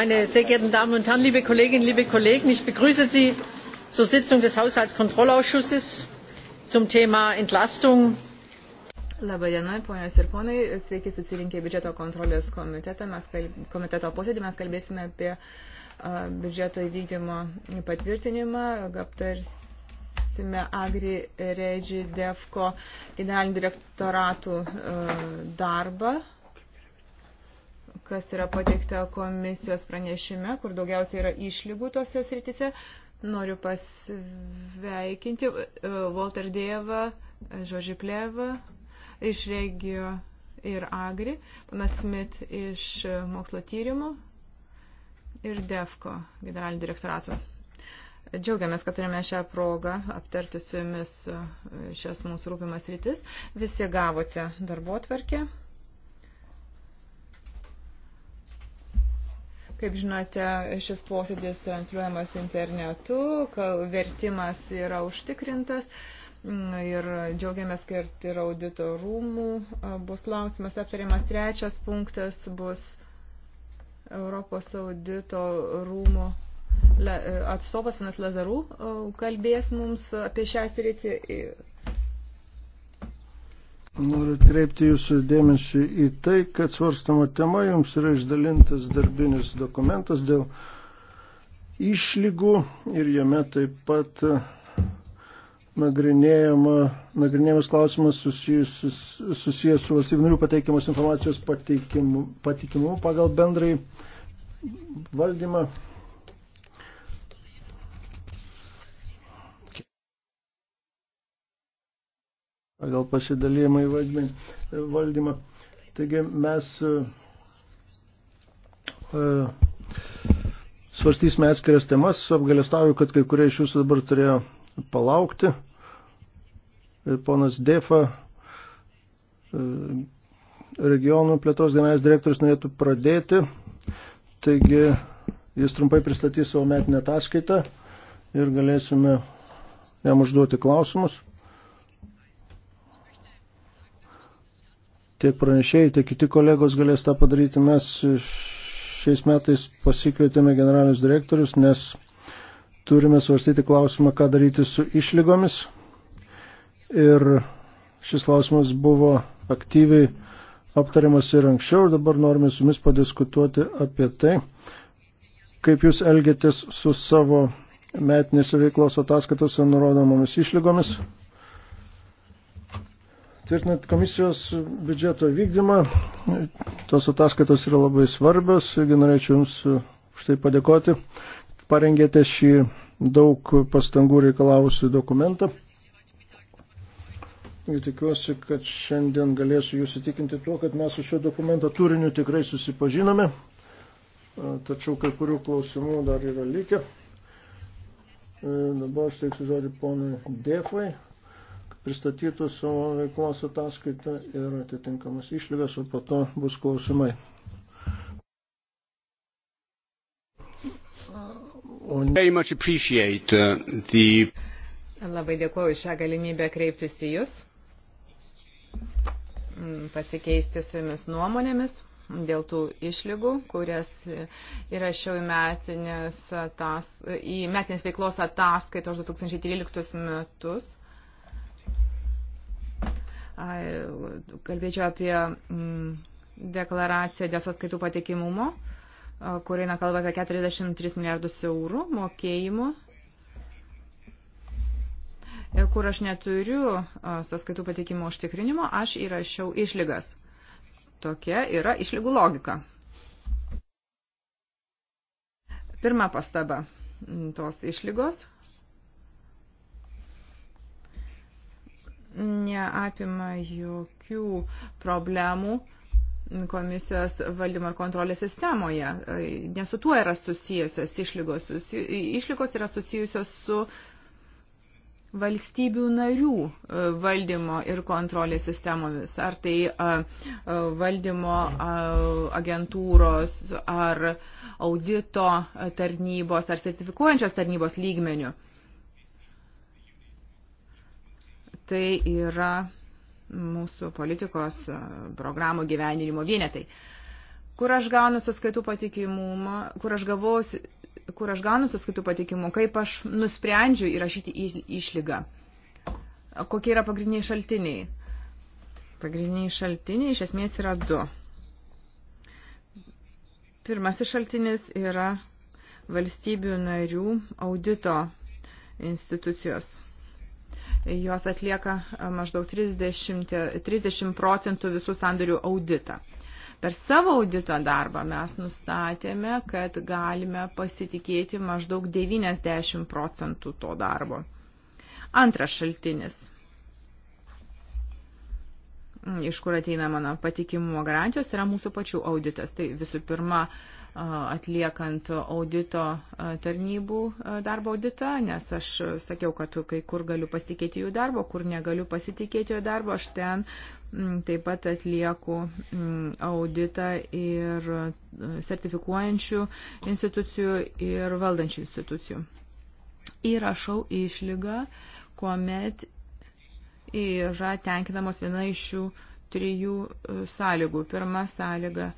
meine sehr geehrten damen und herren liebe kolleginnen liebe kollegen! ich begrüße sie zur sitzung des haushaltskontrollausschusses zum thema entlastung. laba diena ponios ir ponai sveiki susirinkę į biudžeto kontrolės komitetą mes komiteto posėdį mes kalbėsime apie biudžeto įvykdymo patvirtinimą aptarsime agri regi defco generalinių direktoratų darbą kas yra pateikta komisijos pranešime, kur daugiausiai yra išlygų tose sritise. Noriu pasveikinti e, Walter Dievą, Žožį Plevą iš Regio ir Agri, panas Smith iš mokslo tyrimų ir DEFCO generalinio direktorato. Džiaugiamės, kad turime šią progą aptarti su jumis e, šias mūsų rūpimas rytis. Visi gavote darbo tvarkę. Kaip žinote, šis posėdis transliuojamas internetu, vertimas yra užtikrintas mm, ir džiaugiamės, kad ir audito rūmų bus klausimas aptariamas. Trečias punktas bus Europos audito rūmų atstovas Anas Lazarų kalbės mums apie šią sritį Noriu atkreipti jūsų dėmesį į tai, kad svarstama tema jums yra išdalintas darbinis dokumentas dėl išlygų ir jame taip pat nagrinėjamas klausimas susijęs, susijęs su valstybinių pateikiamos informacijos pateikimu, patikimu pagal bendrai valdymą pagal pasidalymą į vaidmenį, e, valdymą. Taigi mes e, e, svarstysime atskiras temas, apgalėstauju, kad kai kurie iš jūsų dabar turėjo palaukti. Ir ponas Defa, regionų plėtos generalinis direktorius, norėtų pradėti. Taigi jis trumpai pristatys savo metinę ataskaitą ir galėsime jam užduoti klausimus. tiek pranešėjai, tiek kiti kolegos galės tą padaryti. Mes šiais metais pasikvietėme generalinius direktorius, nes turime svarstyti klausimą, ką daryti su išlygomis. Ir šis klausimas buvo aktyviai aptariamas ir anksčiau, ir dabar norime su jumis padiskutuoti apie tai, kaip jūs elgėtės su savo metinėse veiklos ataskaitose nurodomomis išlygomis. Tvirtinant komisijos biudžeto vykdymą, tos ataskaitos yra labai svarbios, irgi norėčiau Jums už tai padėkoti. Parengėte šį daug pastangų reikalavusių dokumentą. Ir tikiuosi, kad šiandien galėsiu Jūs įtikinti tuo, kad mes su šio dokumento turiniu tikrai susipažinome, tačiau kai kurių klausimų dar yra likę. E, dabar aš teiksiu žodį ponui Defai pristatytų savo veiklos ataskaitą ir atitinkamas išlygas, o po to bus klausimai. O... Very much appreciate uh, the... Labai dėkuoju šią galimybę kreiptis į Jūs, mm, pasikeisti su Jumis nuomonėmis dėl tų išlygų, kurias įrašiau į metinės, atas, į metinės veiklos ataskaitos 2013 metus. Kalbėčiau apie mm, deklaraciją dėl sąskaitų patikimumo, kur eina kalba apie 43 milijardus eurų mokėjimų, e, kur aš neturiu sąskaitų patikimo užtikrinimo, aš įrašiau išlygas. Tokia yra išlygų logika. Pirma pastaba tos išlygos – neapima jokių problemų komisijos valdymo ir kontrolės sistemoje, nes su tuo yra susijusios išlygos. Išlygos yra susijusios su valstybių narių e, valdymo ir kontrolės sistemomis, ar tai e, e, valdymo agentūros, ar audito tarnybos, ar sertifikuojančios tarnybos lygmenių. Tai yra mūsų politikos e, programų gyveninimo vienetai. Kur aš gaunu sąskaitų patikimumą, kur aš gavau, kur aš gaunu sąskaitų patikimumą, kaip aš nusprendžiu įrašyti išlygą, kokie yra pagrindiniai šaltiniai. Pagrindiniai šaltiniai iš esmės yra du. Pirmasis šaltinis yra valstybių narių audito institucijos Jos atlieka e, maždaug 30, 30 procentų visų sandorių auditą. Per savo audito darbą mes nustatėme, kad galime pasitikėti maždaug 90 procentų to darbo. Antras šaltinis, iš kur ateina mano patikimumo garantijos, yra mūsų pačių auditas. Tai visų pirma, uh, atliekant audito tarnybų darbo auditą, nes aš sakiau, kad kai kur galiu pasitikėti jų darbo, kur negaliu pasitikėti jų darbo, aš ten taip pat atlieku auditą ir sertifikuojančių institucijų ir valdančių institucijų. Įrašau išlygą, kuomet yra tenkinamos viena iš šių trijų e, sąlygų. Pirma sąlyga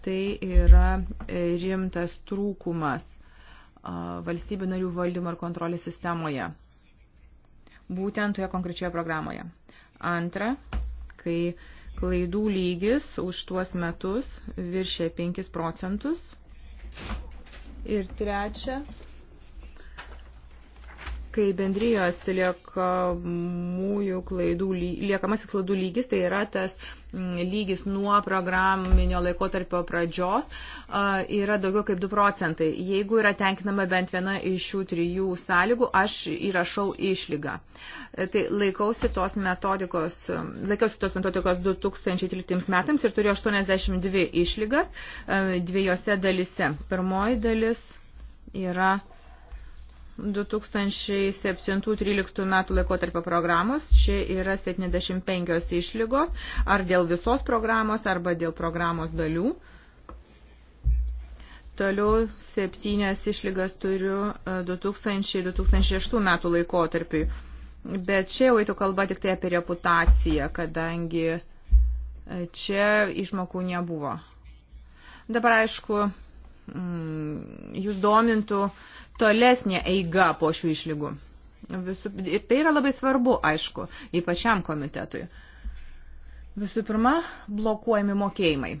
Tai yra e, rimtas trūkumas valstybių narių valdymo ir kontrolės sistemoje. Būtent toje konkrečioje programoje. Antra, kai klaidų lygis už tuos metus viršė 5 procentus. Ir trečia, kai bendrijos liekamųjų klaidų, liekamasis klaidų lygis, tai yra tas mm, lygis nuo programinio laikotarpio pradžios, yra daugiau kaip 2 procentai. Jeigu yra tenkinama bent viena iš šių trijų sąlygų, aš įrašau išlygą. E, tai laikausi tos metodikos, laikausi tos metodikos 2013 metams ir turiu 82 išlygas e, dviejose dalise. Pirmoji dalis yra 2007-2013 metų laikotarpio programos. Čia yra 75 išlygos ar dėl visos programos arba dėl programos dalių. Toliau septynės išlygas turiu 2000-2006 e, metų laikotarpiui. Bet čia jau eitų kalba tik tai apie reputaciją, kadangi e, čia išmokų nebuvo. Dabar aišku, jūs domintų uh, tolesnė eiga po šių išlygų. Visų, ir tai yra labai svarbu, aišku, ypač šiam komitetui. Visų pirma, blokuojami mokėjimai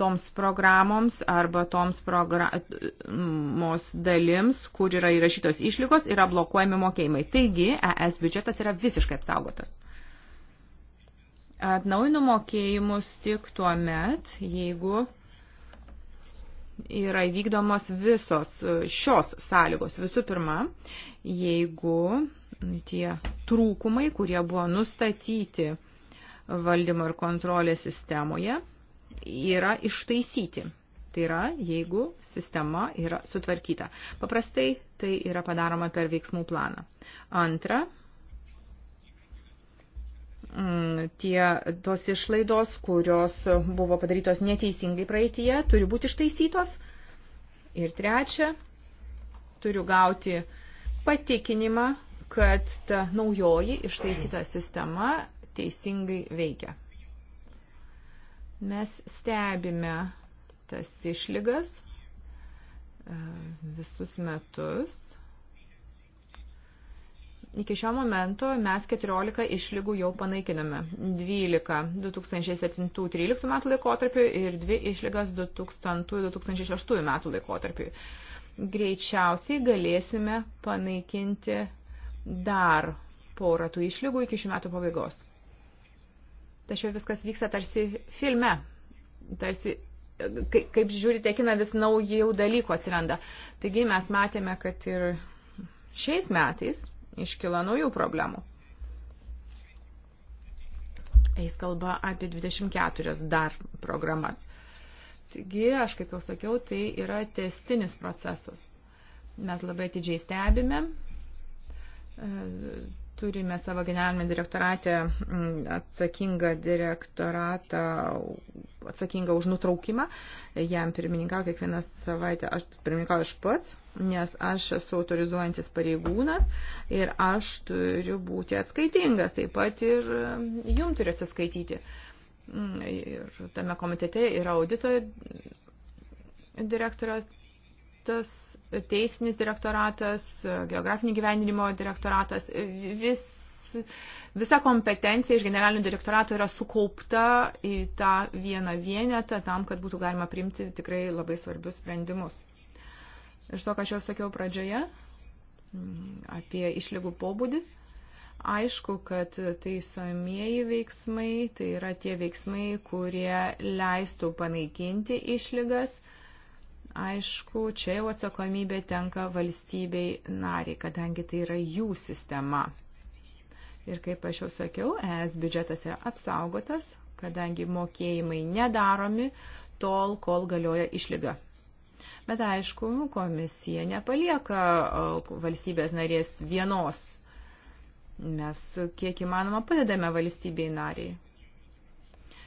toms programoms arba toms programos dalims, kur yra įrašytos išlygos, yra blokuojami mokėjimai. Taigi, ES biudžetas yra visiškai apsaugotas. Atnaujinu mokėjimus tik tuo met, jeigu yra įvykdomos visos e, šios sąlygos. Visų pirma, jeigu tie trūkumai, kurie buvo nustatyti valdymo ir kontrolės sistemoje, yra ištaisyti. Tai yra, jeigu sistema yra sutvarkyta. Paprastai tai yra padaroma per veiksmų planą. Antra, Mm, tie, tos išlaidos, kurios buvo padarytos neteisingai praeitie, turi būti ištaisytos. Ir trečia, turiu gauti patikinimą, kad ta naujoji ištaisyta sistema teisingai veikia. Mes stebime tas išlygas e, visus metus Iki šio momento mes 14 išlygų jau panaikiname. 12 2007-2013 metų laikotarpiu ir 2 išlygas 2000-2006 metų laikotarpiu. Greičiausiai galėsime panaikinti dar porą tų išlygų iki šių metų pabaigos. Tačiau viskas vyksta tarsi filme, tarsi kaip, kaip žiūrite kiną vis naujų dalykų atsiranda. Taigi mes matėme, kad ir šiais metais iškyla naujų problemų. Eis kalba apie 24 dar programas. Taigi, aš kaip jau sakiau, tai yra testinis procesas. Mes labai atidžiai stebime Turime savo generalinį direktoratę mm, atsakingą direktoratą, atsakingą už nutraukimą. Jam pirmininkau kiekvieną savaitę, aš pirmininkau aš pats, nes aš esu autorizuojantis pareigūnas ir aš turiu būti atskaitingas, taip pat ir mm, jum turiu atsiskaityti. Mm, ir tame komitete yra audito direktorius direktoratas, teisinis direktoratas, geografinio gyvenimo direktoratas, vis, visa kompetencija iš generalinio direktorato yra sukaupta į tą vieną vienetą tam, kad būtų galima priimti tikrai labai svarbius sprendimus. Iš to, ką aš jau sakiau pradžioje mm, apie išlygų pobūdį, aišku, kad taisomieji veiksmai, tai yra tie veiksmai, kurie leistų panaikinti išlygas, Aišku, čia jau atsakomybė tenka valstybei nariai, kadangi tai yra jų sistema. Ir kaip aš jau sakiau, ES biudžetas yra apsaugotas, kadangi mokėjimai nedaromi tol, kol galioja išlyga. Bet aišku, komisija nepalieka valstybės narės vienos. Mes kiek įmanoma padedame valstybei nariai.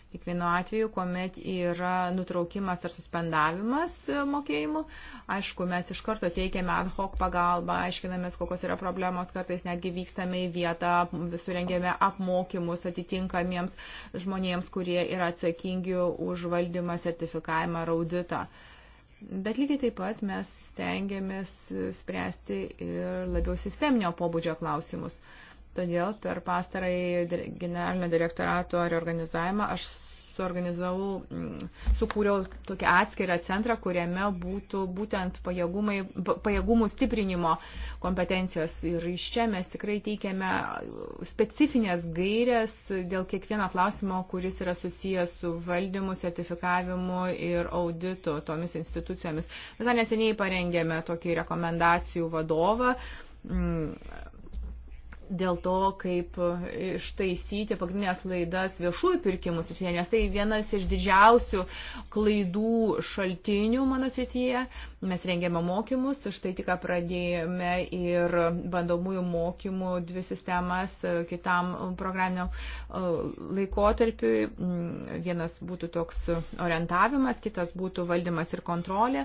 Kiekvienu atveju, kuomet yra nutraukimas ar suspendavimas e, mokėjimų, aišku, mes iš karto teikiame ad hoc pagalbą, aiškinamės, kokios yra problemos, kartais netgi vykstame į vietą, surengėme apmokymus atitinkamiems žmonėms, kurie yra atsakingi už valdymą, sertifikavimą ar auditą. Bet lygiai taip pat mes stengiamės spręsti ir labiau sisteminio pobūdžio klausimus. Uh, Todėl per pastarąjį generalinio direktorato reorganizavimą aš suorganizavau, mm, sukūriau tokį atskirą centrą, kuriame būtų būtent pajėgumai, pajėgumų stiprinimo kompetencijos. Ir iš čia mes tikrai teikiame uh, specifines gairias dėl kiekvieno klausimo, kuris yra susijęs su valdymu, sertifikavimu ir auditu tomis institucijomis. Visą neseniai parengėme tokį rekomendacijų vadovą mm, dėl to, kaip ištaisyti pagrindinės laidas viešųjų pirkimų srityje, nes tai vienas iš didžiausių klaidų šaltinių mano srityje. Mes rengiame mokymus, štai tik pradėjome ir bandomųjų mokymų dvi sistemas kitam programinio e, laikotarpiui. Vienas būtų toks orientavimas, kitas būtų valdymas ir kontrolė.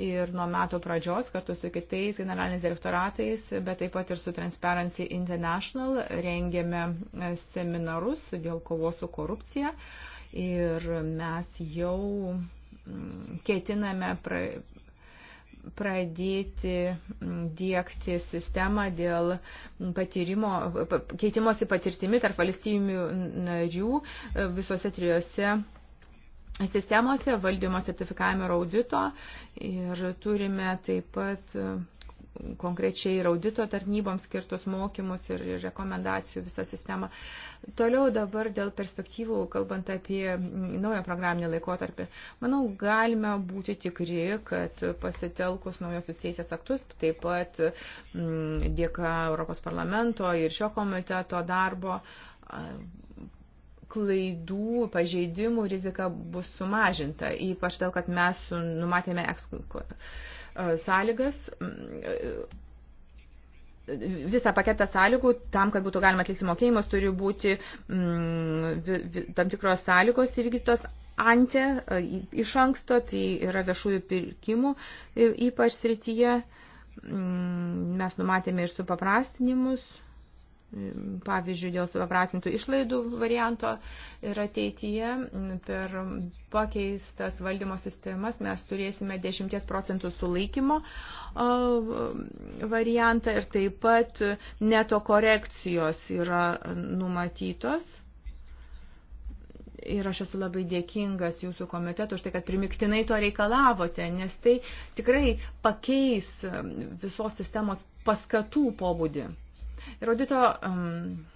Ir nuo metų pradžios kartu su kitais generaliniais direktoratais, bet taip pat ir su Transparency International International rengiame e, seminarus dėl kovos su korupcija ir mes jau mm, ketiname pra, pradėti mm, dėkti sistemą dėl patyrimo, keitimosi patirtimi tarp valstybių narių e, visose trijose sistemose valdymo sertifikavimo ir audito ir turime taip pat konkrečiai ir audito tarnyboms skirtus mokymus ir rekomendacijų visą sistemą. Toliau dabar dėl perspektyvų, kalbant apie naują programinį laikotarpį, manau, galime būti tikri, kad pasitelkus naujosius teisės aktus, taip pat m, mm, dėka Europos parlamento ir šio komiteto darbo klaidų, pažeidimų rizika bus sumažinta, ypač dėl, kad mes numatėme eks E, sąlygas, e, visą paketą sąlygų, tam, kad būtų galima atlikti mokėjimus, turi būti mm, tam tikros sąlygos įvykdytos ante, e, iš anksto, tai yra viešųjų pirkimų ypač srityje. Mes numatėme ir supaprastinimus. paprastinimus pavyzdžiui, dėl supaprastintų išlaidų varianto ir ateityje per pakeistas valdymo sistemas mes turėsime 10 procentų sulaikymo variantą ir taip pat neto korekcijos yra numatytos. Ir aš esu labai dėkingas jūsų komitetu už tai, kad primiktinai to reikalavote, nes tai tikrai pakeis visos sistemos paskatų pobūdį. Ir audito um,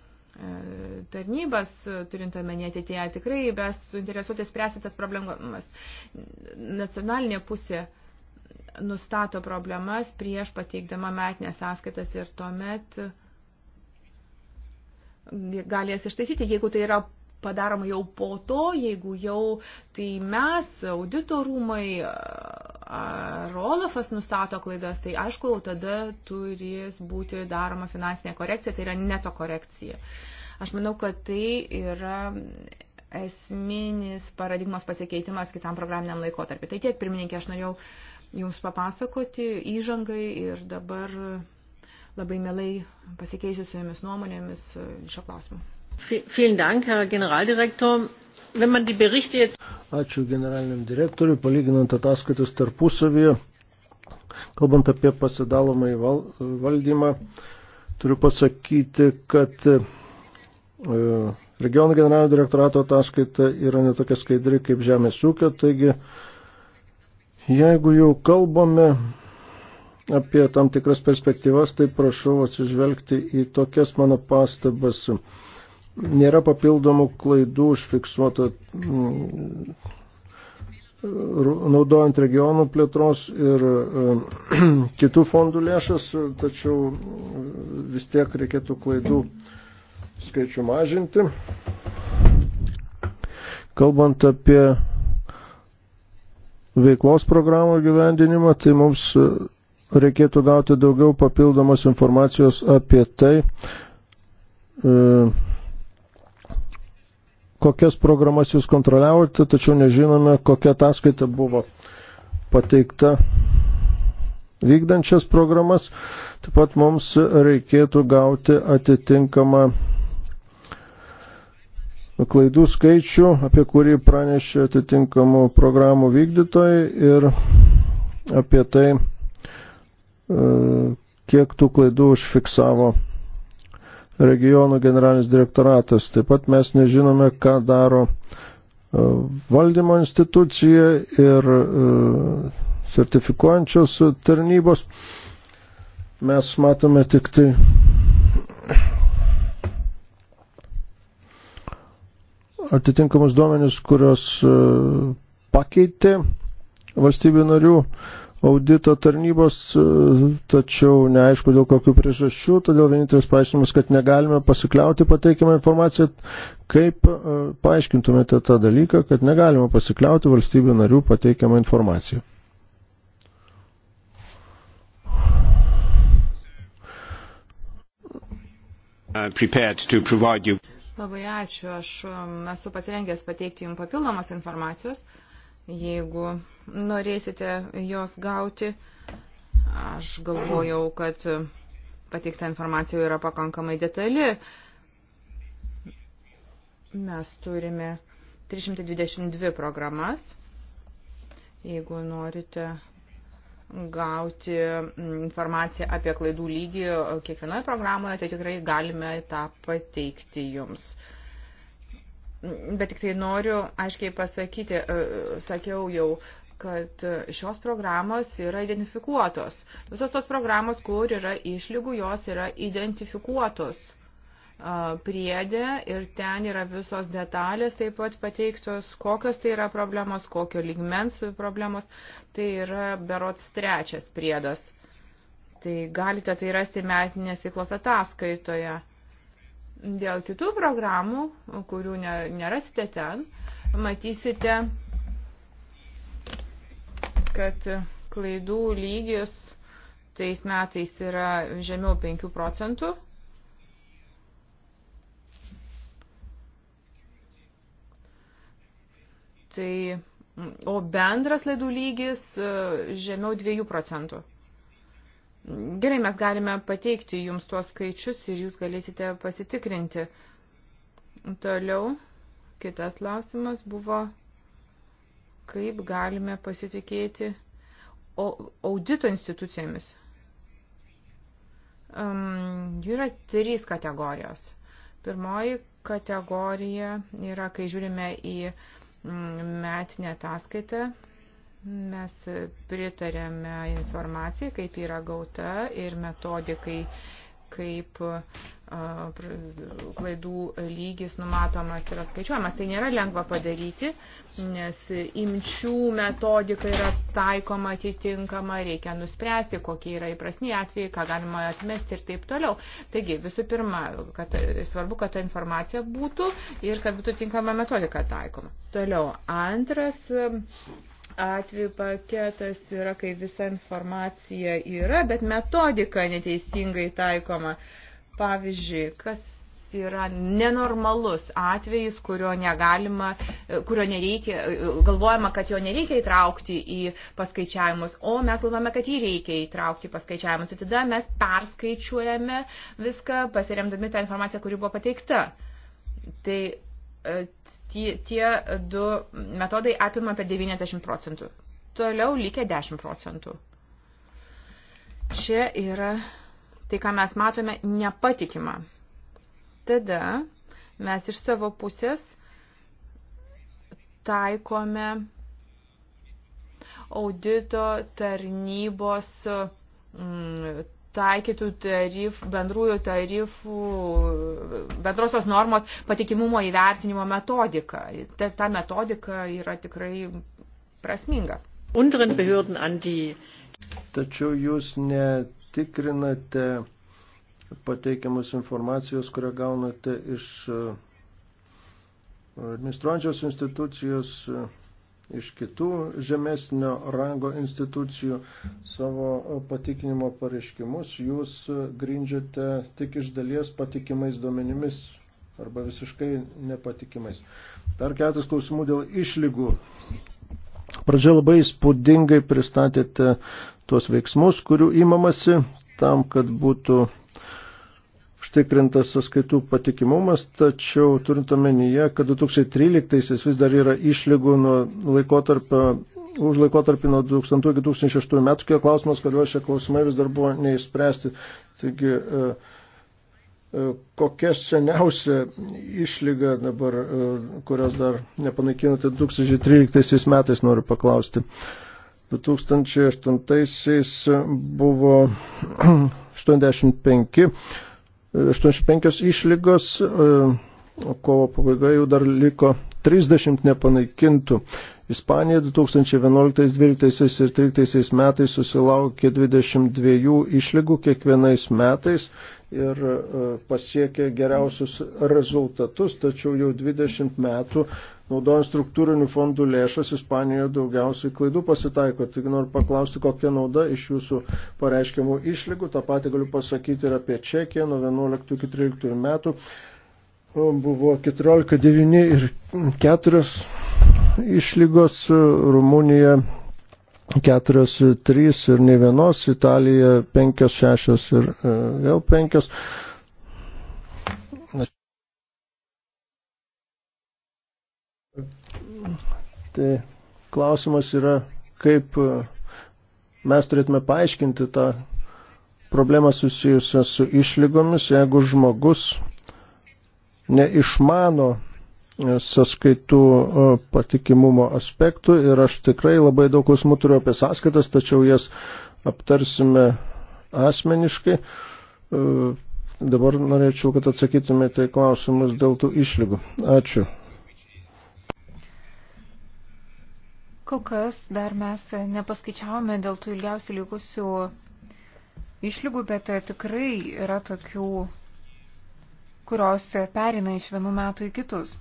tarnybas, turint omenyje ateityje, tikrai mes suinteresuoti spręsti tas problemas. Nacionalinė pusė nustato problemas prieš pateikdama metinės sąskaitas ir tuomet galės ištaisyti, jeigu tai yra padaroma jau po to, jeigu jau tai mes, auditorumai ar Olafas nustato klaidas, tai aišku, jau tada turės būti daroma finansinė korekcija, tai yra neto korekcija. Aš manau, kad tai yra esminis paradigmos pasikeitimas kitam programiniam laikotarpiu. Tai tiek, pirmininkė, aš norėjau Jums papasakoti įžangai ir dabar labai mielai pasikeisiu su Jumis nuomonėmis šio klausimu. Vielen Dank, Herr Generaldirektor. Wenn man die Berichte jetzt... Ačiū generaliniam direktoriui, palyginant ataskaitas tarpusavyje, kalbant apie pasidalomą į val, valdymą, turiu pasakyti, kad e, regionų generalinio direktorato ataskaita yra netokia skaidri kaip žemės ūkio, taigi jeigu jau kalbame apie tam tikras perspektyvas, tai prašau atsižvelgti į tokias mano pastabas. E, nėra papildomų klaidų užfiksuota mm, naudojant regionų plėtros ir e, kitų fondų lėšas, tačiau mm, vis tiek reikėtų klaidų skaičių mažinti. Kalbant apie veiklos programų gyvendinimą, tai mums reikėtų gauti daugiau papildomos informacijos apie tai, e, kokias programas jūs kontroliavote, tačiau nežinome, kokia ataskaita buvo pateikta vykdančias programas. Taip pat mums reikėtų gauti atitinkamą klaidų skaičių, apie kurį pranešė atitinkamų programų vykdytojai ir apie tai, e, kiek tų klaidų užfiksavo regionų generalinis direktoratas. Taip pat mes nežinome, ką daro e, valdymo institucija ir e, sertifikuojančios tarnybos. Mes matome tik tai atitinkamus duomenis, kurios e, pakeitė valstybių narių audito tarnybos, e, tačiau neaišku dėl kokių priežasčių, todėl vienintelis paaiškinimas, kad negalime pasikliauti pateikiamą informaciją. Kaip e, paaiškintumėte tą dalyką, kad negalima pasikliauti valstybių narių pateikiamą informaciją? Uh, prepared to provide you. Labai ačiū, aš um, esu pasirengęs pateikti jums papildomos informacijos. Uh, jeigu norėsite jos gauti. Aš galvojau, kad pateikta informacija yra pakankamai detali. Mes turime 322 programas. Jeigu norite gauti informaciją apie klaidų lygį kiekvienoje programoje, tai tikrai galime tą pateikti jums. Bet tik tai noriu aiškiai pasakyti, e, sakiau jau, kad šios programos yra identifikuotos. Visos tos programos, kur yra išlygų, jos yra identifikuotos e, priedė ir ten yra visos detalės taip pat pateiktos, kokios tai yra problemos, kokio ligmens problemos. Tai yra berots trečias priedas. Tai galite tai rasti metinės veiklos ataskaitoje. Dėl kitų programų, kurių nerasite ten, matysite, kad klaidų lygis tais metais yra žemiau 5 procentų. Tai, o bendras laidų lygis e, žemiau 2 procentų. Gerai, mes galime pateikti jums tuos skaičius ir jūs galėsite pasitikrinti. Toliau, kitas klausimas buvo, kaip galime pasitikėti audito institucijomis. Um, jų yra trys kategorijos. Pirmoji kategorija yra, kai žiūrime į mm, metinę ataskaitą Mes pritarėme informacijai, kaip yra gauta ir metodikai, kaip klaidų lygis numatomas yra skaičiuojamas. Tai nėra lengva padaryti, nes imčių metodika yra taikoma atitinkama, reikia nuspręsti, kokie yra įprasni atvejai, ką galima atmesti ir taip toliau. Taigi, visų pirma, kad, svarbu, kad ta informacija būtų ir kad būtų tinkama metodika taikoma. Toliau, antras atveju paketas yra, kai visa informacija yra, bet metodika neteisingai taikoma. Pavyzdžiui, kas yra nenormalus atvejis, kurio negalima, kurio nereikia, galvojama, kad jo nereikia įtraukti į paskaičiavimus, o mes galvojame, kad jį reikia įtraukti į paskaičiavimus. Ir tai tada mes perskaičiuojame viską, pasiremdami tą informaciją, kuri buvo pateikta. Tai tie, tie du metodai apima apie 90 procentų. Toliau likę 10 procentų. Čia yra tai, ką mes matome, nepatikima. Tada mes iš savo pusės taikome audito tarnybos mm, taikytų tarif, bendrųjų tarifų, bendrosios normos patikimumo įvertinimo metodika. Ta, ta metodika yra tikrai prasminga. Tačiau jūs netikrinate pateikiamus informacijos, kurią gaunate iš e, administruojančios institucijos e, iš kitų žemesnio rango institucijų savo patikinimo pareiškimus, jūs grindžiate tik iš dalies patikimais duomenimis arba visiškai nepatikimais. Dar ketas klausimų dėl išlygų. Pradžia labai spūdingai pristatėte tuos veiksmus, kurių įmamasi tam, kad būtų užtikrintas sąskaitų patikimumas, tačiau turint omenyje, kad 2013 vis dar yra išlygų nuo laikotarpio, už laikotarpį nuo 2000 iki 2006 metų, kiek klausimas, kuriuos šie klausimai vis dar buvo neįspręsti. Taigi, e, e, kokia seniausia išlyga dabar, e, kurios dar nepanaikinote 2013 metais, noriu paklausti. 2008 buvo 85 85 išlygos, e, o kovo pabaigoje jau dar liko 30 nepanaikintų. Ispanija 2011, 2012 ir 2013 metais susilaukė 22 išlygų kiekvienais metais ir e, pasiekė geriausius rezultatus, tačiau jau 20 metų naudojant struktūrinių fondų lėšas Ispanijoje daugiausiai klaidų pasitaiko. Tik noriu paklausti, kokia nauda iš jūsų pareiškiamų išlygų. Ta pati galiu pasakyti ir apie Čekiją nuo 11 iki 13 metų. E, buvo 14, 9 ir 4 išlygos e, Rumunija keturios, trys ir ne vienos, Italija penkios, šešios ir e, vėl penkios. Tai klausimas yra, kaip e, mes turėtume paaiškinti tą problemą susijusią su išlygomis, jeigu žmogus neišmano sąskaitų e, patikimumo aspektų ir aš tikrai labai daug klausimų turiu apie sąskaitas, tačiau jas aptarsime asmeniškai. E, dabar norėčiau, kad atsakytumėte į klausimus dėl tų išlygų. Ačiū. Kol kas dar mes nepaskaičiavome dėl tų ilgiausiai likusių išlygų, bet tikrai yra tokių, kurios perina iš vienų metų į kitus.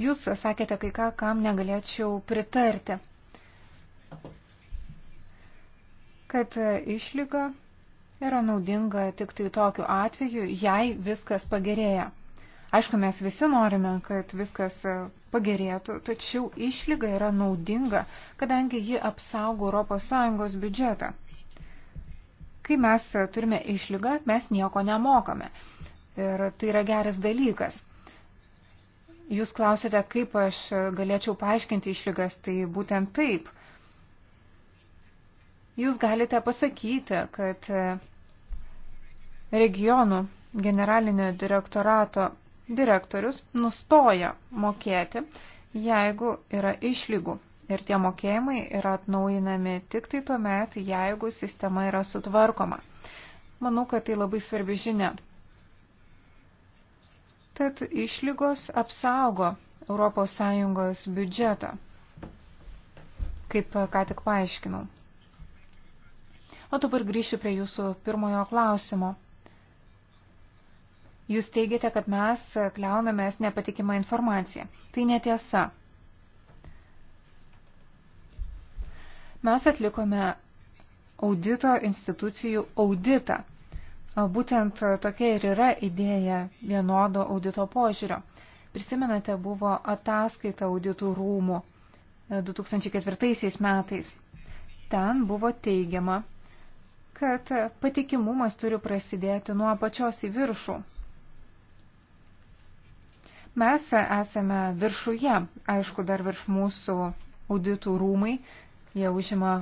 Jūs sakėte kai ką, kam negalėčiau pritarti. Kad išlyga yra naudinga tik tai tokiu atveju, jei viskas pagerėja. Aišku, mes visi norime, kad viskas pagerėtų, tačiau išlyga yra naudinga, kadangi ji apsaugo ES biudžetą. Kai mes turime išlygą, mes nieko nemokame. Ir tai yra geras dalykas. Jūs klausėte, kaip aš galėčiau paaiškinti išlygas, tai būtent taip. Jūs galite pasakyti, kad regionų generalinio direktorato direktorius nustoja mokėti, jeigu yra išlygų. Ir tie mokėjimai yra atnaujinami tik tai tuo met, jeigu sistema yra sutvarkoma. Manau, kad tai labai svarbi žinia. Tad išlygos apsaugo ES biudžetą, kaip ką tik paaiškinau. O dabar grįšiu prie jūsų pirmojo klausimo. Jūs teigiate, kad mes kliaunamės nepatikimą informaciją. Tai netiesa. Mes atlikome audito institucijų auditą Būtent e, tokia ir yra idėja vienodo audito požiūrio. Prisimenate, buvo ataskaita auditų rūmų 2004 e, metais. Ten buvo teigiama, kad patikimumas turi prasidėti nuo apačios į viršų. Mes esame viršuje, aišku, dar virš mūsų auditų rūmai, jie užima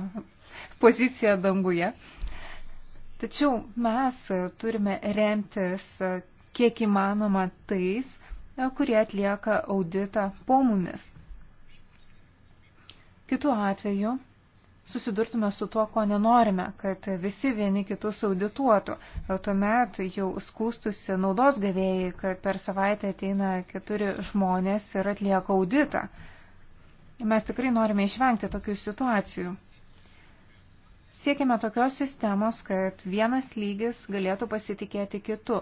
poziciją danguje. Tačiau mes turime remtis e, kiek įmanoma tais, e, kurie atlieka auditą po mumis. Kitu atveju susidurtume su tuo, ko nenorime, kad visi vieni kitus audituotų. E, tuomet jau skūstusi naudos gavėjai, kad per savaitę ateina keturi žmonės ir atlieka auditą. Mes tikrai norime išvengti tokių situacijų. Siekime tokios sistemos, kad vienas lygis galėtų pasitikėti kitu,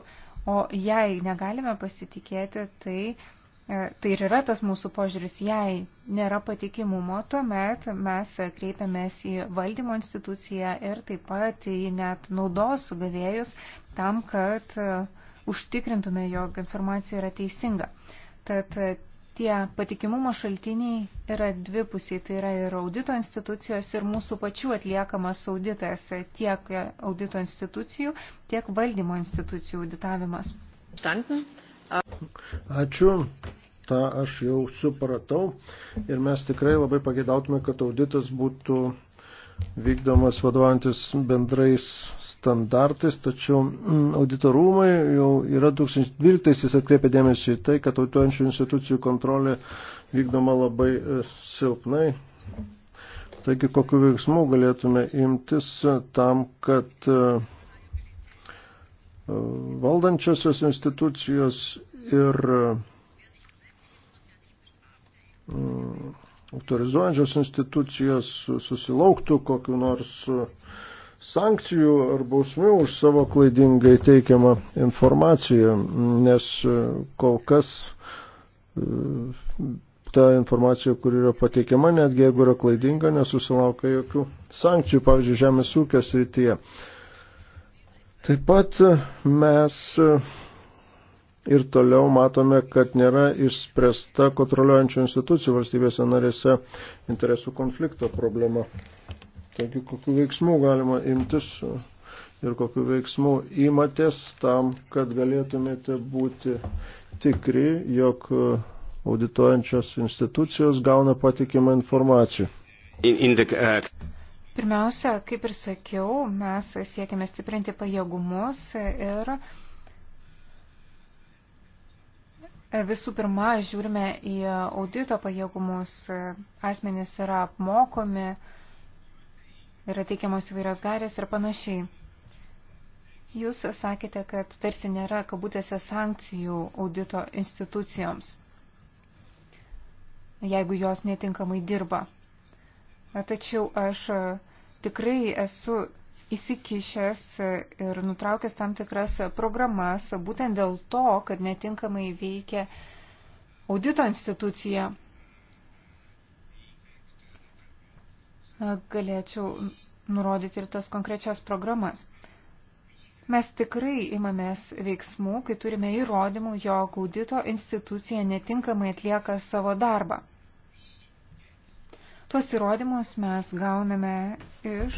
o jei negalime pasitikėti, tai e, Tai ir yra tas mūsų požiūris, jei nėra patikimumo, tuomet mes kreipiamės į valdymo instituciją ir taip pat į net naudos sugavėjus tam, kad e, užtikrintume, jog informacija yra teisinga. Tad tie patikimumo šaltiniai yra dvipusiai, tai yra ir audito institucijos, ir mūsų pačių atliekamas auditas, tiek audito institucijų, tiek valdymo institucijų auditavimas. Ačiū. Ta aš jau supratau ir mes tikrai labai pagėdautume, kad auditas būtų vykdomas vadovantis bendrais standartais, tačiau mm, auditorumai jau yra 2012-aisiais atkreipė dėmesį į tai, kad audituojančių institucijų kontrolė vykdoma labai e, silpnai. Taigi, kokiu veiksmu galėtume imtis e, tam, kad e, valdančiosios institucijos ir mm, autorizuojančios institucijos susilauktų kokiu nors uh, sankcijų ar bausmių už savo klaidingai teikiamą informaciją, nes e, kol kas e, ta informacija, kur yra pateikiama, netgi jeigu yra klaidinga, nesusilaukia jokių sankcijų, pavyzdžiui, žemės ūkio srityje. Taip pat e, mes ir toliau matome, kad nėra išspręsta kontroliuojančių institucijų valstybėse narėse interesų konflikto problema. Taigi, kokiu veiksmu galima imtis ir kokiu veiksmu įmatės tam, kad galėtumėte būti tikri, jog audituojančios institucijos gauna patikimą informaciją. In, in the, uh... Pirmiausia, kaip ir sakiau, mes siekiame stiprinti pajėgumus ir visų pirma žiūrime į audito pajėgumus. Asmenys yra apmokomi yra teikiamos įvairios garės ir panašiai. Jūs sakėte, kad tarsi nėra kabutėse sankcijų audito institucijoms, jeigu jos netinkamai dirba. Tačiau aš tikrai esu įsikišęs ir nutraukęs tam tikras programas būtent dėl to, kad netinkamai veikia audito institucija. galėčiau nurodyti ir tas konkrečias programas. Mes tikrai imamės veiksmų, kai turime įrodymų, jog audito institucija netinkamai atlieka savo darbą. Tuos įrodymus mes gauname iš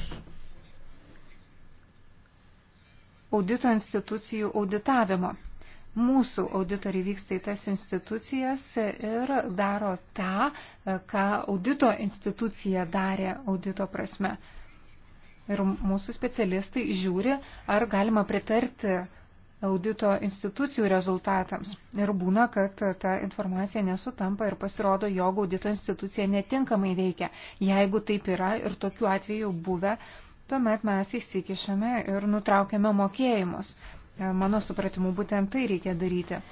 audito institucijų auditavimo. Mūsų auditoriai vyksta į tas institucijas ir daro tą, ką audito institucija darė audito prasme. Ir mūsų specialistai žiūri, ar galima pritarti audito institucijų rezultatams. Ir būna, kad ta informacija nesutampa ir pasirodo, jog audito institucija netinkamai veikia. Jeigu taip yra ir tokiu atveju buvę, tuomet mes įsikišame ir nutraukiame mokėjimus. E, mano supratimu, būtent tai reikia daryti. E,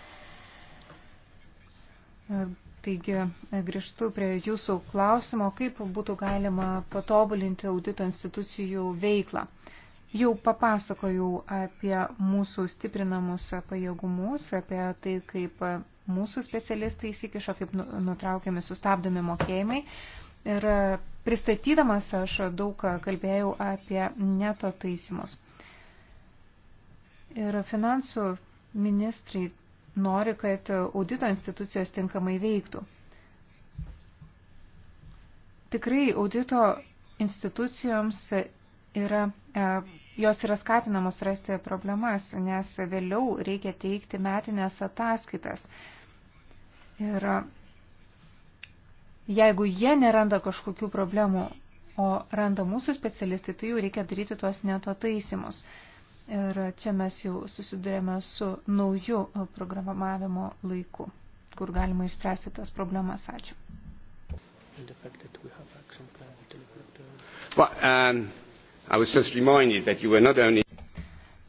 taigi, e, grįžtu prie jūsų klausimo, kaip būtų galima patobulinti audito institucijų veiklą. Jau papasakojau apie mūsų stiprinamus pajėgumus, apie tai, kaip mūsų specialistai įsikišo, kaip nu, nutraukiami, sustabdomi mokėjimai. Ir pristatydamas aš daug kalbėjau apie neto taisimus. Ir finansų ministrai nori, kad audito institucijos tinkamai veiktų. Tikrai audito institucijoms yra, e, jos yra skatinamos rasti problemas, nes vėliau reikia teikti metinės ataskaitas. Ir jeigu jie neranda kažkokių problemų, o randa mūsų specialistai, tai jau reikia daryti tuos neto taisimus. Ir čia mes jau susidurėme su nauju programavimo laiku, kur galima išspręsti tas problemas. Ačiū. Well, um, I was just reminded that you were not only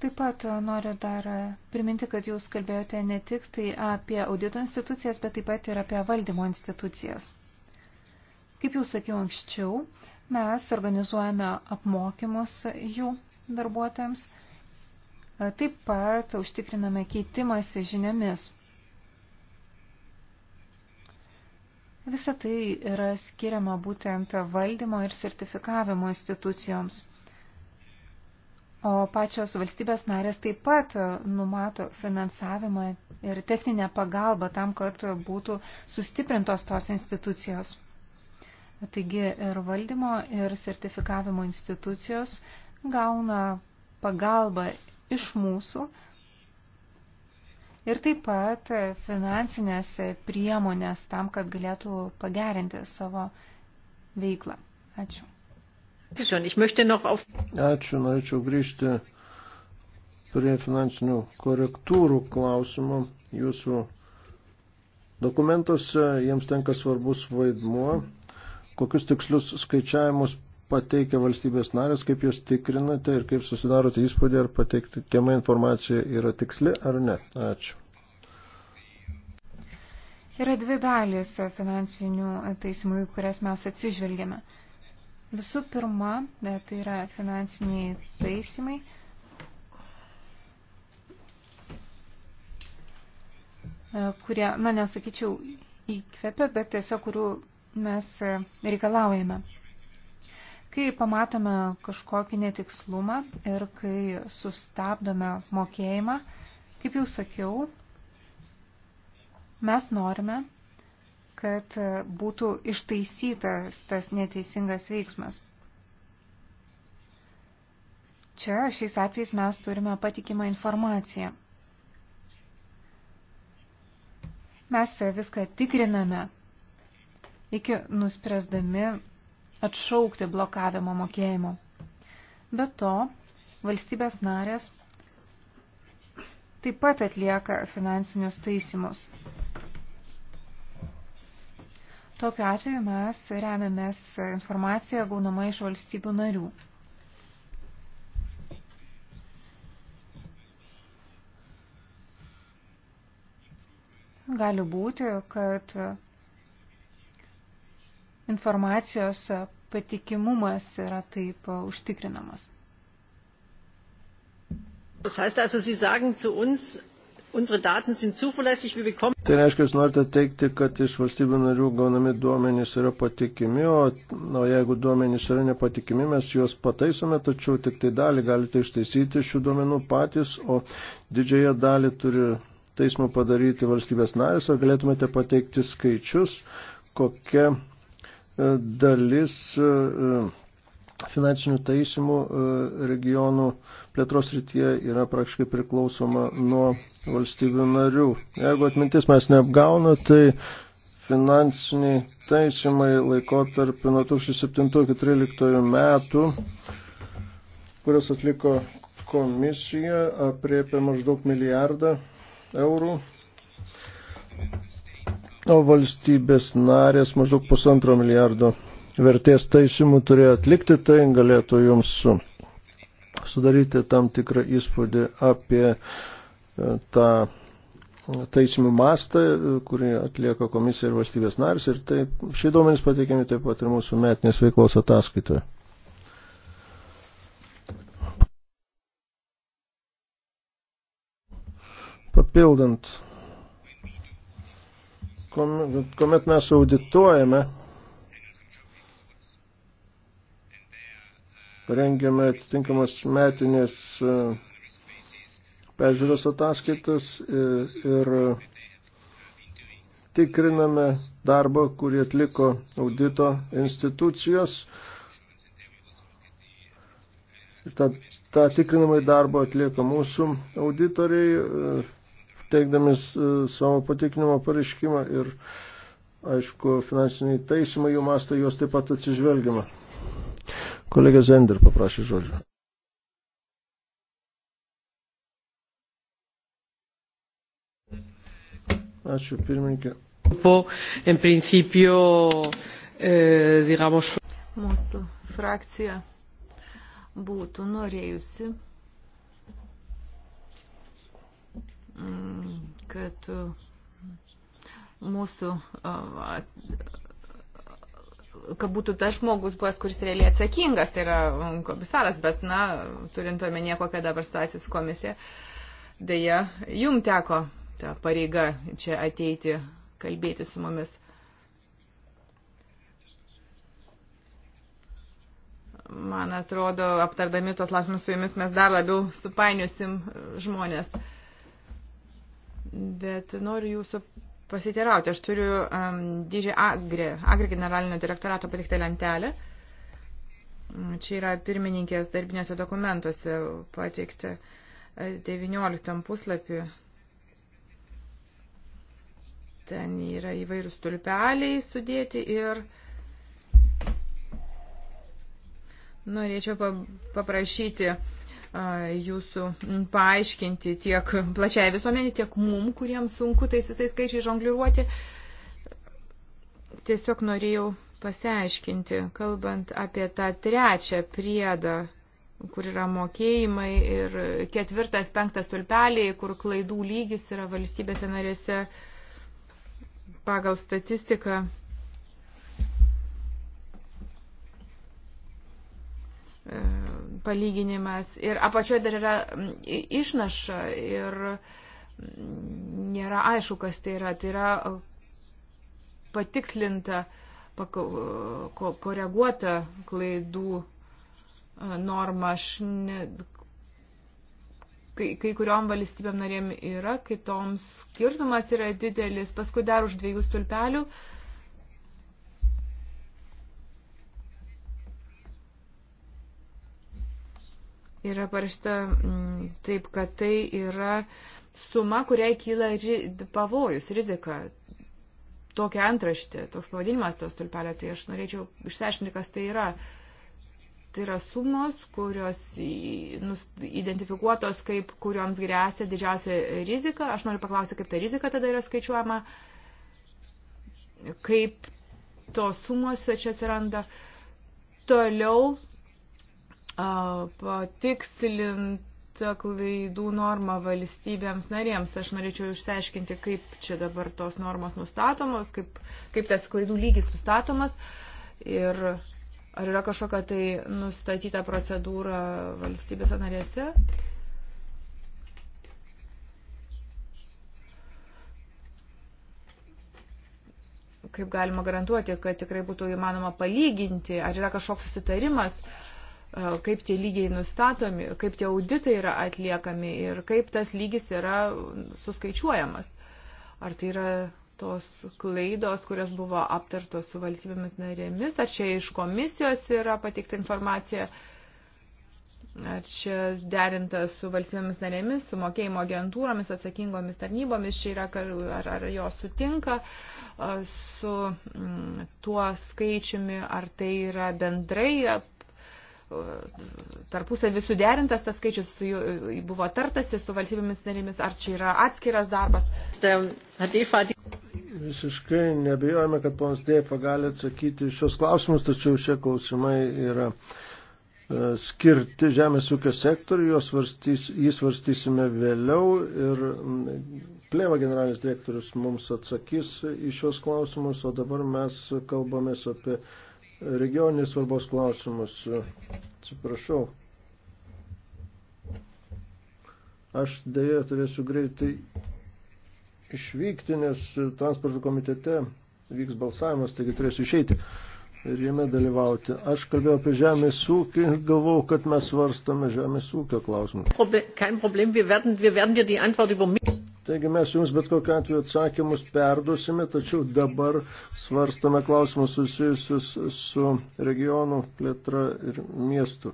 Taip pat uh, noriu dar uh, priminti, kad jūs kalbėjote ne tik tai apie audito institucijas, bet taip pat ir apie valdymo institucijas. Kaip jau sakiau anksčiau, mes organizuojame apmokymus jų darbuotojams E, taip pat užtikriname keitimąsi žiniomis. Visa tai yra skiriama būtent valdymo ir sertifikavimo institucijoms. O pačios valstybės narės taip pat numato finansavimą ir techninę pagalbą tam, kad būtų sustiprintos tos institucijos. Taigi ir valdymo, ir sertifikavimo institucijos gauna pagalbą iš mūsų ir taip pat finansinės priemonės tam, kad galėtų pagerinti savo veiklą. Ačiū. Ačiū, norėčiau grįžti prie finansinių korektūrų klausimo. Jūsų dokumentuose jiems tenka svarbus vaidmuo. Kokius tikslius skaičiavimus pateikia valstybės narės, kaip jūs tikrinate ir kaip susidarote įspūdį, ar pateikiama informacija yra tiksli ar ne. Ačiū. Yra dvi dalys finansinių taisimų, į kurias mes atsižvelgiame. Visų pirma, e, tai yra finansiniai taisimai. E, kurie, na nesakyčiau, įkvepia, bet tiesiog kurių mes e, reikalaujame. Kai pamatome kažkokį netikslumą ir kai sustabdome mokėjimą, kaip jau sakiau, mes norime, kad būtų ištaisytas tas neteisingas veiksmas. Čia šiais atvejais mes turime patikimą informaciją. Mes viską tikriname iki nuspręsdami, atšaukti blokavimo mokėjimo. Be to, valstybės narės taip pat atlieka finansinius taisymus. Tokiu atveju mes remiamės informaciją gaunamą iš valstybių narių. Gali būti, kad informacijos patikimumas yra taip e, užtikrinamas. Das heißt also, Sie sagen zu uns, unsere Daten sind zuverlässig, wir bekommen. Tai reiškia, jūs norite teikti, kad iš valstybių narių gaunami duomenys yra patikimi, o, o jeigu duomenys yra nepatikimi, mes juos pataisome, tačiau tik tai dalį galite ištaisyti šių duomenų patys, o didžiąją dalį turi teismo padaryti valstybės narės, ar galėtumėte pateikti skaičius, kokia E, dalis e, e, finansinių taisymų regionų plėtros rytyje yra praktiškai priklausoma nuo valstybių narių. Jeigu atmintis mes neapgauna, tai finansiniai taisymai laikotarpį nuo 2007-2013 metų, kurios atliko komisija, apriepia maždaug milijardą eurų o valstybės narės maždaug pusantro milijardo vertės taisymų turėjo atlikti, tai galėtų jums sudaryti tam tikrą įspūdį apie e, tą taisymų mastą, kurį atlieka komisija ir valstybės narys. Ir tai, šie duomenys pateikiami taip pat ir mūsų metinės veiklos ataskaitoje. Papildant kuomet mes audituojame, rengiame atitinkamas metinės e, pežiūros ataskaitas e, ir tikriname darbą, kurį atliko audito institucijos. Ta, ta tikrinamai darbą atlieka mūsų auditoriai, e, teikdamis e, savo patikinimo pareiškimą ir, aišku, finansiniai taisymai jų mastą juos taip pat atsižvelgiama. Kolega Zender paprašė žodžio. Ačiū, pirmininkė. En principio, eh, digamos... Mūsų frakcija būtų norėjusi kad uh, mūsų, uh, uh, kad būtų tas žmogus buvęs, kuris realiai atsakingas, tai yra um, komisaras, bet, na, turint omenyje, kokia dabar situacija su komisija, dėja, jum teko ta pareiga čia ateiti, kalbėti su mumis. Man atrodo, aptardami tos lasmus su jumis mes dar labiau supainiosim žmonės. Uh, bet noriu jūsų pasiteirauti. Aš turiu um, didžią Agri, Agri generalinio direktorato patiktą lentelę. Čia yra pirmininkės darbinėse dokumentuose pateikta 19 e, puslapį. Ten yra įvairūs tulpeliai sudėti ir norėčiau paprašyti jūsų paaiškinti tiek plačiai visuomenį, tiek mum, kuriems sunku tais visais skaičiai žongliruoti. Tiesiog norėjau pasiaiškinti, kalbant apie tą trečią priedą, kur yra mokėjimai ir ketvirtas, penktas tulpeliai, kur klaidų lygis yra valstybėse narėse pagal statistiką. E, palyginimas ir apačioje dar yra išnaša ir nėra aišku, kas tai yra. Tai yra patikslinta, koreguota klaidų norma. Aš ne, kai, kai kuriuom valstybėm narėm yra, kitoms skirtumas yra didelis. Paskui dar už dviejų stulpelių uh, yra parašyta mm, taip, kad tai yra suma, kuriai kyla ri, pavojus, rizika. Tokia antraštė, toks pavadinimas tos tulpelio, tai aš norėčiau išsiaiškinti, kas tai yra. Tai yra sumos, kurios identifikuotos kaip, kurioms grėsia didžiausia rizika. Aš noriu paklausyti, kaip ta rizika tada yra skaičiuojama, kaip tos sumos čia atsiranda. Toliau patikslinta klaidų norma valstybėms narėms. Aš norėčiau išsiaiškinti, kaip čia dabar tos normos nustatomos, kaip, kaip tas klaidų lygis nustatomas ir ar yra kažkokia tai nustatyta procedūra valstybėse narėse. Kaip galima garantuoti, kad tikrai būtų įmanoma palyginti, ar yra kažkoks susitarimas uh, E, kaip tie lygiai nustatomi, kaip tie auditai yra atliekami ir kaip tas lygis yra suskaičiuojamas. Ar tai yra tos klaidos, kurios buvo aptartos su valstybėmis narėmis, ar čia iš komisijos yra pateikta informacija, ar čia derinta su valstybėmis narėmis, su mokėjimo agentūromis, atsakingomis tarnybomis, čia yra, ar, ar jos sutinka e, su mm, tuo skaičiumi, ar tai yra bendrai tarpusavį suderintas tas skaičius, su, buvo tartasi su valstybėmis narėmis, ar čia yra atskiras darbas? Visiškai nebijojame, kad ponas Dėfa gali atsakyti šios klausimus, tačiau šie klausimai yra e, skirti žemės ūkio sektoriui, varstys, jį svarstysime vėliau ir mm, plėva generalinis direktorius mums atsakys į šios klausimus, o dabar mes kalbamės apie regioninės svarbos klausimus. Atsiprašau. Aš dėja turėsiu greitai išvykti, nes transporto komitete vyks balsavimas, taigi turėsiu išeiti ir jame dalyvauti. Aš kalbėjau apie žemės ūkį ir galvau, kad mes svarstame žemės ūkio klausimą. Taigi mes jums bet kokiu atveju atsakymus perdusime, tačiau dabar svarstame klausimus susijusius su regionų plėtra ir miestų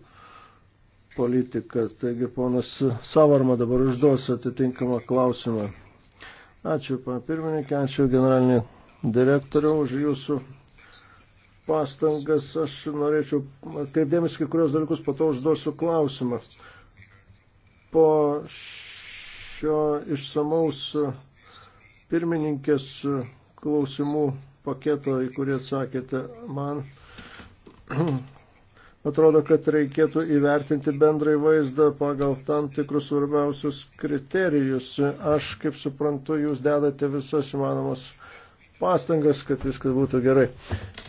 politika. Taigi ponas Savarma dabar užduos atitinkamą klausimą. Ačiū, pana pirmininkė, ačiū generalinį direktoriau už jūsų pastangas. Aš norėčiau atkreipdėmės kai kurios dalykus, po to užduosiu klausimą. Po š šio išsamaus pirmininkės klausimų paketo, į kurį atsakėte man. Atrodo, kad reikėtų įvertinti bendrai vaizdą pagal tam tikrus svarbiausius kriterijus. Aš, kaip suprantu, jūs dedate visas įmanomas pastangas, kad viskas būtų gerai,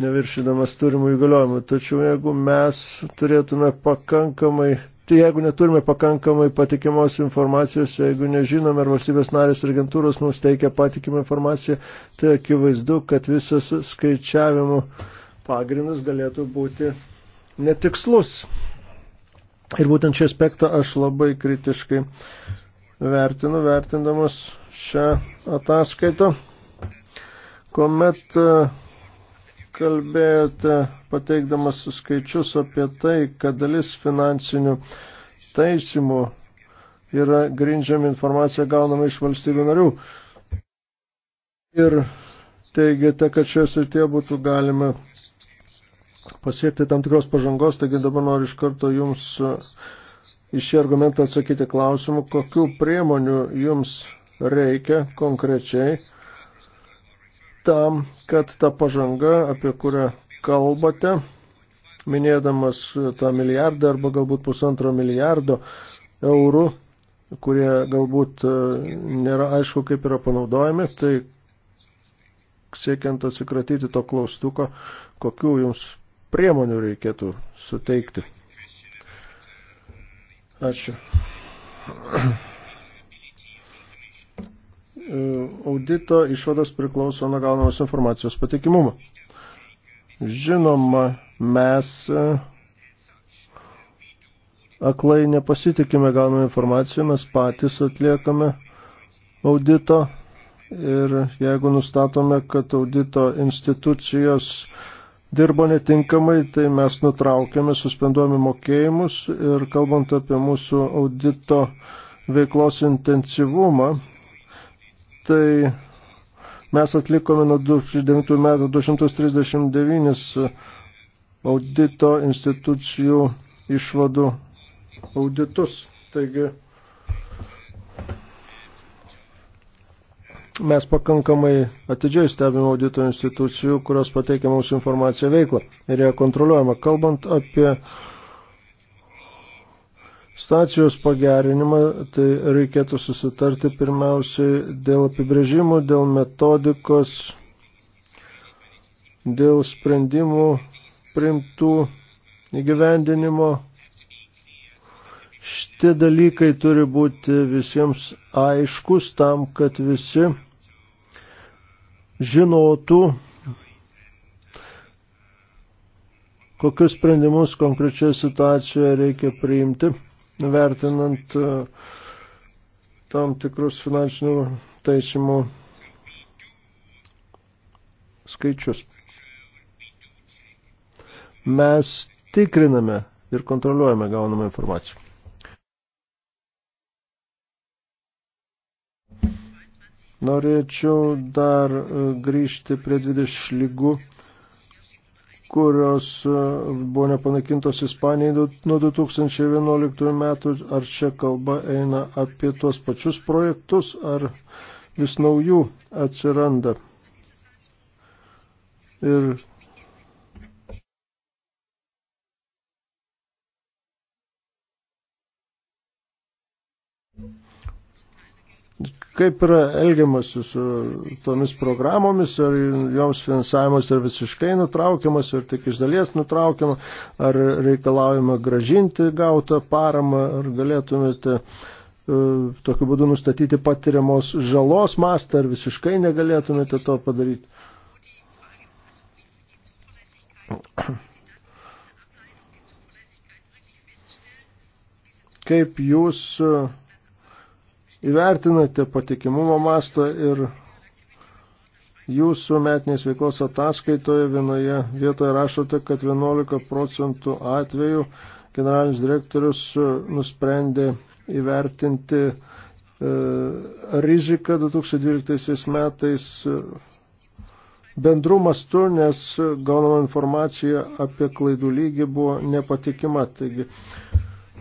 neviršydamas turimų įgaliojimų. Tačiau jeigu mes turėtume pakankamai Tai jeigu neturime pakankamai patikimos informacijos, jeigu nežinome, ar valstybės narės agentūros mums teikia patikimą informaciją, tai akivaizdu, kad visas skaičiavimo pagrindas galėtų būti netikslus. Ir būtent šį aspektą aš labai kritiškai vertinu, vertindamas šią ataskaitą, kuomet uh, kalbėjote, pateikdamas skaičius apie tai, kad dalis finansinių taisymų yra grindžiami informacija gaunama iš valstybių narių. Ir teigiate, kad šioje srityje būtų galima pasiekti tam tikros pažangos, taigi dabar noriu iš karto jums iš šį argumentą atsakyti klausimu, kokiu priemonių jums reikia konkrečiai, tam, kad ta pažanga, apie kurią kalbate, minėdamas tą milijardą arba galbūt pusantro milijardo eurų, kurie galbūt e, nėra aišku, kaip yra panaudojami, tai siekiant atsikratyti to klaustuko, kokių jums priemonių reikėtų suteikti. Ačiū. E, audito išvados priklauso nuo gaunamos informacijos patikimumo. Žinoma, mes e, aklai nepasitikime gaunamą informaciją, mes patys atliekame audito ir jeigu nustatome, kad audito institucijos dirbo netinkamai, tai mes nutraukėme, suspenduojame mokėjimus ir kalbant apie mūsų audito veiklos intensyvumą, tai mes atlikome nuo 2009 metų 239 audito institucijų išvadų auditus. Taigi mes pakankamai atidžiai stebime audito institucijų, kurios pateikia mūsų informaciją veiklą ir ją kontroliuojama. Kalbant apie stacijos pagerinimą, tai reikėtų susitarti pirmiausiai dėl apibrėžimų, dėl metodikos, dėl sprendimų primtų įgyvendinimo. Šitie dalykai turi būti visiems aiškus tam, kad visi žinotų, kokius sprendimus konkrečioje situacijoje reikia priimti vertinant e, tam tikrus finansinių taisymų skaičius. Mes tikriname ir kontroliuojame gaunamą informaciją. Norėčiau dar e, grįžti prie 20 lygų kurios e, buvo nepanakintos Ispanijai nuo 2011 metų. Ar čia kalba eina apie tuos pačius projektus, ar vis naujų atsiranda? Ir Kaip yra elgiamasi su tomis programomis, ar joms finansavimas yra visiškai nutraukiamas, ar tik iš dalies nutraukiama, ar reikalaujama gražinti gautą paramą, ar galėtumėte e, tokiu būdu nustatyti patiriamos žalos mastą, ar visiškai negalėtumėte to padaryti. Kaip jūs įvertinate patikimumo mastą ir jūsų metinės veiklos ataskaitoje vienoje vietoje rašote, kad 11 procentų atvejų generalinis direktorius nusprendė įvertinti e, riziką 2012 metais bendrų mastų, nes gaunama informacija apie klaidų lygį buvo nepatikima. Taigi,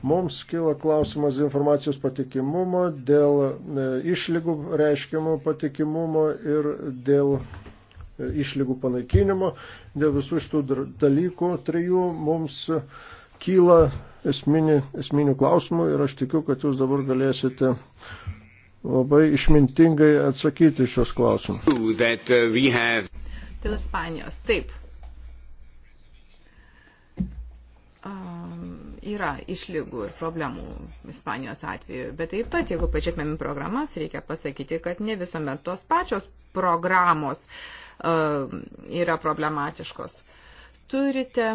Mums kyla klausimas informacijos patikimumo, dėl e, išlygų reiškiamų patikimumo ir dėl e, išlygų panaikinimo. Dėl visų šitų dalykų trijų mums kyla esminį, esminių klausimų ir aš tikiu, kad jūs dabar galėsite labai išmintingai atsakyti šios klausimus. Uh, dėl Ispanijos, taip yra išlygų ir problemų Ispanijos atveju. Bet taip pat, jeigu pažiūrėtumėm programas, reikia pasakyti, kad ne visuomet tos pačios programos uh, yra problematiškos. Turite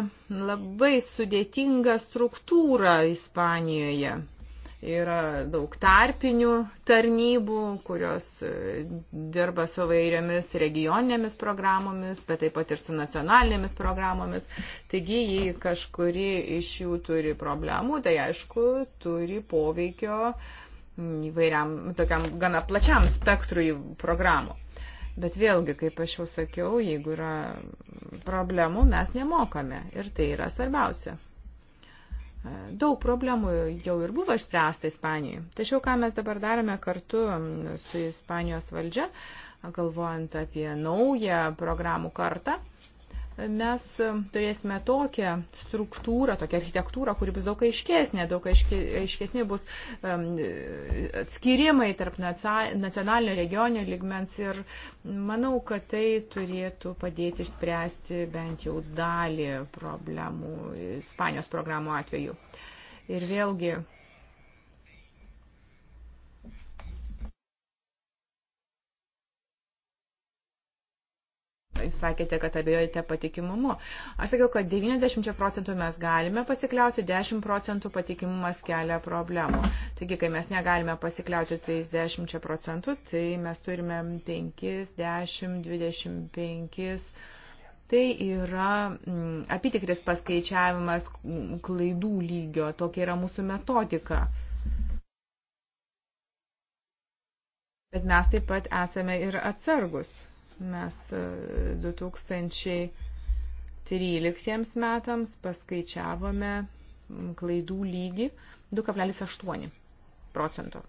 labai sudėtingą struktūrą Ispanijoje Yra daug tarpinių tarnybų, kurios e, dirba su vairiomis regioninėmis programomis, bet taip pat ir su nacionalinėmis programomis. Taigi, jei kažkuri iš jų turi problemų, tai aišku, turi poveikio įvairiam, tokiam gana plačiam spektrui programų. Bet vėlgi, kaip aš jau sakiau, jeigu yra problemų, mes nemokame. Ir tai yra svarbiausia. Daug problemų jau ir buvo išspręsta Ispanijoje. Tačiau ką mes dabar darome kartu su Ispanijos valdžia, galvojant apie naują programų kartą, mes e, turėsime tokią struktūrą, tokią architektūrą, kuri bus daug aiškesnė, daug aiškesnė bus atskirimai tarp nacionalinio regioninio ligmens ir manau, kad tai turėtų padėti išspręsti bent jau dalį problemų Ispanijos programų atveju. Ir vėlgi Jūs sakėte, kad abejojate patikimumu. Aš sakiau, kad 90 procentų mes galime pasikliauti, 10 procentų patikimumas kelia problemų. Taigi, kai mes negalime pasikliauti tais 10 procentų, tai mes turime 5, 10, 25. Tai yra mm, apitikris paskaičiavimas klaidų lygio, tokia yra mūsų metodika. Bet mes taip pat esame ir atsargus. Mes 2013 e, metams paskaičiavome klaidų lygį 2,8 procento.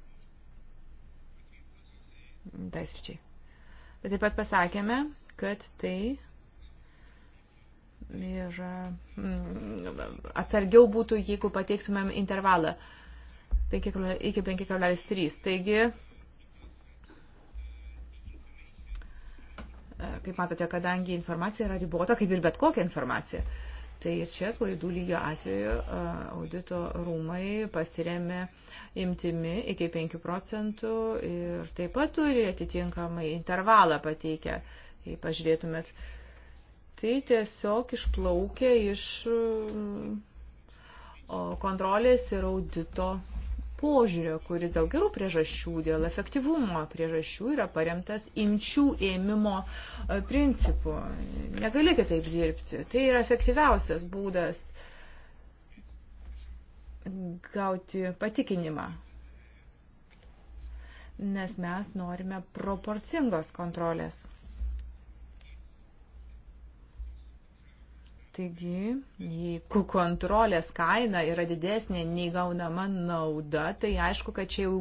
Tai sričiai. Bet taip pat pasakėme, kad tai ir mm, atsargiau būtų, jeigu pateiktumėm intervalą 5, iki 5,3. Taigi kaip matote, kadangi informacija yra ribota, kaip ir bet kokia informacija. Tai ir čia klaidų lygio atveju audito rūmai pasiremė imtimi iki 5 procentų ir taip pat turi atitinkamai intervalą pateikę, jei pažiūrėtumėt. Tai tiesiog išplaukia iš kontrolės ir audito požiūrio, kuris dėl gerų priežasčių, dėl efektyvumo priežasčių yra paremtas imčių ėmimo e, principu. Negali kitaip dirbti. Tai yra efektyviausias būdas gauti patikinimą. Nes mes norime proporcingos kontrolės. Taigi, jeigu kontrolės kaina yra didesnė nei gaunama nauda, tai aišku, kad čia jau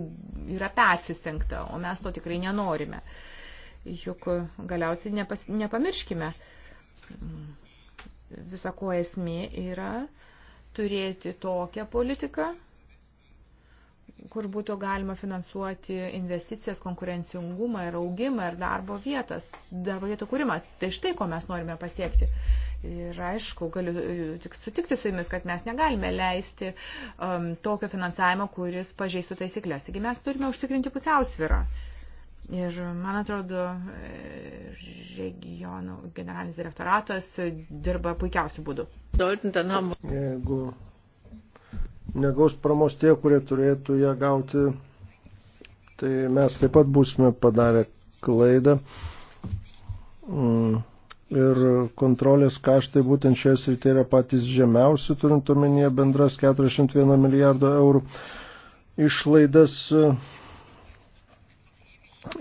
yra persistengta, o mes to tikrai nenorime. Juk galiausiai nepas, nepamirškime, visako esmė yra turėti tokią politiką, kur būtų galima finansuoti investicijas, konkurencingumą ir augimą ir darbo vietas, darbo vietų kūrimą. Tai štai, ko mes norime pasiekti. Ir aišku, galiu e, tik sutikti su jumis, kad mes negalime leisti um, tokio finansavimo, kuris pažeistų taisyklės. Taigi mes turime užtikrinti pusiausvyrą. Ir man atrodo, e, regionų generalinis direktoratas dirba puikiausių būdų. Jeigu negaus paramos tie, kurie turėtų ją gauti, tai mes taip pat būsime padarę klaidą. Mm ir kontrolės kaštai būtent šioje srityje yra patys žemiausi, turint omenyje bendras 41 milijardo eurų išlaidas.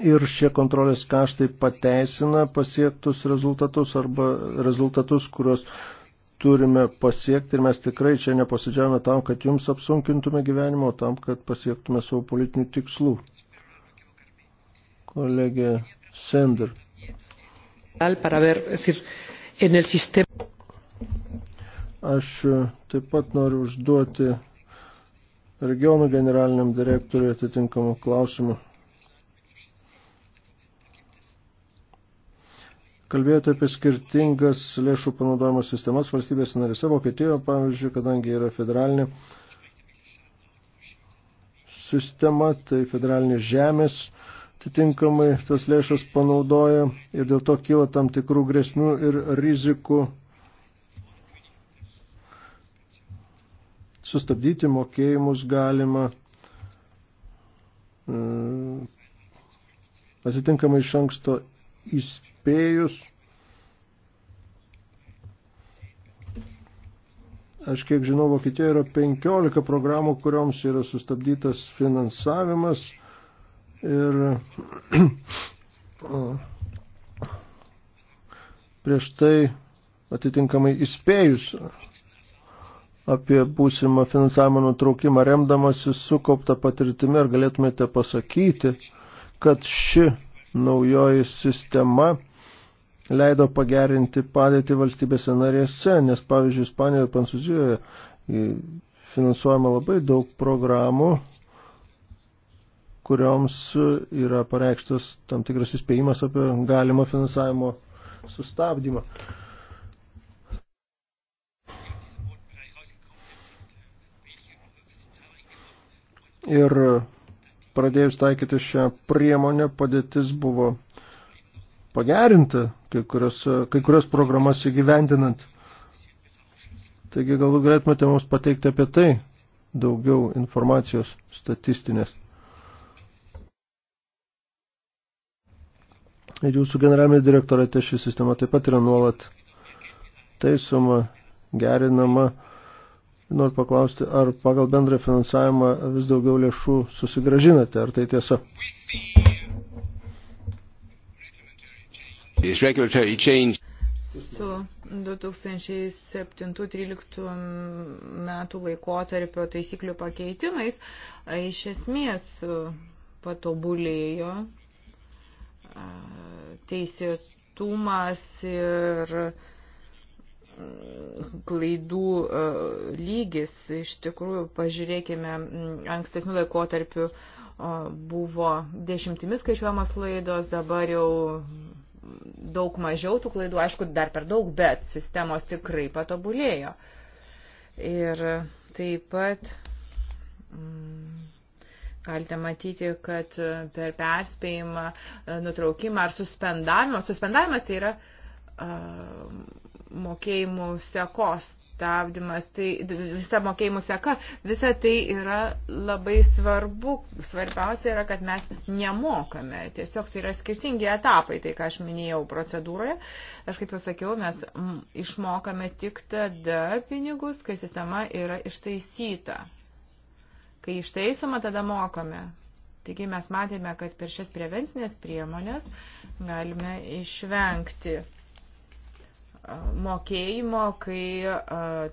Ir šie kontrolės kaštai pateisina pasiektus rezultatus arba rezultatus, kuriuos turime pasiekti ir mes tikrai čia neposėdžiavome tam, kad jums apsunkintume gyvenimą, o tam, kad pasiektume savo politinių tikslų. Kolegė Sender para ver, es decir, en el sistema. Aš e, taip pat noriu užduoti regionų generaliniam direktoriui atitinkamą klausimą. Kalbėjote apie skirtingas lėšų panaudojimo sistemas valstybės narėse, Vokietijoje, pavyzdžiui, kadangi yra federalinė sistema, tai federalinės žemės atitinkamai tas lėšas panaudoja ir dėl to kyla tam tikrų grėsmių ir rizikų sustabdyti mokėjimus galima e, atitinkamai iš anksto įspėjus. Aš kiek žinau, Vokietijoje yra 15 programų, kurioms yra sustabdytas finansavimas Ir prieš tai atitinkamai įspėjus apie būsimą finansavimo nutraukimą remdamasi sukauptą patirtimi, ar galėtumėte pasakyti, kad ši naujoji sistema leido pagerinti padėtį valstybėse narėse, nes pavyzdžiui, Ispanijoje ir Prancūzijoje finansuojama labai daug programų, kurioms yra pareikštas tam tikras įspėjimas apie galimą finansavimo sustabdymą. Ir pradėjus taikyti šią priemonę, padėtis buvo pagerinta kai kurios, kai kurios programas įgyvendinant. Taigi galbūt galėtumėte mums pateikti apie tai daugiau informacijos statistinės. Ir jūsų generalinė direktorate ši sistema taip pat yra nuolat taisoma, gerinama. Noriu paklausti, ar pagal bendrą finansavimą vis daugiau lėšų susigražinate, ar tai tiesa? Su 2007-2013 metų laikotarpio taisyklių pakeitimais iš esmės patobulėjo teisėtumas ir mm, klaidų lygis. Iš tikrųjų, pažiūrėkime, mm, ankstesnių laikotarpių buvo dešimtimis skaičiuojamos klaidos, dabar jau daug mažiau tų klaidų, aišku, dar per daug, bet sistemos tikrai patobulėjo. Ir taip pat. Mm, Galite matyti, kad e, per perspėjimą, e, nutraukimą ar suspendavimą, suspendavimas tai yra e, mokėjimų sekos stabdymas, tai visa mokėjimų seka, visa tai yra labai svarbu. Svarbiausia yra, kad mes nemokame. Tiesiog tai yra skirtingi etapai, tai ką aš minėjau procedūroje. Aš kaip jau sakiau, mes išmokame tik tada pinigus, kai sistema yra ištaisyta. Kai ištaisoma, tada mokome. Taigi mes matėme, kad per šias prevencinės priemonės galime išvengti mokėjimo, kai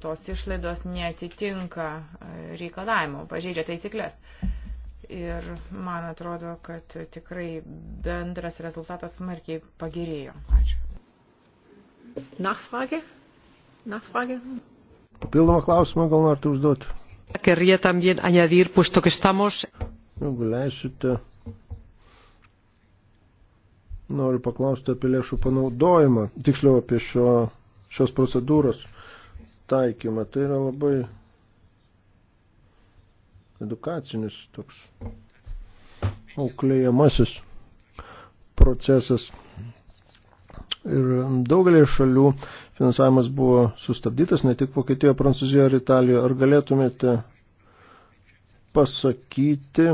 tos išlaidos netitinka reikalavimo, pažeidžia taisyklės. Ir man atrodo, kad tikrai bendras rezultatas smarkiai pagerėjo. Ačiū. Nachfrage? Nachfrage? Papildomą klausimą gal norite užduoti? Querría también añadir, puesto que estamos. Jeigu leisite, noriu paklausti apie lėšų panaudojimą, tiksliau apie šio, šios procedūros taikymą. Tai yra labai edukacinis toks auklėjamasis procesas ir daugelį šalių finansavimas buvo sustabdytas, ne tik Vokietijoje, Prancūzijoje ir Italijoje. Ar galėtumėte pasakyti,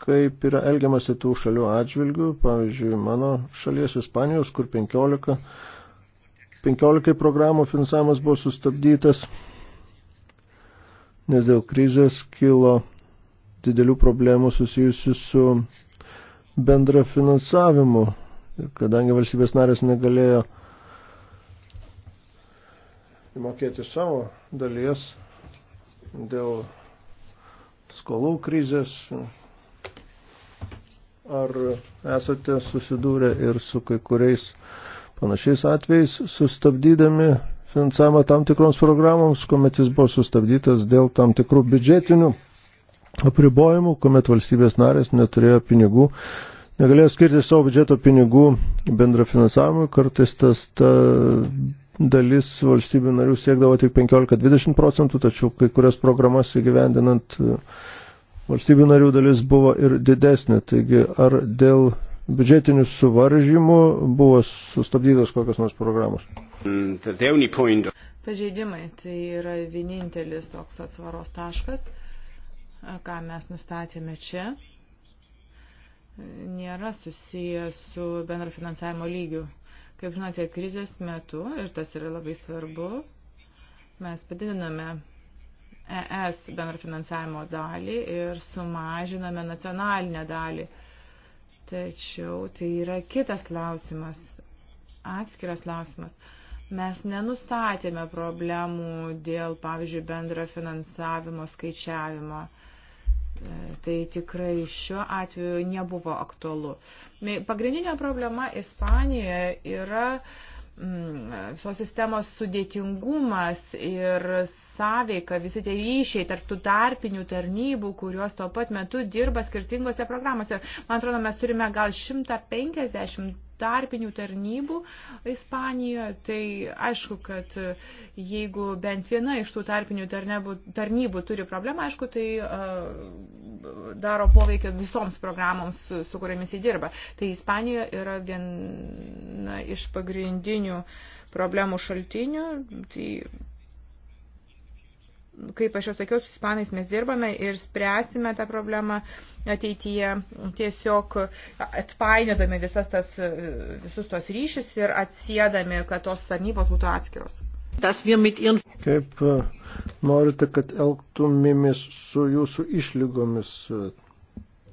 kaip yra elgiamasi tų šalių atžvilgių, pavyzdžiui, mano šalies Ispanijos, kur 15, 15 programų finansavimas buvo sustabdytas, nes dėl krizės kilo didelių problemų susijusių su bendra finansavimu. Ir kadangi valstybės narės negalėjo įmokėti savo dalies dėl skolų krizės, ar esate susidūrę ir su kai kuriais panašiais atvejais sustabdydami finansavimą tam tikroms programoms, kuomet jis buvo sustabdytas dėl tam tikrų biudžetinių apribojimų, kuomet valstybės narės neturėjo pinigų negalėjo skirti savo biudžeto pinigų bendrafinansavimui, kartais tas ta dalis valstybių narių siekdavo tik 15-20 procentų, tačiau kai kurias programas įgyvendinant e, valstybių narių dalis buvo ir didesnė. Taigi ar dėl biudžetinių suvaržymų buvo sustabdytos kokios nors programos? Mm, Pažeidimai tai yra vienintelis toks atsvaros taškas, ką mes nustatėme čia nėra susiję su bendro finansavimo lygiu. Kaip žinote, krizės metu, ir tas yra labai svarbu, mes padidiname ES bendro finansavimo dalį ir sumažiname nacionalinę dalį. Tačiau tai yra kitas klausimas, atskiras klausimas. Mes nenustatėme problemų dėl, pavyzdžiui, bendro finansavimo skaičiavimo. Uh, Tai tikrai šiuo atveju nebuvo aktualu. Pagrindinė problema Ispanijoje yra visos mm, sistemos sudėtingumas ir sąveika, visi tie ryšiai tarp tų tarpinių tarnybų, kurios tuo pat metu dirba skirtingose programuose. Man atrodo, mes turime gal 150 tarpinių tarnybų Ispanijoje. Tai aišku, kad jeigu bent viena iš tų tarpinių tarnybų, tarnybų turi problemą, aišku, tai uh, daro poveikį visoms programoms, su, su kuriamis jį dirba. Tai Ispanija yra viena iš pagrindinių problemų šaltinių. Tai kaip aš jau sakiau, su ispanais mes dirbame ir spręsime tą problemą ateityje, tiesiog atpainiodami visas tas, visus tos ryšius ir atsėdami, kad tos tarnybos būtų atskiros. Kaip e, norite, kad elgtumėmės su jūsų išlygomis e,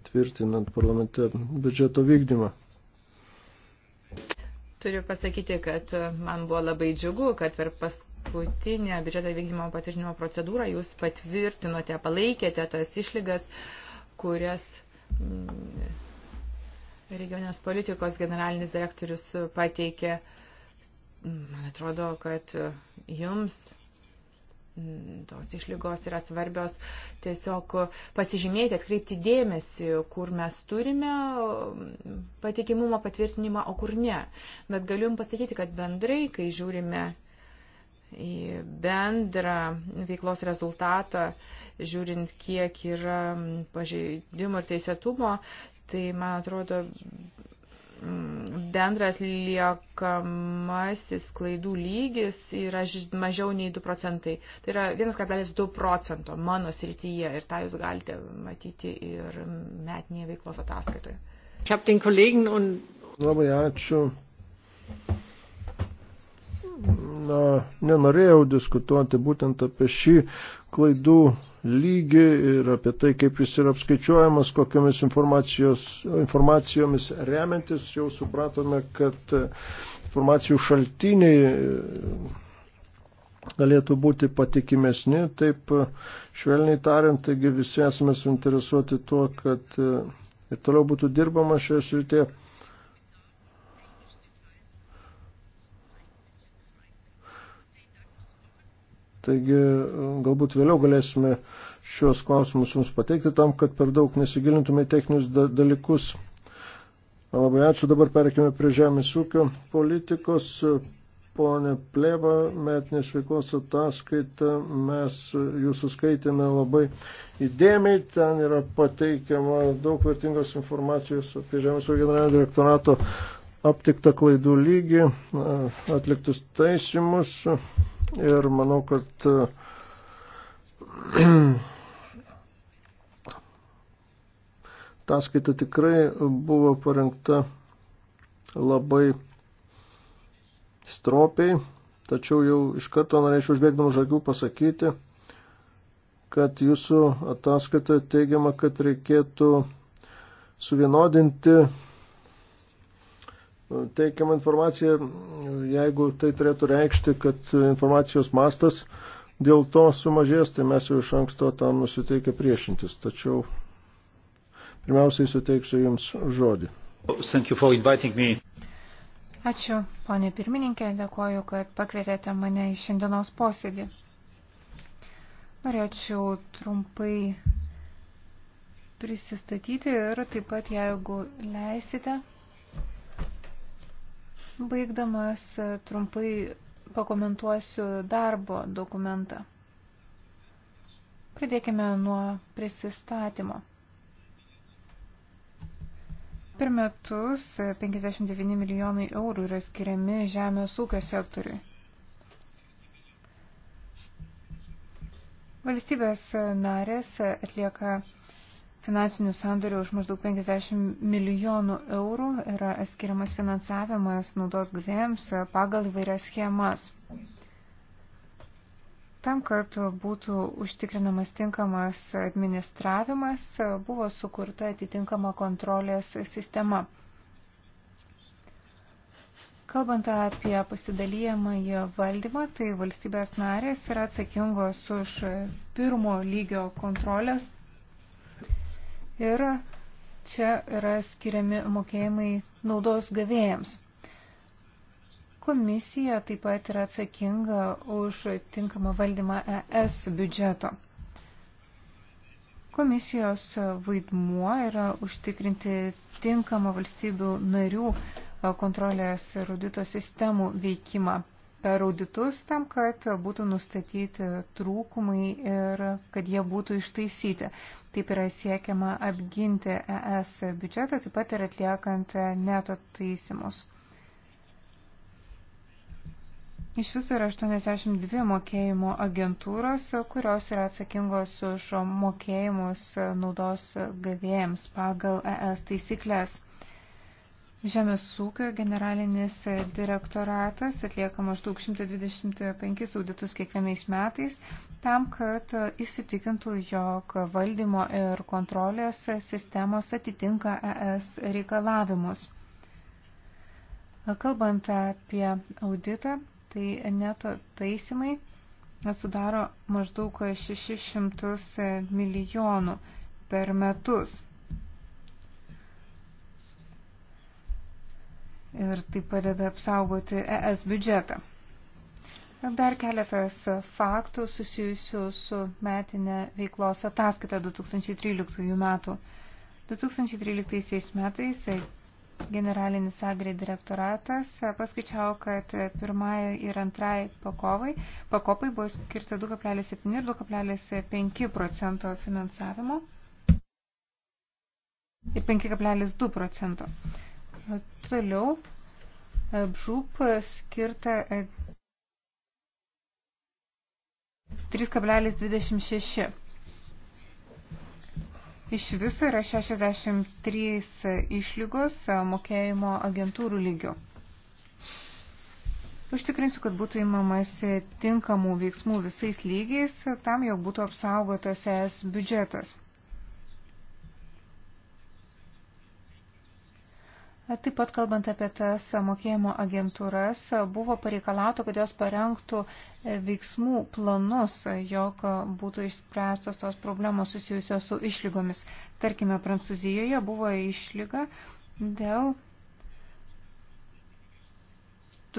tvirtinant parlamente biudžeto vykdymą? Turiu pasakyti, kad e, man buvo labai džiugu, kad per paskutinį paskutinę biudžeto vykdymo patvirtinimo procedūrą jūs patvirtinote, palaikėte tas išlygas, kurias mm, regionės politikos generalinis direktorius pateikė. Man atrodo, kad jums mm, tos išlygos yra svarbios tiesiog pasižymėti, atkreipti dėmesį, kur mes turime mm, patikimumo patvirtinimą, o kur ne. Bet galiu jums pasakyti, kad bendrai, kai žiūrime į bendrą veiklos rezultatą, žiūrint, kiek yra pažeidimo ir teisėtumo, tai, man atrodo, bendras liekamasis klaidų lygis yra mažiau nei 2 procentai. Tai yra 1,2 procento mano srityje ir tą jūs galite matyti ir metinėje veiklos ataskaitoje. Labai ačiū na, nenorėjau diskutuoti būtent apie šį klaidų lygį ir apie tai, kaip jis yra apskaičiuojamas, kokiamis informacijomis remiantis, jau supratome, kad informacijų šaltiniai e, galėtų būti patikimesni, taip e, švelniai tariant, taigi visi esame suinteresuoti tuo, kad e, ir toliau būtų dirbama šioje srityje. Taigi galbūt vėliau galėsime šios klausimus jums pateikti tam, kad per daug nesigilintume į techninius dalykus. Labai ačiū, dabar perkime prie žemės ūkio politikos. Pone Pleba, metinės veiklos ataskaita, mes jūsų skaitėme labai įdėmiai, ten yra pateikiama daug vertingos informacijos apie Žemės ūkio generalinio direktorato aptiktą klaidų lygį, atliktus taisimus ir manau, kad ta skaita tikrai buvo parengta labai stropiai, tačiau jau iš karto norėčiau užbėgdama žagių pasakyti, kad jūsų ataskaitoje teigiama, kad reikėtų suvienodinti teikiamą informaciją, jeigu tai turėtų reikšti, kad informacijos mastas dėl to sumažės, tai mes jau iš anksto tam nusiteikę priešintis. Tačiau pirmiausiai suteiksiu Jums žodį. Ačiū, ponė pirmininkė, dėkoju, kad pakvietėte mane į šiandienos posėdį. Norėčiau trumpai prisistatyti ir taip pat, jeigu leisite, Baigdamas e, trumpai pakomentuosiu darbo dokumentą. Pradėkime nuo prisistatymo. Per metus 59 e, milijonai eurų yra skiriami žemės ūkio sektoriui. Valstybės narės atlieka finansinių sandorių už maždaug 50 milijonų eurų yra skiriamas finansavimas naudos gavėjams pagal įvairias schemas. Tam, kad būtų užtikrinamas tinkamas administravimas, buvo sukurta atitinkama kontrolės sistema. Kalbant apie pasidalyjamą į valdymą, tai valstybės narės yra atsakingos už pirmo lygio kontrolės Ir čia yra skiriami mokėjimai naudos gavėjams. Komisija taip pat yra atsakinga už tinkamą valdymą ES biudžeto. Komisijos vaidmuo yra užtikrinti tinkamą valstybių narių kontrolės ir audito sistemų veikimą per auditus tam, kad būtų nustatyti trūkumai ir kad jie būtų ištaisyti. Taip yra siekiama apginti ES biudžetą, taip pat ir atliekant neto taisimus. Iš viso yra 82 mokėjimo agentūros, kurios yra atsakingos už mokėjimus naudos gavėjams pagal ES taisyklės. Žemės ūkio generalinis direktoratas atlieka maždaug 125 auditus kiekvienais metais tam, kad įsitikintų, jog valdymo ir kontrolės sistemos atitinka ES reikalavimus. Kalbant apie auditą, tai neto taisymai sudaro maždaug 600 milijonų per metus. ir tai padeda apsaugoti ES biudžetą. Dar keletas faktų susijusių su metinė veiklos ataskaita 2013 metų. 2013 metais generalinis agri direktoratas paskaičiavo, kad pirmai ir antrai pakovai, pakopai buvo skirta 2,7 ir 2,5 procento finansavimo ir 5,2 procento. Toliau e, BŽUP skirta 3,26. E, Iš viso yra 63 e, išlygos mokėjimo agentūrų lygių. Užtikrinsiu, kad būtų įmamasi tinkamų veiksmų visais lygiais, tam jau būtų apsaugotas ES biudžetas. Taip pat kalbant apie tas mokėjimo agentūras, buvo pareikalauta, kad jos parengtų e, veiksmų planus, jog būtų išspręstos tos problemos susijusios su išlygomis. Tarkime, Prancūzijoje buvo išlyga dėl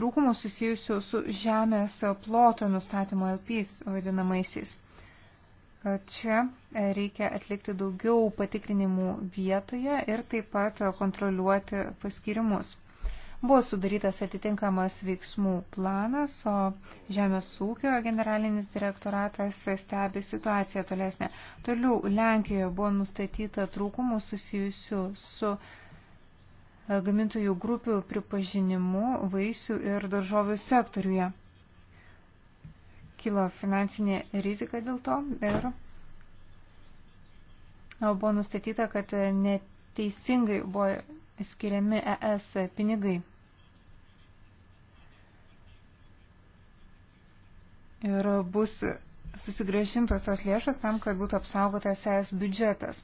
trūkumų susijusių su žemės ploto nustatymo LPs vadinamaisiais. Čia reikia atlikti daugiau patikrinimų vietoje ir taip pat kontroliuoti paskirimus. Buvo sudarytas atitinkamas veiksmų planas, o Žemės ūkio generalinis direktoratas stebi situaciją tolesnę. Toliau Lenkijoje buvo nustatyta trūkumų susijusių su e, gamintojų grupių pripažinimu vaisių ir daržovių sektoriuje kilo finansinė rizika dėl to ir buvo nustatyta, kad neteisingai buvo skiriami ES pinigai. Ir bus susigražintos tos lėšos tam, kad būtų apsaugotas ES biudžetas.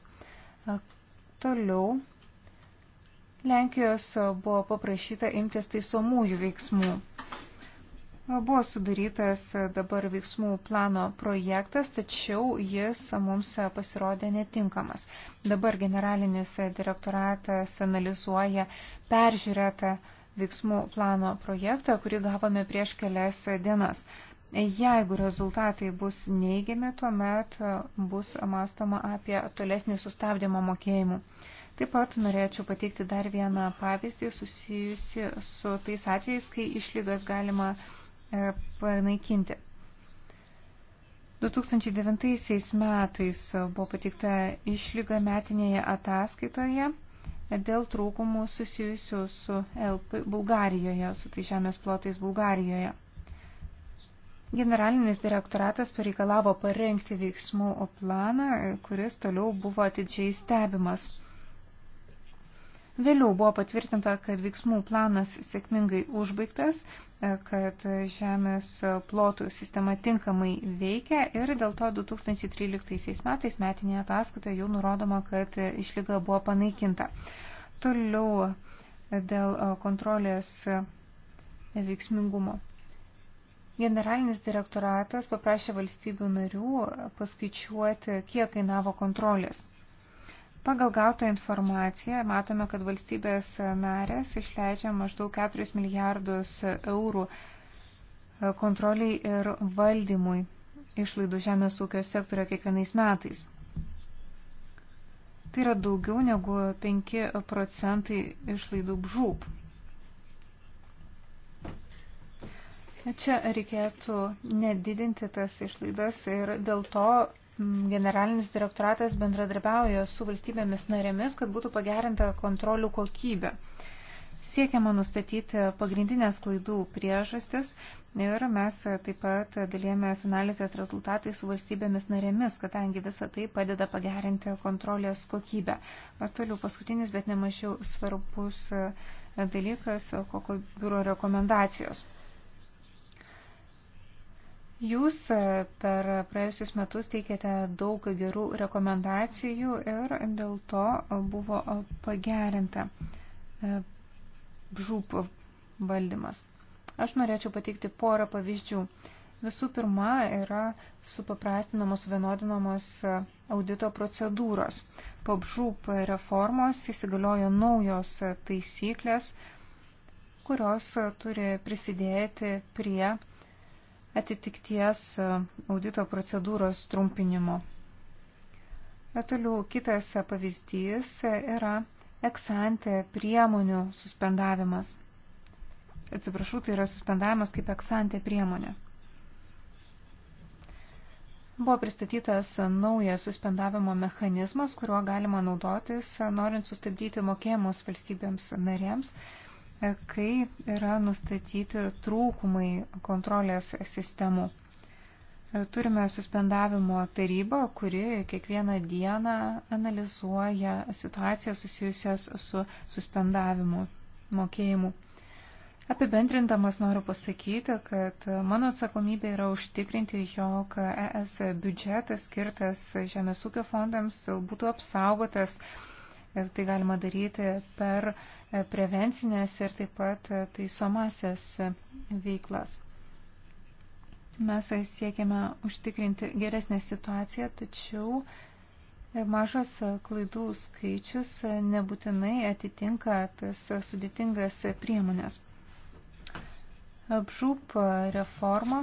Toliau Lenkijos buvo paprašyta imtis taisomųjų veiksmų. Buvo sudarytas dabar veiksmų plano projektas, tačiau jis mums pasirodė netinkamas. Dabar generalinis direktoratas analizuoja peržiūrėtą veiksmų plano projektą, kurį gavome prieš kelias dienas. Jeigu rezultatai bus neigiami, tuomet bus mąstoma apie tolesnį sustabdymą mokėjimų. Taip pat norėčiau pateikti dar vieną pavyzdį susijusi su tais atvejais, kai išlygas galima E, panaikinti. 2009 metais buvo pateikta išlyga metinėje ataskaitoje dėl trūkumų susijusių su LP Bulgarijoje, su tai žemės plotais Bulgarijoje. Generalinis direktoratas pareikalavo parengti veiksmų planą, kuris toliau buvo atidžiai stebimas. Vėliau buvo patvirtinta, kad veiksmų planas sėkmingai užbaigtas, e, kad žemės plotų sistema tinkamai veikia ir dėl to 2013 metais metinėje ataskaitoje jau nurodoma, kad išlyga buvo panaikinta. Toliau e, dėl e, kontrolės veiksmingumo. Generalinis direktoratas paprašė valstybių narių paskaičiuoti, kiek kainavo kontrolės Pagal gautą informaciją matome, kad valstybės narės išleidžia maždaug 4 milijardus eurų kontroliai ir valdymui išlaidų žemės ūkio sektorio kiekvienais metais. Tai yra daugiau negu 5 procentai išlaidų bžūp. Čia reikėtų nedidinti tas išlaidas ir dėl to Mm, generalinis direktoratas bendradarbiauja su valstybėmis narėmis, kad būtų pagerinta kontrolių kokybė. Siekiama nustatyti pagrindinės klaidų priežastis ir mes taip pat dalėmės analizės rezultatai su valstybėmis narėmis, kadangi visa tai padeda pagerinti kontrolės kokybę. O toliau paskutinis, bet nemažiau svarbus dalykas, kokio biuro rekomendacijos. Jūs e, per praėjusius metus teikėte daug gerų rekomendacijų ir dėl to e, buvo e, pagerinta žūp valdymas. Aš norėčiau pateikti porą pavyzdžių. Visų pirma, yra supaprastinamos, vienodinamos audito procedūros. Po žūp reformos įsigaliojo naujos taisyklės, kurios turi prisidėti prie atitikties e, audito procedūros trumpinimo. Toliau kitas pavyzdys e, yra eksante priemonių suspendavimas. Atsiprašau, tai yra suspendavimas kaip eksante priemonė. Buvo pristatytas naujas suspendavimo mechanizmas, kuriuo galima naudotis, norint sustabdyti mokėjimus valstybėms narėms kai yra nustatyti trūkumai kontrolės sistemų. Turime suspendavimo tarybą, kuri kiekvieną dieną analizuoja situacijas susijusias su suspendavimu mokėjimu. Apibendrindamas noriu pasakyti, kad mano atsakomybė yra užtikrinti, jog ES biudžetas skirtas Žemės ūkio fondams būtų apsaugotas Ir tai galima daryti per e, prevencinės ir taip pat e, taisomasias e, veiklas. Mes siekiame užtikrinti geresnę situaciją, tačiau mažas klaidų skaičius nebūtinai atitinka tas sudėtingas priemonės. Apžūp reforma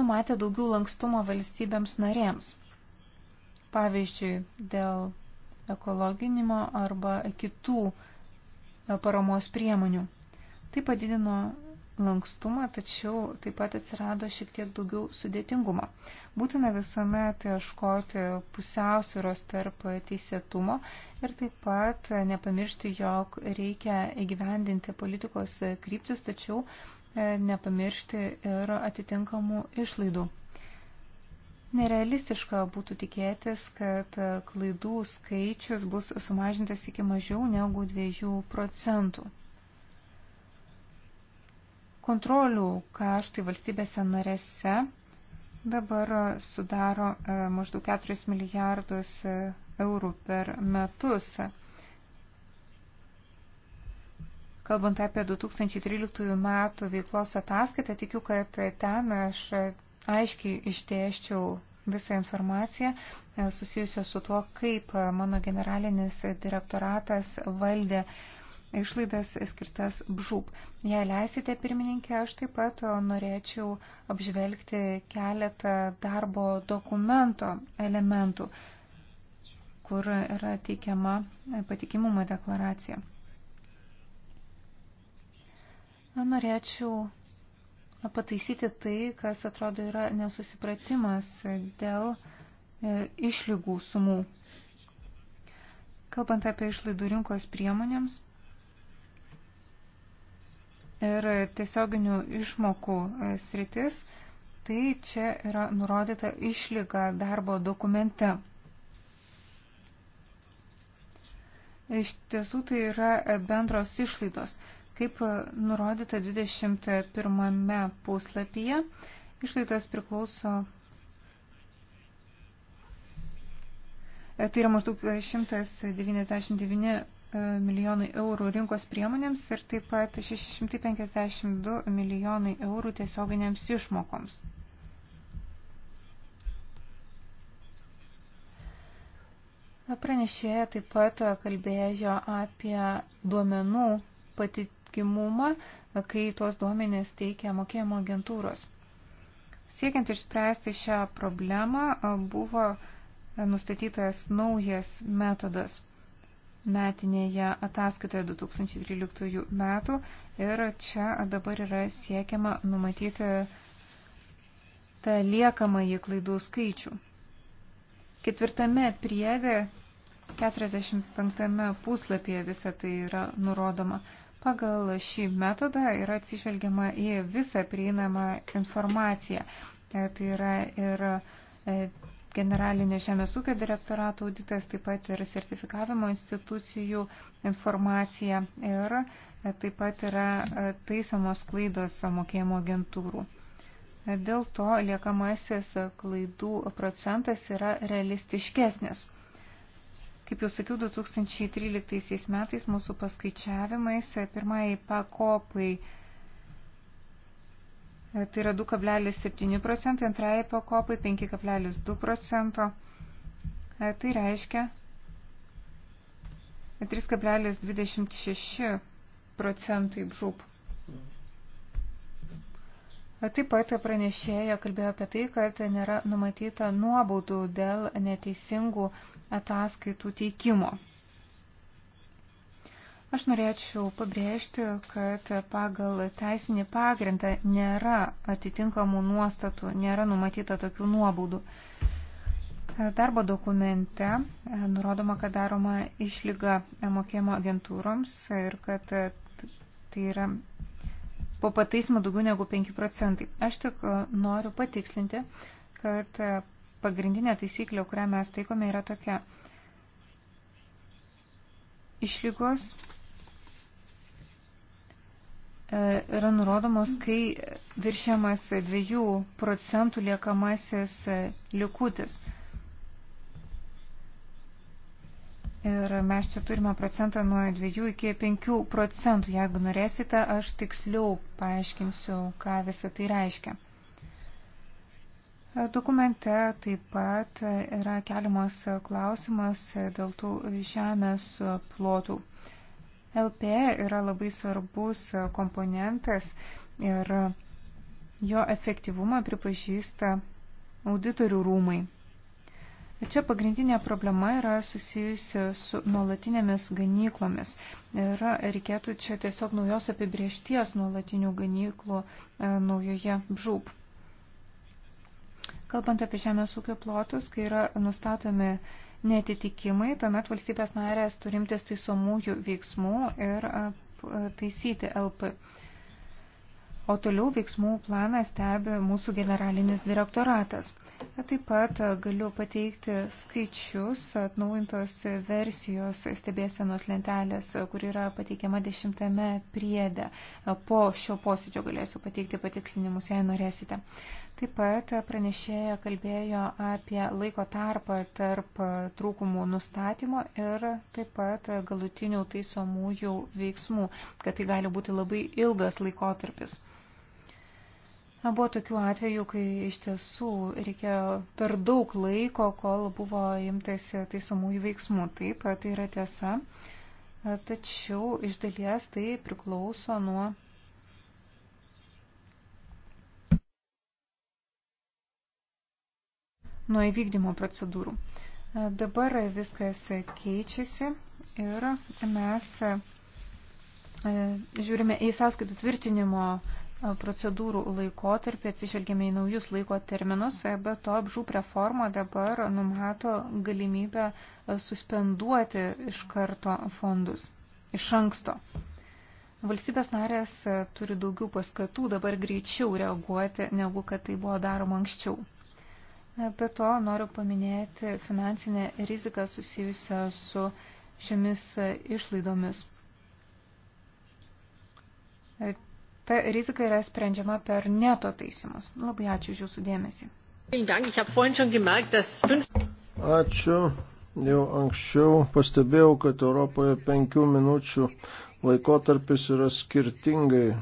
numatė daugiau lankstumo valstybėms narėms. Pavyzdžiui, dėl ekologinimo arba kitų e, paramos priemonių. Tai padidino lankstumą, tačiau taip pat atsirado šiek tiek daugiau sudėtingumo. Būtina visuomet ieškoti pusiausvyros tarp teisėtumo ir taip pat nepamiršti, jog reikia įgyvendinti politikos kryptis, tačiau e, nepamiršti ir atitinkamų išlaidų. Nerealistiška būtų tikėtis, kad klaidų skaičius bus sumažintas iki mažiau negu 2 procentų. Kontrolių kaštai valstybėse narėse dabar sudaro e, maždaug 4 milijardus eurų per metus. Kalbant apie 2013 metų veiklos ataskaitą, tikiu, kad ten aš aiškiai išdėščiau visą informaciją e, susijusią su tuo, kaip e, mano generalinis direktoratas valdė išlaidas skirtas bžūp. Jei leisite, pirmininkė, aš taip pat e, norėčiau apžvelgti keletą darbo dokumento elementų, kur yra teikiama patikimumo deklaracija. Norėčiau pataisyti tai, kas atrodo yra nesusipratimas dėl e, išlygų sumų. Kalbant apie išlaidų rinkos priemonėms ir tiesioginių išmokų e, sritis, tai čia yra nurodyta išlyga darbo dokumente. Iš tiesų tai yra bendros išlaidos. Kaip e, nurodyta 21 puslapyje, išlaidos priklauso. E, tai yra maždaug 199 e, milijonai eurų rinkos priemonėms ir taip pat 652 milijonai eurų tiesioginėms išmokoms. Pranešėja taip pat kalbėjo apie duomenų pati, patikimumą, kai tuos duomenys teikia mokėjimo agentūros. Siekiant išspręsti šią problemą buvo nustatytas naujas metodas metinėje ataskaitoje 2013 metų ir čia dabar yra siekiama numatyti tą liekamą į klaidų skaičių. Ketvirtame priedė 45 puslapyje visą tai yra nurodoma. Pagal šį metodą yra atsižvelgiama į visą prieinamą informaciją. E, tai yra ir e, generalinio žemės ūkio direktorato auditas, taip pat ir sertifikavimo institucijų informacija ir e, taip pat yra taisomos klaidos mokėjimo agentūrų. Dėl to liekamasis klaidų procentas yra realistiškesnis. Kaip jau sakiau, 2013 metais mūsų paskaičiavimais e, pirmai pakopai e, tai yra 2,7 procentai, antrai pakopai 5,2 procento. E, tai reiškia 3,26 procentai bžūp. Taip pat pranešėjo kalbėjo apie tai, kad nėra numatyta nuobaudų dėl neteisingų ataskaitų teikimo. Aš norėčiau pabrėžti, kad pagal teisinį pagrindą nėra atitinkamų nuostatų, nėra numatyta tokių nuobaudų. Darbo dokumente e, nurodoma, kad daroma išlyga mokėjimo agentūroms ir kad tai yra po pataisimo daugiau negu 5 procentai. Aš tik e, noriu patikslinti, kad e, pagrindinė taisyklė, kurią mes taikome, yra tokia. Išlygos e, yra nurodomos, kai viršiamas 2 procentų liekamasis likutis. Ir mes čia turime procentą nuo 2 iki 5 procentų. Jeigu norėsite, aš tiksliau paaiškinsiu, ką visą tai reiškia. Dokumente taip pat yra keliamas klausimas dėl tų žemės plotų. LP yra labai svarbus komponentas ir jo efektyvumą pripažįsta auditorių rūmai. Čia pagrindinė problema yra susijusi su nuolatinėmis ganyklomis. Ir reikėtų čia tiesiog naujos apibriešties nuolatinių ganyklų e, naujoje žūb. Kalbant apie žemės ūkio plotus, kai yra nustatomi netitikimai, tuomet valstybės narės turimtis taisomųjų veiksmų ir e, e, taisyti LP. O toliau veiksmų planą stebi mūsų generalinis direktoratas. Taip pat e, galiu pateikti skaičius atnaujintos versijos stebėsenos lentelės, e, kur yra pateikiama dešimtame priede. E, po šio posėdžio galėsiu pateikti patikslinimus, jei norėsite. Taip pat pranešėja kalbėjo apie laiko tarpą tarp trūkumų nustatymo ir taip pat galutinių taisomųjų veiksmų, kad tai gali būti labai ilgas laikotarpis. Buvo tokių atvejų, kai iš tiesų reikėjo per daug laiko, kol buvo imtasi taisomųjų veiksmų. Taip, tai yra tiesa. Tačiau iš dalies tai priklauso nuo. Nuo įvykdymo procedūrų. Dabar viskas keičiasi ir mes e, žiūrime į sąskaitų tvirtinimo procedūrų laikotarpį atsižvelgėme į naujus laiko terminus, be to apžūp reforma dabar numato galimybę e, suspenduoti iš karto fondus iš anksto. Valstybės narės e, turi daugiau paskatų dabar greičiau reaguoti, negu kad tai buvo daroma anksčiau. E, be to noriu paminėti finansinę riziką susijusią su šiomis išlaidomis. ta rizika yra sprendžiama per neto taisimus. Labai ačiū už jūsų dėmesį. Ačiū. Jau anksčiau pastebėjau, kad Europoje penkių minučių laikotarpis yra skirtingai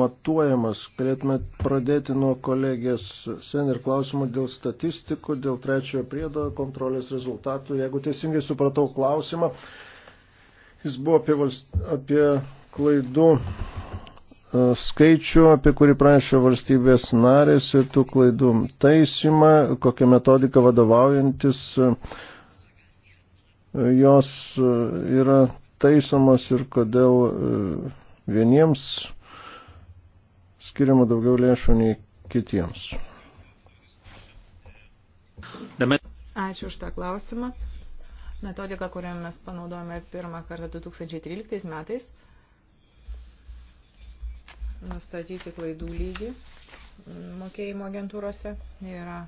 matuojamas. Galėtume pradėti nuo kolegės sen ir klausimų dėl statistikų, dėl trečiojo priedo kontrolės rezultatų. Jeigu teisingai supratau klausimą, jis buvo apie, valst... apie klaidų e, skaičių, apie kurį prašo valstybės narės ir tų klaidų taisymą, kokią metodiką vadovaujantis e, jos e, yra taisomos ir kodėl vieniems skiriama daugiau lėšų nei kitiems. Ačiū už tą klausimą. Metodika, kurią mes panaudojame pirmą kartą 2013 metais, nustatyti klaidų lygį mokėjimo agentūrose. Yra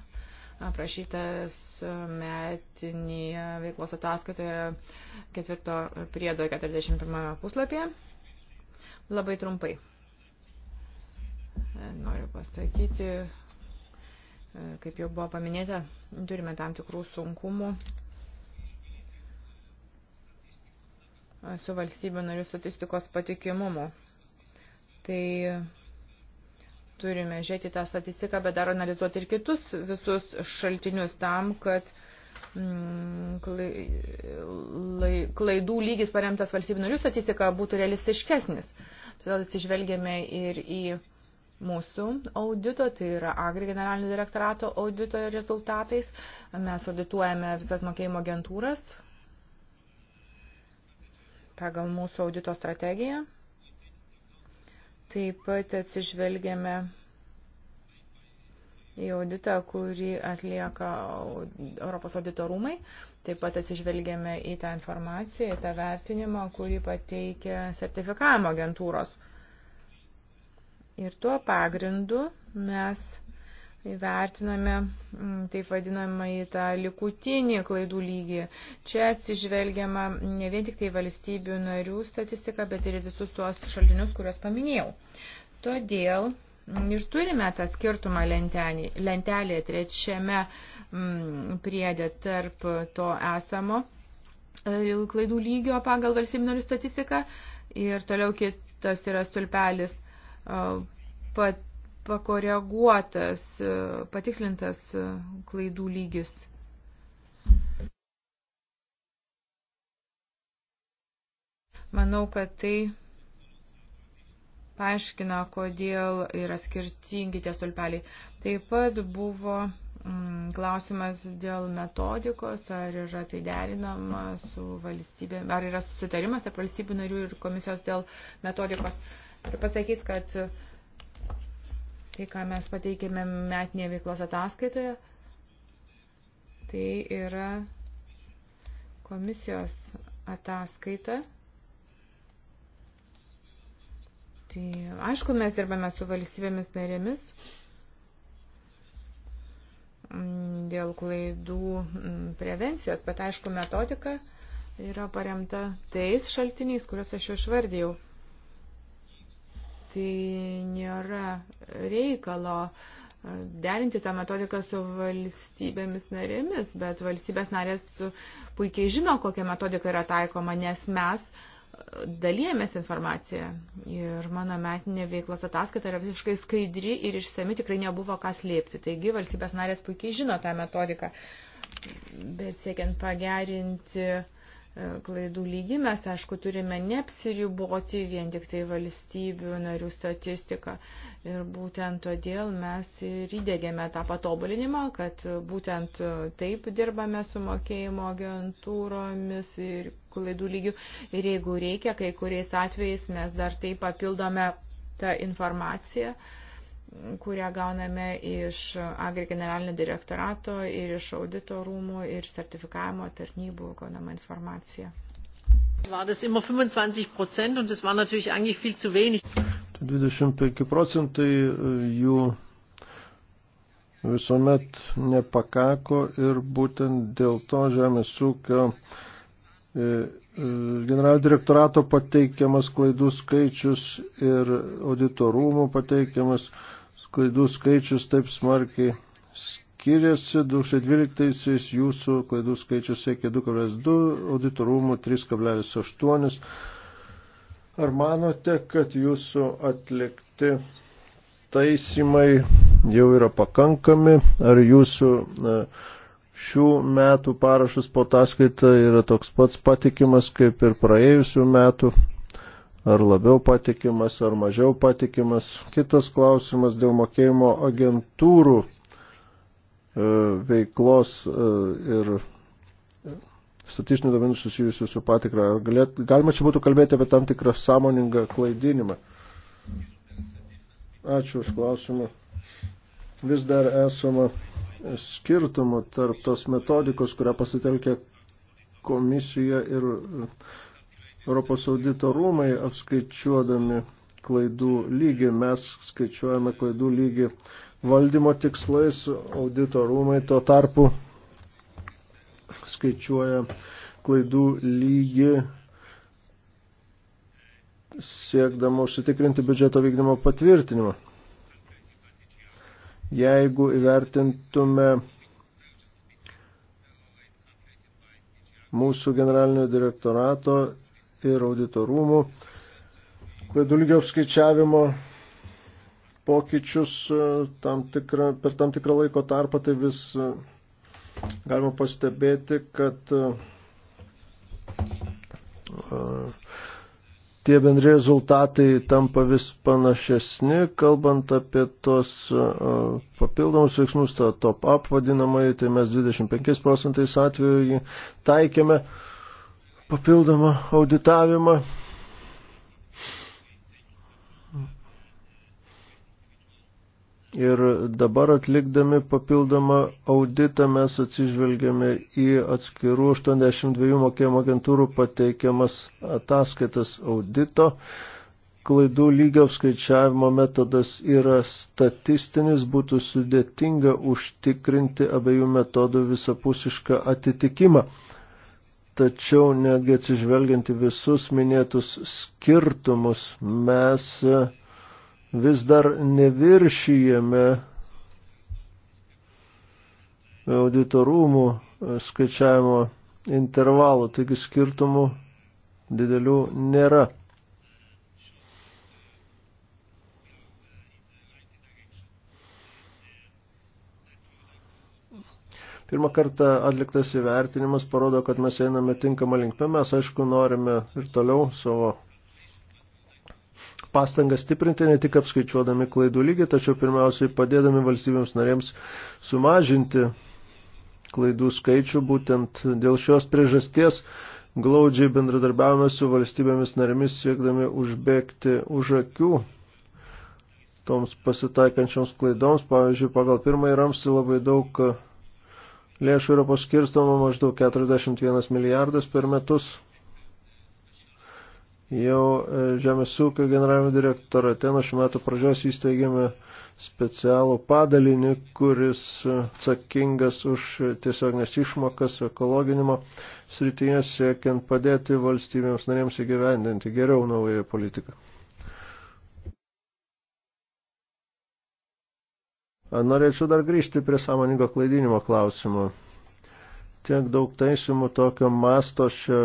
aprašytas metinėje veiklos ataskaitoje ketvirto priedo 41 puslapyje. Labai trumpai. Noriu pasakyti, kaip jau buvo paminėta, turime tam tikrų sunkumų su valstybių narių statistikos patikimumu. Tai turime žiūrėti tą statistiką, bet dar analizuoti ir kitus visus šaltinius tam, kad mm, klaidų lygis paremtas valstybių narių statistika būtų realistiškesnis. Todėl atsižvelgėme ir į mūsų audito, tai yra Agri generalinio direktorato audito rezultatais. Mes audituojame visas mokėjimo agentūras pagal mūsų audito strategiją. Taip pat atsižvelgiame į auditą, kurį atlieka Europos audito rūmai. Taip pat atsižvelgiame į tą informaciją, į tą vertinimą, kurį pateikia sertifikavimo agentūros. Ir tuo pagrindu mes įvertiname mm, taip vadinamą į tą likutinį klaidų lygį. Čia atsižvelgiama ne vien tik tai valstybių narių statistika, bet ir visus tuos šaltinius, kuriuos paminėjau. Todėl mm, ir turime tą skirtumą lentelėje, lentelėje trečiame m, mm, priedė tarp to esamo e, klaidų lygio pagal valstybių narių statistiką ir toliau kitas yra stulpelis e, pat pakoreguotas, e, patikslintas e, klaidų lygis. Manau, kad tai paaiškina, kodėl yra skirtingi tie stulpeliai. Taip pat buvo mm, klausimas dėl metodikos, ar yra tai derinama su valstybė, ar yra susitarimas tarp valstybių narių ir komisijos dėl metodikos. Ir pasakyti, kad Tai, ką mes pateikėme metinėje veiklos ataskaitoje, tai yra komisijos ataskaita. Tai aišku, mes dirbame su valstybėmis narėmis dėl klaidų mm, prevencijos, bet aišku, metodika yra paremta tais šaltiniais, kuriuos aš jau išvardėjau tai nėra reikalo e, derinti tą metodiką su valstybėmis narėmis, bet valstybės narės puikiai žino, kokia metodika yra taikoma, nes mes e, dalyjamės informaciją ir mano metinė veiklos ataskaita yra visiškai skaidri ir išsami, tikrai nebuvo ką slėpti. Taigi valstybės narės puikiai žino tą metodiką, bet siekiant pagerinti uh, klaidų lygį. Mes, aišku, turime neapsiriboti vien tik tai valstybių narių statistiką. Ir būtent todėl mes ir įdėgėme tą patobulinimą, kad būtent taip dirbame su mokėjimo agentūromis ir klaidų lygių. Ir jeigu reikia, kai kuriais atvejais mes dar taip papildome tą informaciją. Uh, kurią gauname iš Agri generalinio direktorato ir iš audito rūmų ir sertifikavimo tarnybų gaunama informacija. War das immer 25 Prozent und das war natürlich eigentlich viel zu wenig. 25 tai procentai jų visuomet nepakako ir būtent dėl to žemės ūkio e, e, generalinio direktorato pateikiamas klaidų skaičius ir auditorumų pateikiamas klaidų skaičius taip smarkiai skiriasi. 2012 jūsų klaidų skaičius siekia 2,2, auditorumų 3,8. Ar manote, kad jūsų atlikti taisymai jau yra pakankami? Ar jūsų šių metų parašas po ataskaita yra toks pats patikimas kaip ir praėjusių metų ar labiau patikimas, ar mažiau patikimas. Kitas klausimas dėl mokėjimo agentūrų e, veiklos e, ir statistinių duomenų susijusių su patikra. Galėt, galima čia būtų kalbėti apie tam tikrą sąmoningą klaidinimą. Ačiū už klausimą. Vis dar esama skirtumų tarp tos metodikos, kurią pasitelkia komisija ir Europos audito rūmai apskaičiuodami klaidų lygį. Mes skaičiuojame klaidų lygį valdymo tikslais, audito rūmai tuo tarpu skaičiuoja klaidų lygį siekdama užsitikrinti biudžeto vykdymo patvirtinimą. Jeigu įvertintume mūsų generalinio direktorato ir auditorumų klaidų lygio apskaičiavimo pokyčius e, tam tikrą, per tam tikrą laiko tarpą, tai vis e, galima pastebėti, kad e, tie bendri rezultatai tampa vis panašesni, kalbant apie tos papildomus veiksmus, tą top up vadinamai, tai mes 25 procentais atveju jį taikėme papildomą auditavimą. Ir dabar atlikdami papildomą auditą mes atsižvelgiame į atskirų 82 mokėjimo agentūrų pateikiamas ataskaitas audito. Klaidų lygio apskaičiavimo metodas yra statistinis, būtų sudėtinga užtikrinti abiejų metodų visapusišką atitikimą. Tačiau netgi atsižvelgianti visus minėtus skirtumus, mes vis dar neviršyjame auditorumų skaičiavimo intervalų, taigi skirtumų didelių nėra. Pirmą kartą atliktas įvertinimas parodo, kad mes einame tinkamą linkmę. Mes, aišku, norime ir toliau savo pastangas stiprinti, ne tik apskaičiuodami klaidų lygį, tačiau pirmiausiai padėdami valstybėms narėms sumažinti klaidų skaičių. Būtent dėl šios priežasties glaudžiai bendradarbiavame su valstybėmis narėmis, siekdami užbėgti už akių toms pasitaikančioms klaidoms. Pavyzdžiui, pagal pirmąjį ramstį labai daug Lėšų yra paskirstoma maždaug 41 milijardas per metus. Jau e, Žemės ūkio generalinio direktorate nuo šių metų pradžios įsteigėme specialų padalinį, kuris atsakingas už tiesioginės išmokas ekologinimo srityje siekiant padėti valstybėms narėms įgyvendinti geriau naują politiką. Norėčiau dar grįžti prie sąmoningo klaidinimo klausimo. Tiek daug taisimų tokio masto aš e,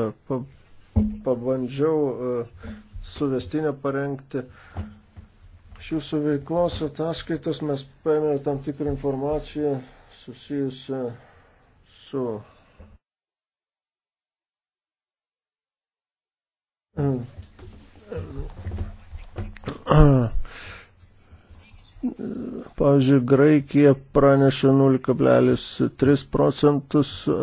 pabandžiau e, suvestinę parengti. Iš jūsų veiklos ataskaitos mes paėmėme tam tikrą informaciją susijusią su Pavyzdžiui, Graikija praneša 0,3 procentus e,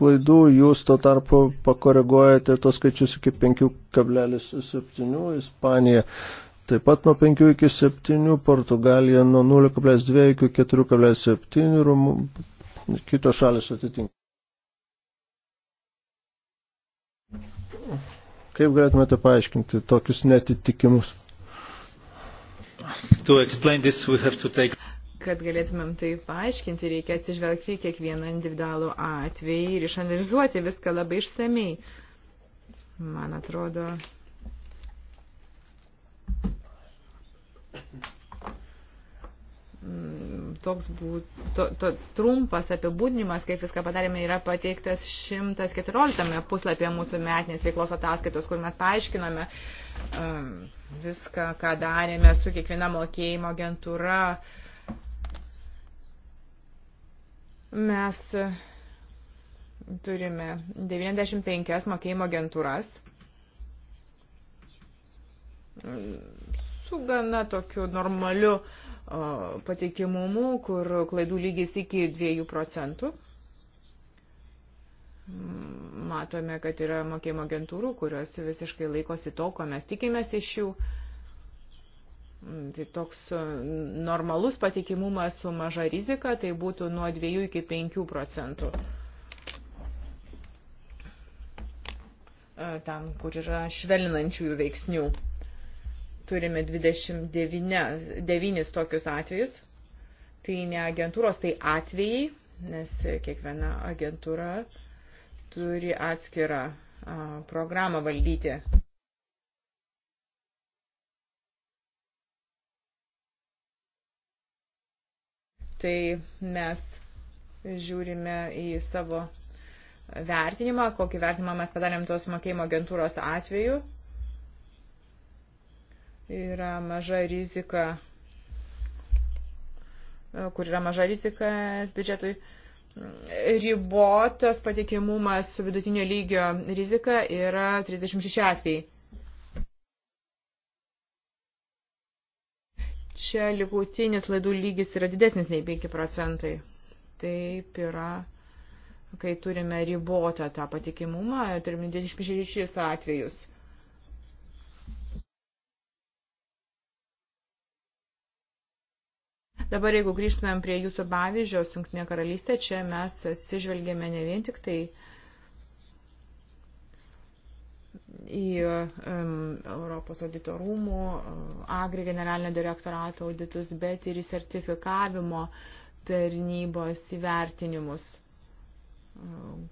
klaidų, jūs to tarpu pakoreguojate tos skaičius iki 5,7, Ispanija taip pat nuo 5 iki 7, Portugalija nuo 0,2 iki 4,7 ir kitos šalis atitinka. Kaip galėtumėte paaiškinti tokius netitikimus? this, take... Kad galėtumėm tai paaiškinti, reikia atsižvelgti kiekvieną individualų atvejį ir išanalizuoti viską labai išsamei. Man atrodo. Thank you. Mm, toks būtų, to, to, trumpas apibūdinimas, kaip viską padarėme, yra pateiktas 114 puslapyje mūsų metinės veiklos ataskaitos, kur mes paaiškinome um, viską, ką darėme su kiekviena mokėjimo agentūra. Mes uh, turime 95 mokėjimo agentūras mm, su gana tokiu normaliu uh, patikimumu, kur klaidų lygis iki 2 procentų. Matome, kad yra mokėjimo agentūrų, kurios visiškai laikosi to, ko mes tikimės iš jų. Tai toks normalus patikimumas su maža rizika, tai būtų nuo 2 iki 5 procentų. E, tam, kur yra švelninančiųjų veiksnių turime 29 9 tokius atvejus. Tai ne agentūros, tai atvejai, nes kiekviena agentūra turi atskirą programą valdyti. Tai mes žiūrime į savo vertinimą, kokį vertinimą mes padarėm tos mokėjimo agentūros atveju yra maža rizika, e, kur yra maža rizika biudžetui, ribotas patikimumas su vidutinio lygio rizika yra 36 atvejai. Čia likutinis laidų lygis yra didesnis nei 5 procentai. Taip yra, kai turime ribotą tą patikimumą, turime 26 atvejus. Dabar, jeigu grįžtumėm prie jūsų pavyzdžio, Junktinė karalystė, čia mes atsižvelgėme ne vien tik tai į um, Europos audito rūmų, Agri generalinio direktorato auditus, bet ir į sertifikavimo tarnybos įvertinimus,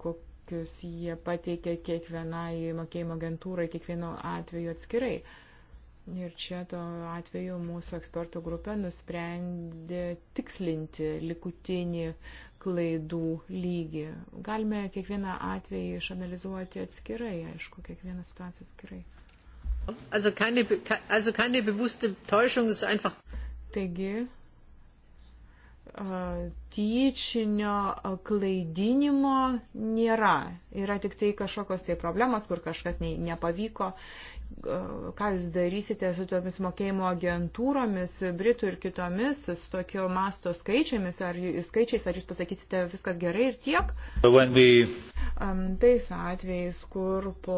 kokius jie pateikė kiekvienai mokėjimo agentūrai, kiekvieno atveju atskirai. Uh, Ir čia tuo atveju mūsų ekspertų grupė nusprendė tikslinti likutinį klaidų lygį. Galime kiekvieną atvejį išanalizuoti atskirai, aišku, kiekvieną situaciją atskirai. Also keine, also keine bewusste Täuschung ist einfach. Taigi, tyčinio klaidinimo nėra. Yra tik tai kažkokios tai problemos, kur kažkas nepavyko ką jūs darysite su tomis mokėjimo agentūromis, Britų ir kitomis, su tokio masto skaičiamis, ar skaičiais, ar jūs pasakysite viskas gerai ir tiek? We... Tais atvejais, kur po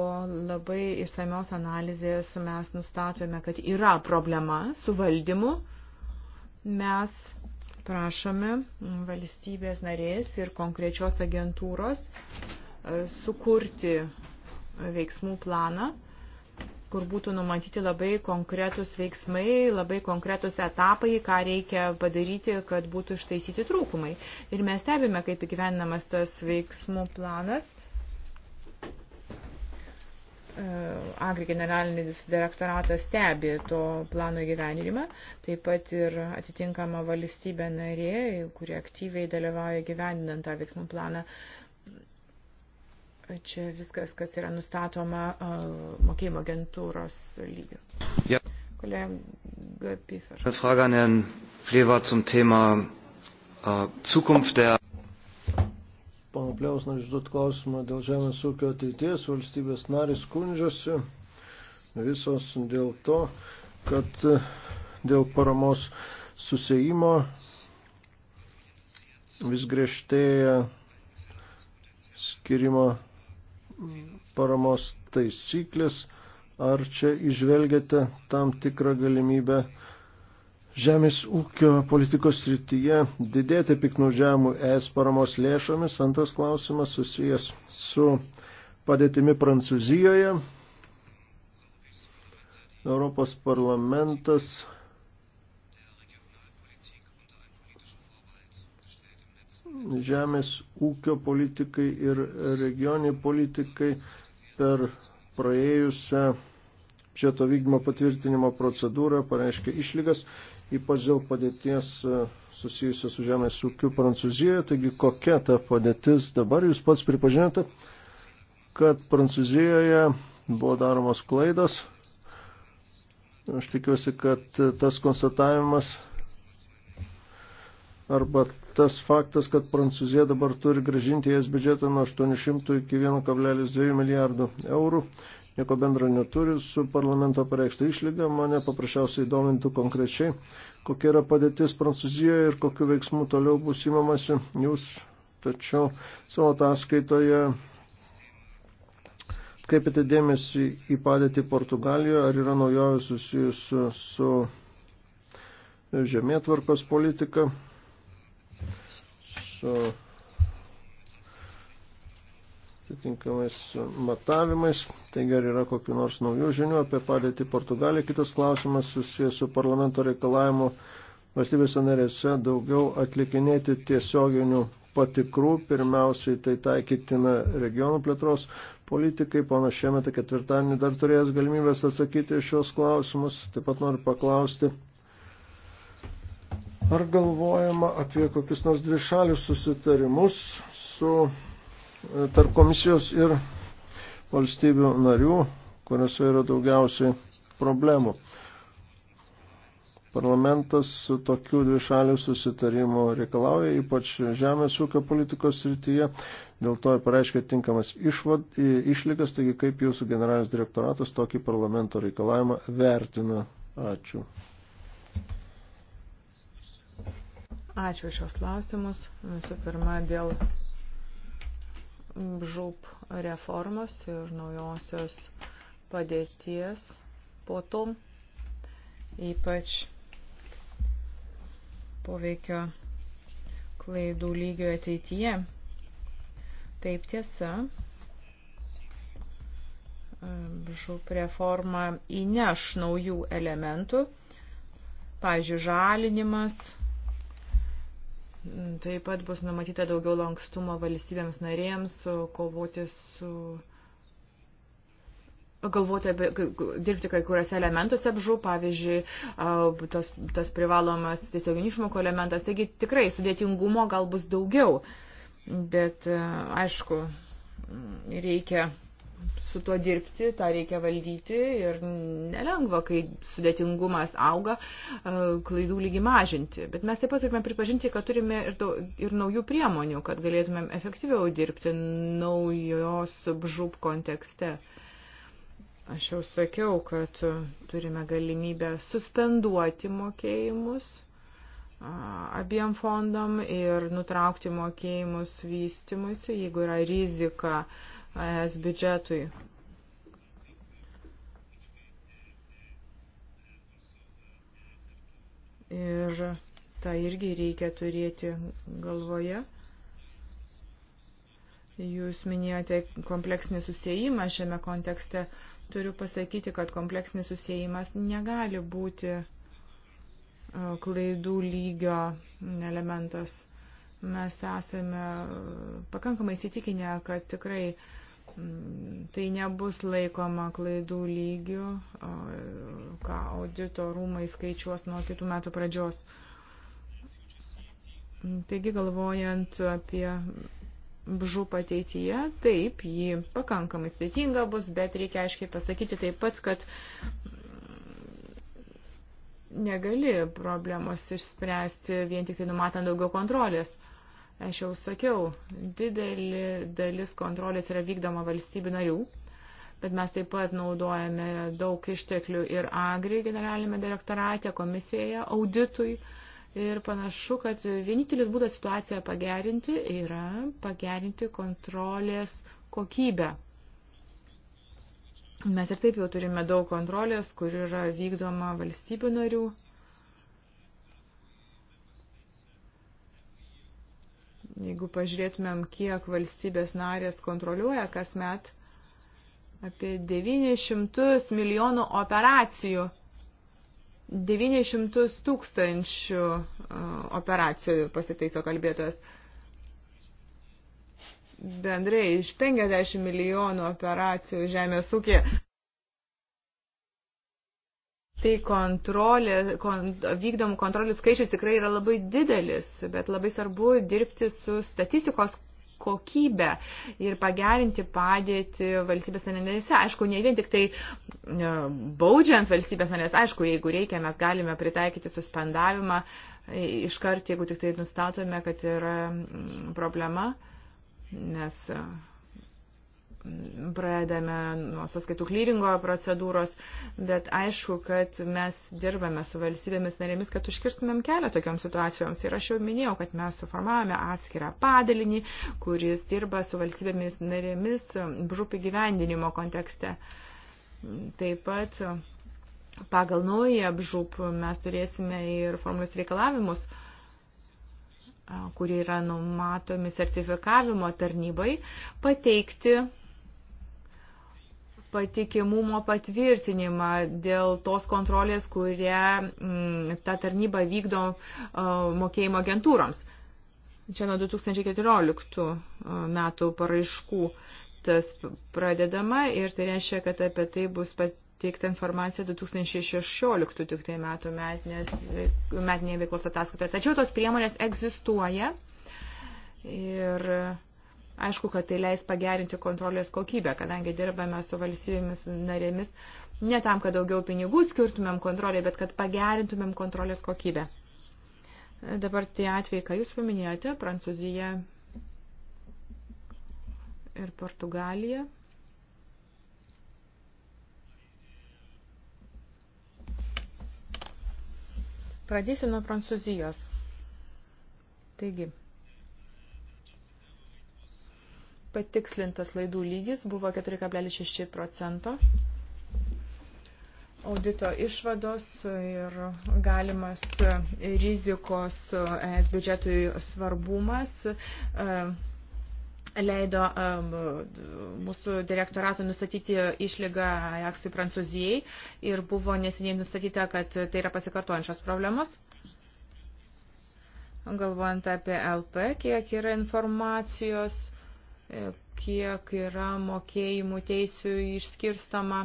labai išsamios analizės mes nustatome, kad yra problema su valdymu, mes prašome valstybės narės ir konkrečios agentūros sukurti veiksmų planą kur būtų numatyti labai konkretus veiksmai, labai konkretus etapai, ką reikia padaryti, kad būtų ištaisyti trūkumai. Ir mes stebime, kaip įgyvenamas tas veiksmų planas. E, Agri generalinis direktoratas stebi to plano gyvenimą, taip pat ir atitinkama valstybė narė, kuri aktyviai dalyvauja gyvendinant tą veiksmų planą. Čia viskas, kas yra nustatoma mokėjimo agentūros lygių. Ja. Kolega Piffer. Eine Frage an Herrn Flewa zum Thema uh, Zukunft der. Pana Plevas nori užduoti klausimą dėl žemės ūkio ateities. Valstybės narys skundžiasi visos dėl to, kad e, dėl paramos susėjimo vis griežtėja skirimo paramos taisyklės, ar čia išvelgiate tam tikrą galimybę žemės ūkio politikos srityje didėti piknaudžiamų ES paramos lėšomis. Antras klausimas susijęs su padėtimi Prancūzijoje. Europos parlamentas žemės ūkio politikai ir regioniai politikai per praėjusią biudžeto vykdymo patvirtinimo procedūrą pareiškė išlygas, ypač dėl padėties e, susijusios su žemės ūkiu Prancūzijoje. Taigi kokia ta padėtis dabar? Jūs pats pripažinote, kad Prancūzijoje buvo daromos klaidos. Aš tikiuosi, kad tas konstatavimas arba tas faktas, kad Prancūzija dabar turi gražinti jas biudžetą nuo 800 iki 1,2 milijardų eurų, nieko bendro neturi su parlamento pareikštą išlygą, mane paprasčiausiai domintų konkrečiai, kokia yra padėtis Prancūzijoje ir kokiu veiksmu toliau bus įmamasi jūs, tačiau savo ataskaitoje Kreipite dėmesį į padėtį Portugalijoje, ar yra naujovių susijusių su, su žemėtvarkos politika su atitinkamais matavimais. Taigi ar yra kokiu nors naujų žinių apie padėtį Portugaliją. Kitas klausimas susijęs su parlamento reikalavimu valstybės narėse daugiau atlikinėti tiesioginių patikrų. Pirmiausiai tai taikytina regionų plėtros politikai. Pana Šemetą ketvirtadienį dar turėjęs galimybės atsakyti šios klausimus. Taip pat noriu paklausti Ar galvojama apie kokius nors dvišalius susitarimus su e, tarp komisijos ir valstybių narių, kuriuose yra daugiausiai problemų? Parlamentas tokių dvišalių susitarimų reikalauja, ypač žemės ūkio politikos srityje, dėl to pareiškia tinkamas išvad, išlygas, taigi kaip jūsų generalinis direktoratas tokį parlamento reikalavimą vertina. Ačiū. Ačiū šios klausimus. Visų pirma, dėl žūp reformos ir naujosios padėties po to, ypač poveikio klaidų lygio ateityje. Taip tiesa, žūp reforma įneš naujų elementų, pavyzdžiui, žalinimas, Taip pat bus numatyta daugiau lankstumo valstybėms narėms kovoti su galvoti apie, dirbti kai kuriuose elementuose apžų, pavyzdžiui, tas, tas privalomas tiesioginių išmokų elementas. Taigi tikrai sudėtingumo gal bus daugiau, bet aišku, reikia su tuo dirbti, tą reikia valdyti ir nelengva, kai sudėtingumas auga, e, klaidų lygį mažinti. Bet mes taip pat turime pripažinti, kad turime ir, daug, ir naujų priemonių, kad galėtumėm efektyviau dirbti naujos žūb kontekste. Aš jau sakiau, kad turime galimybę suspenduoti mokėjimus abiem fondam ir nutraukti mokėjimus vystimuisi, jeigu yra rizika uh, ES biudžetui. Ir tą irgi reikia turėti galvoje. Jūs minėjote kompleksinį susijimą šiame kontekste. Turiu pasakyti, kad kompleksinis susijimas negali būti e, klaidų lygio elementas. Mes esame pakankamai įsitikinę, kad tikrai uh, Mm, tai nebus laikoma klaidų lygių, ką audito rūmai skaičiuos nuo kitų metų pradžios. Mm, taigi galvojant apie žūp ateityje, taip, ji pakankamai sudėtinga bus, bet reikia aiškiai pasakyti taip pat, kad mm, negali problemos išspręsti vien tik tai numatant daugiau kontrolės. Aš jau sakiau, didelė dalis kontrolės yra vykdoma valstybių narių, bet mes taip pat naudojame daug išteklių ir Agri generalinėme direktorate, komisijoje, auditui. Ir panašu, kad vienintelis būdas situaciją pagerinti yra pagerinti kontrolės kokybę. Mes ir taip jau turime daug kontrolės, kur yra vykdoma valstybių narių. Jeigu pažiūrėtumėm, kiek valstybės narės kontroliuoja kasmet, apie 900 milijonų operacijų. 900 tūkstančių e, operacijų pasitaiso kalbėtojas. Bendrai iš 50 milijonų operacijų žemės ūkė. Tai kontrolė, kon, vykdomų kontrolės skaičius tikrai yra labai didelis, bet labai svarbu dirbti su statistikos kokybę ir pagerinti padėtį valstybės narėse. Aišku, ne vien tik tai e, baudžiant valstybės narės, aišku, jeigu reikia, mes galime pritaikyti suspendavimą e, iškart, jeigu tik tai nustatome, kad yra mm, problema, nes e, pradedame nuo sąskaitų klyringo procedūros, bet aišku, kad mes dirbame su valstybėmis narėmis, kad užkirstumėm kelią tokioms situacijoms. Ir aš jau minėjau, kad mes suformavome atskirą padalinį, kuris dirba su valstybėmis narėmis brūpį gyvendinimo kontekste. Taip pat pagal naują apžūp mes turėsime ir formulius reikalavimus, kurie yra numatomi sertifikavimo tarnybai, pateikti patikimumo patvirtinimą dėl tos kontrolės, kurią m, mm, ta tarnyba vykdo o, mokėjimo agentūroms. Čia nuo 2014 metų paraiškų tas pradedama ir tai reiškia, kad apie tai bus pateikta informacija 2016 tik tai metų metinės, metinėje veiklos ataskaitoje. Tačiau tos priemonės egzistuoja ir Aišku, kad tai leis pagerinti kontrolės kokybę, kadangi dirbame su valstybėmis narėmis ne tam, kad daugiau pinigų skirtumėm kontrolė, bet kad pagerintumėm kontrolės kokybę. Dabar tie atvejai, ką jūs paminėjote, Prancūzija ir Portugalija. Pradėsiu nuo Prancūzijos. Taigi, patikslintas laidų lygis buvo 4,6 procento. Audito išvados ir galimas rizikos ES biudžetui svarbumas e, leido um, mūsų direktorato nustatyti išlygą Ajaxui Prancūzijai ir buvo neseniai nustatyta, kad tai yra pasikartojančios problemos. Galvojant apie LP, kiek yra informacijos E, kiek yra mokėjimų teisių išskirstoma.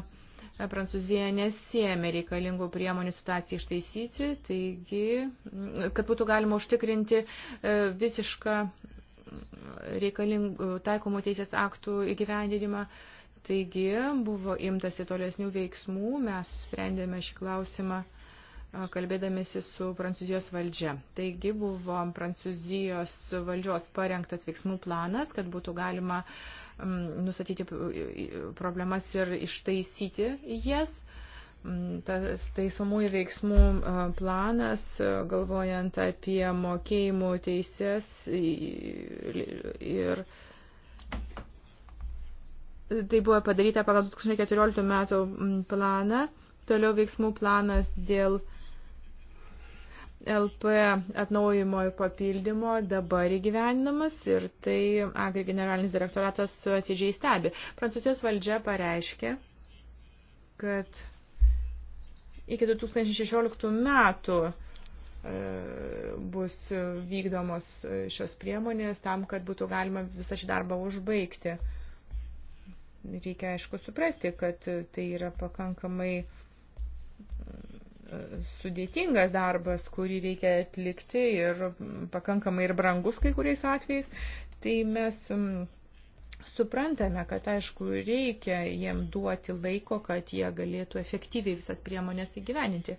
E, Prancūzija nesėmė reikalingų priemonių situacijai ištaisyti, taigi, kad būtų galima užtikrinti e, visišką reikalingų taikomų teisės aktų įgyvendinimą. Taigi buvo imtasi tolesnių veiksmų, mes sprendėme šį klausimą kalbėdamėsi su Prancūzijos valdžia. Taigi buvo Prancūzijos valdžios parengtas veiksmų planas, kad būtų galima nustatyti problemas ir ištaisyti jas. Tas taisomų ir veiksmų planas, galvojant apie mokėjimų teises ir tai buvo padaryta pagal 2014 metų planą, toliau veiksmų planas dėl LP atnaujimo ir papildymo dabar įgyveninamas ir tai Agri generalinis direktoratas atidžiai stebi. Prancūzijos valdžia pareiškė, kad iki 2016 metų e, bus vykdomos šios priemonės tam, kad būtų galima visą šį darbą užbaigti. Reikia aišku suprasti, kad tai yra pakankamai uh, sudėtingas darbas, kurį reikia atlikti ir pakankamai ir brangus kai kuriais atvejais, tai mes mm, suprantame, kad aišku reikia jiem duoti laiko, kad jie galėtų efektyviai visas priemonės įgyveninti.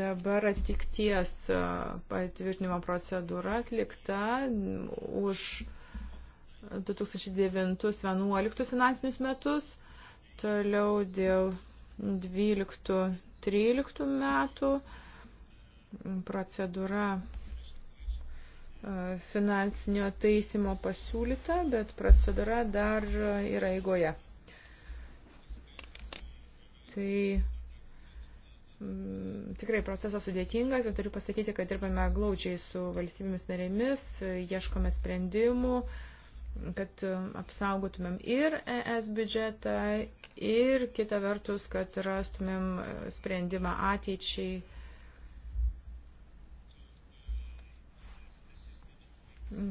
Dabar atitikties patvirtinimo procedūra atlikta mm, už 2009-2011 finansinius metus, toliau dėl 12 2013 metų. Procedūra e, finansinio taisymo pasiūlyta, bet procedūra dar yra eigoje. Tai mm, tikrai procesas sudėtingas ir turiu pasakyti, kad dirbame glaučiai su valstybėmis narėmis, ieškome sprendimų, uh, kad e, apsaugotumėm ir ES biudžetą, ir kitą vertus, kad rastumėm e, sprendimą ateičiai.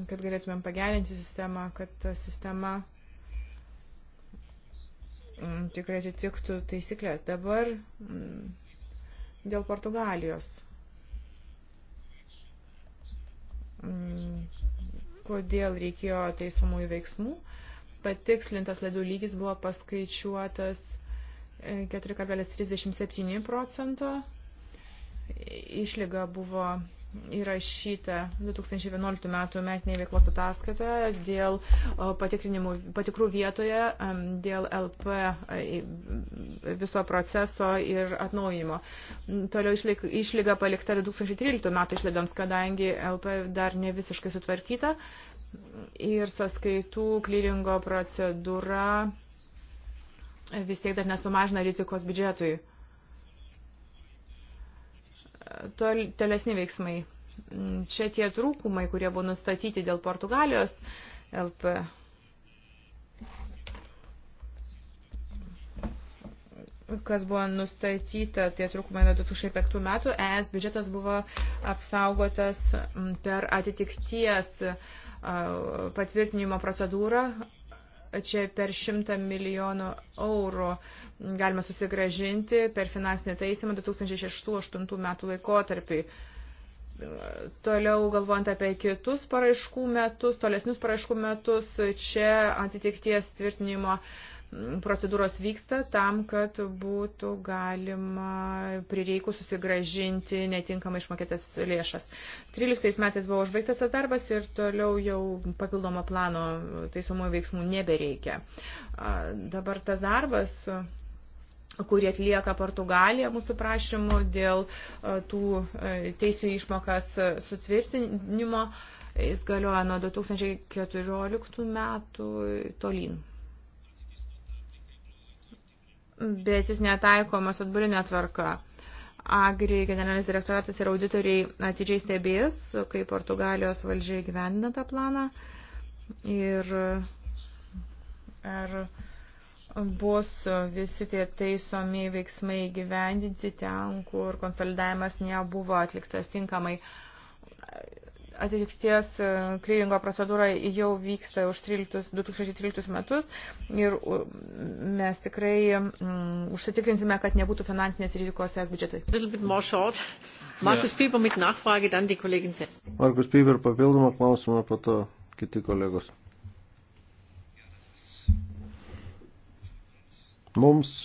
kad galėtumėm pagerinti sistemą, kad ta sistema tikrai atitiktų taisyklės. Dabar dėl Portugalijos kodėl reikėjo teisomųjų veiksmų. Patikslintas laidų lygis buvo paskaičiuotas 4,37 e, procento. Išlyga buvo įrašyta 2011 metų metinėje veiklos ataskaitoje dėl patikrų vietoje, dėl LP e, viso proceso ir atnaujimo. Toliau išlyga palikta 2013 metų išlygams, kadangi LP dar ne visiškai sutvarkyta ir sąskaitų klyringo procedūra vis tiek dar nesumažina rizikos biudžetui tol, tolesni veiksmai. Čia tie trūkumai, kurie buvo nustatyti dėl Portugalijos LP. kas buvo nustatyta, tie trūkumai nuo 2005 metų, ES biudžetas buvo apsaugotas per atitikties patvirtinimo procedūrą čia per 100 milijonų eurų galima susigražinti per finansinį taisymą 2006-2008 metų laikotarpiai. Toliau galvojant apie kitus paraiškų metus, tolesnius paraiškų metus, čia atitikties tvirtinimo uh, procedūros vyksta tam, kad būtų galima prireikų susigražinti netinkamai išmokėtas lėšas. 13 metais buvo užbaigtas tas darbas ir toliau jau papildomo plano taisomųjų veiksmų nebereikia. Dabar tas darbas kurį atlieka Portugalija mūsų prašymu dėl tų teisų išmokas sutvirtinimo. Jis galioja nuo 2014 metų tolyn bet jis netaikomas atbulinė tvarka. Agri generalinis direktoratas ir auditoriai atidžiai stebės, kaip Portugalijos valdžiai gyvendina tą planą ir ar bus visi tie taisomi veiksmai gyvendinti ten, kur konsolidavimas nebuvo atliktas tinkamai atitikties e, kreivingo procedūra jau vyksta už 13, 2013 metus ir mes tikrai mm, užsitikrinsime, kad nebūtų finansinės rizikos es biudžetui. Markus Pieper mit Nachfrage, dann die Kollegin Sepp. Markus Pieper, papildomą klausimą, po to kiti kolegos. Mums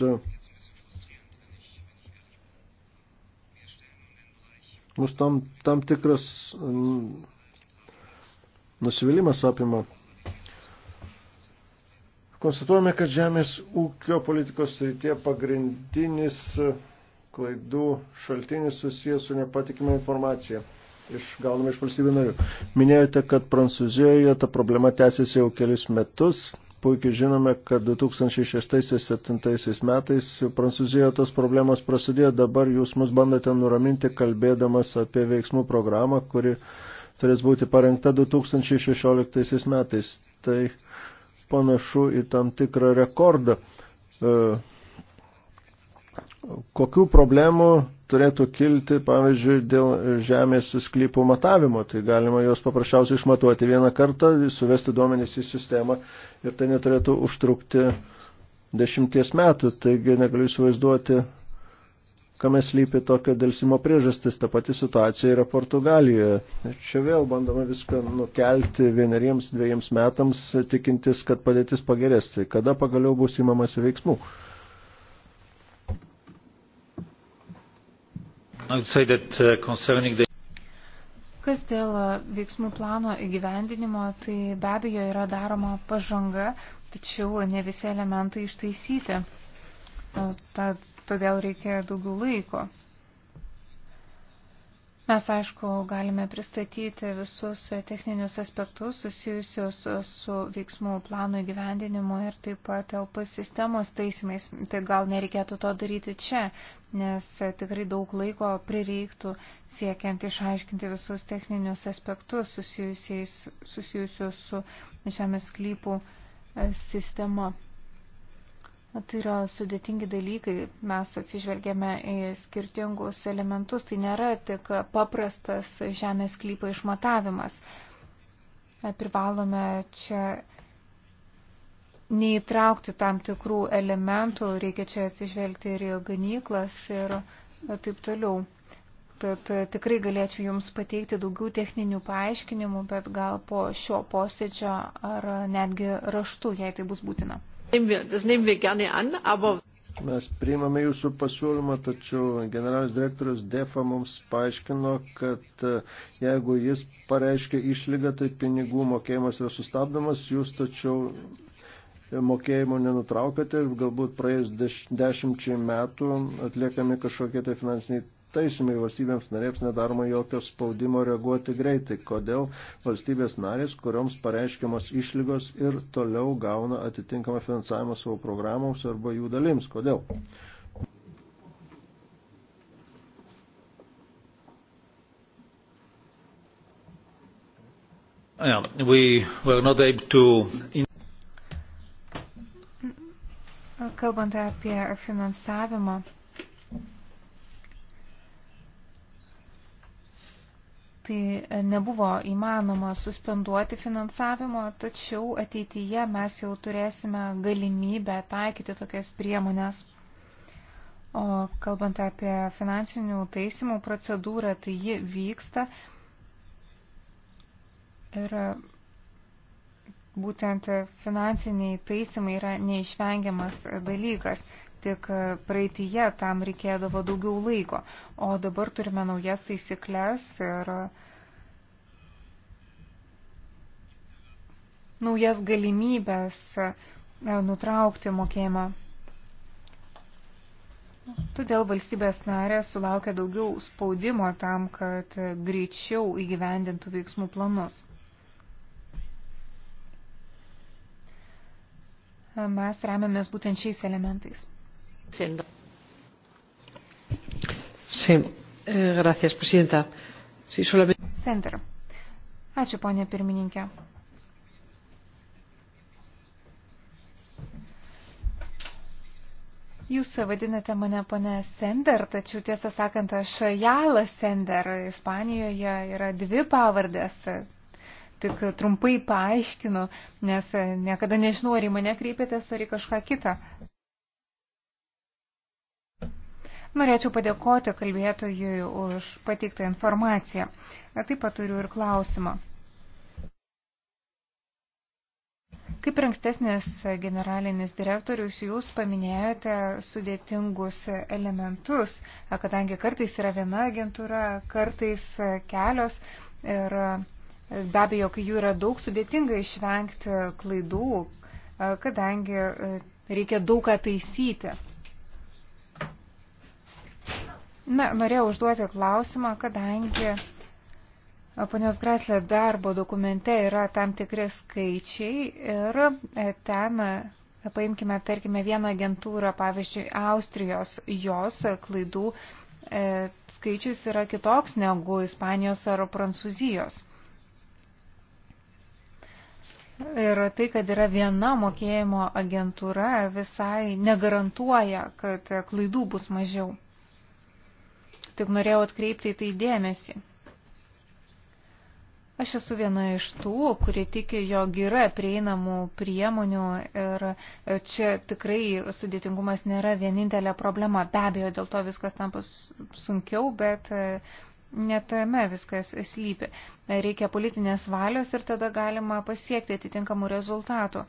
Mus tam, tam tikras mm, nusivylimas apima. Konstatuojame, kad žemės ūkio politikos srityje pagrindinis klaidų šaltinis susijęs su nepatikima informacija iš, gaunama iš valstybių narių. Minėjote, kad Prancūzijoje ta problema tęsiasi jau kelis metus puikiai žinome, kad 2006-2007 metais Prancūzijoje tos problemos prasidėjo, dabar jūs mus bandote nuraminti kalbėdamas apie veiksmų programą, kuri turės būti parengta 2016 metais. Tai panašu į tam tikrą rekordą. E, kokių problemų turėtų kilti, pavyzdžiui, dėl žemės sklypų matavimo. Tai galima juos paprasčiausiai išmatuoti vieną kartą, suvesti duomenys į sistemą ir tai neturėtų užtrukti dešimties metų. Taigi negaliu įsivaizduoti, kame slypi tokio dėlsimo priežastis. Ta pati situacija yra Portugalijoje. Čia vėl bandoma viską nukelti vieneriems, dviejiems metams, tikintis, kad padėtis pagerės. Tai kada pagaliau bus įmamas veiksmų? Uh, the... Kas dėl uh, veiksmų plano įgyvendinimo, tai be abejo yra daroma pažanga, tačiau ne visi elementai ištaisyti. Tad, todėl reikia daugiau laiko. Mes, aišku, galime pristatyti visus techninius aspektus susijusius su veiksmų plano įgyvendinimu ir taip pat LP sistemos taisymais. Tai gal nereikėtų to daryti čia, nes tikrai daug laiko prireiktų siekiant išaiškinti visus techninius aspektus susijusius su žemės sklypų e, sistema. Tai yra sudėtingi dalykai, mes atsižvelgėme į skirtingus elementus, tai nėra tik paprastas žemės klypo išmatavimas. Privalome čia neįtraukti tam tikrų elementų, reikia čia atsižvelgti ir į ganyklas ir taip toliau. Tad e, tikrai galėčiau Jums pateikti daugiau techninių paaiškinimų, bet gal po šio posėdžio ar netgi raštu, jei tai bus būtina. Das nehmen wir gerne an, aber. Mes priimame jūsų pasiūlymą, tačiau generalinis direktorius Defa mums paaiškino, kad e, jeigu jis pareiškia išlygą, tai pinigų mokėjimas yra sustabdomas, jūs tačiau mokėjimo nenutraukate ir galbūt praėjus dešimčiai metų atliekami kažkokie tai finansiniai taisimai valstybėms narėms nedaroma jokio spaudimo reaguoti greitai. Kodėl valstybės narės, kurioms pareiškiamos išlygos ir toliau gauna atitinkamą finansavimą savo programoms arba jų dalims? Kodėl? Yeah, we were not able to Kalbant apie finansavimą, tai nebuvo įmanoma suspenduoti finansavimo, tačiau ateityje mes jau turėsime galimybę taikyti tokias priemonės. O kalbant apie finansinių taisimų procedūrą, tai ji vyksta ir būtent finansiniai taisimai yra neišvengiamas dalykas tik praeitįje tam reikėdavo daugiau laiko, o dabar turime naujas taisyklės ir naujas galimybės e, nutraukti mokėjimą. Todėl valstybės narė sulaukia daugiau spaudimo tam, kad greičiau įgyvendintų veiksmų planus. Mes remiamės būtent šiais elementais. Eh, Center. Ačiū, ponė pirmininkė. Jūs vadinate mane pane Sender, tačiau tiesą sakant, aš Jala Sender. Ispanijoje yra dvi pavardės. Tik trumpai paaiškinu, nes niekada nežinau, ar į mane kreipėtės, ar į kažką kitą. Norėčiau padėkoti kalbėtojui už pateiktą informaciją. Taip pat turiu ir klausimą. Kaip ir ankstesnis generalinis direktorius, jūs paminėjote sudėtingus elementus, kadangi kartais yra viena agentūra, kartais kelios ir be abejo, kai jų yra daug, sudėtinga išvengti klaidų, kadangi reikia daug ką taisyti. Na, norėjau užduoti klausimą, kadangi ponios Graslė darbo dokumente yra tam tikri skaičiai ir e, ten paimkime, tarkime, vieną agentūrą, pavyzdžiui, Austrijos, jos klaidų e, skaičius yra kitoks negu Ispanijos ar Prancūzijos. Ir tai, kad yra viena mokėjimo agentūra, visai negarantuoja, kad klaidų bus mažiau tik norėjau atkreipti į tai dėmesį. Aš esu viena iš tų, kurie tiki, jog yra prieinamų priemonių ir čia tikrai sudėtingumas nėra vienintelė problema. Be abejo, dėl to viskas tampa sunkiau, bet e, netame viskas slypi. Reikia politinės valios ir tada galima pasiekti atitinkamų rezultatų.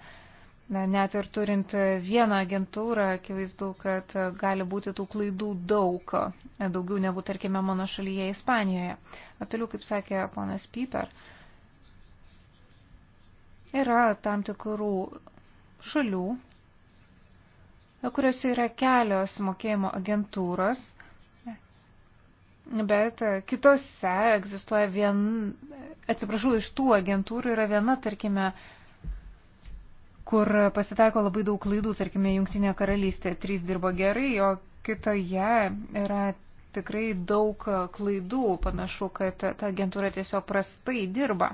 Net ir turint vieną agentūrą, akivaizdu, kad gali būti tų klaidų daug, daugiau negu, tarkime, mano šalyje Ispanijoje. Toliau, kaip sakė ponas Piper, yra tam tikrų šalių, kuriuose yra kelios mokėjimo agentūros, bet kitose egzistuoja vien, atsiprašau, iš tų agentūrų yra viena, tarkime, kur pasitaiko labai daug klaidų, tarkime, Jungtinė karalystė, trys dirbo gerai, o kitoje yra tikrai daug klaidų, panašu, kad ta agentūra tiesiog prastai dirba.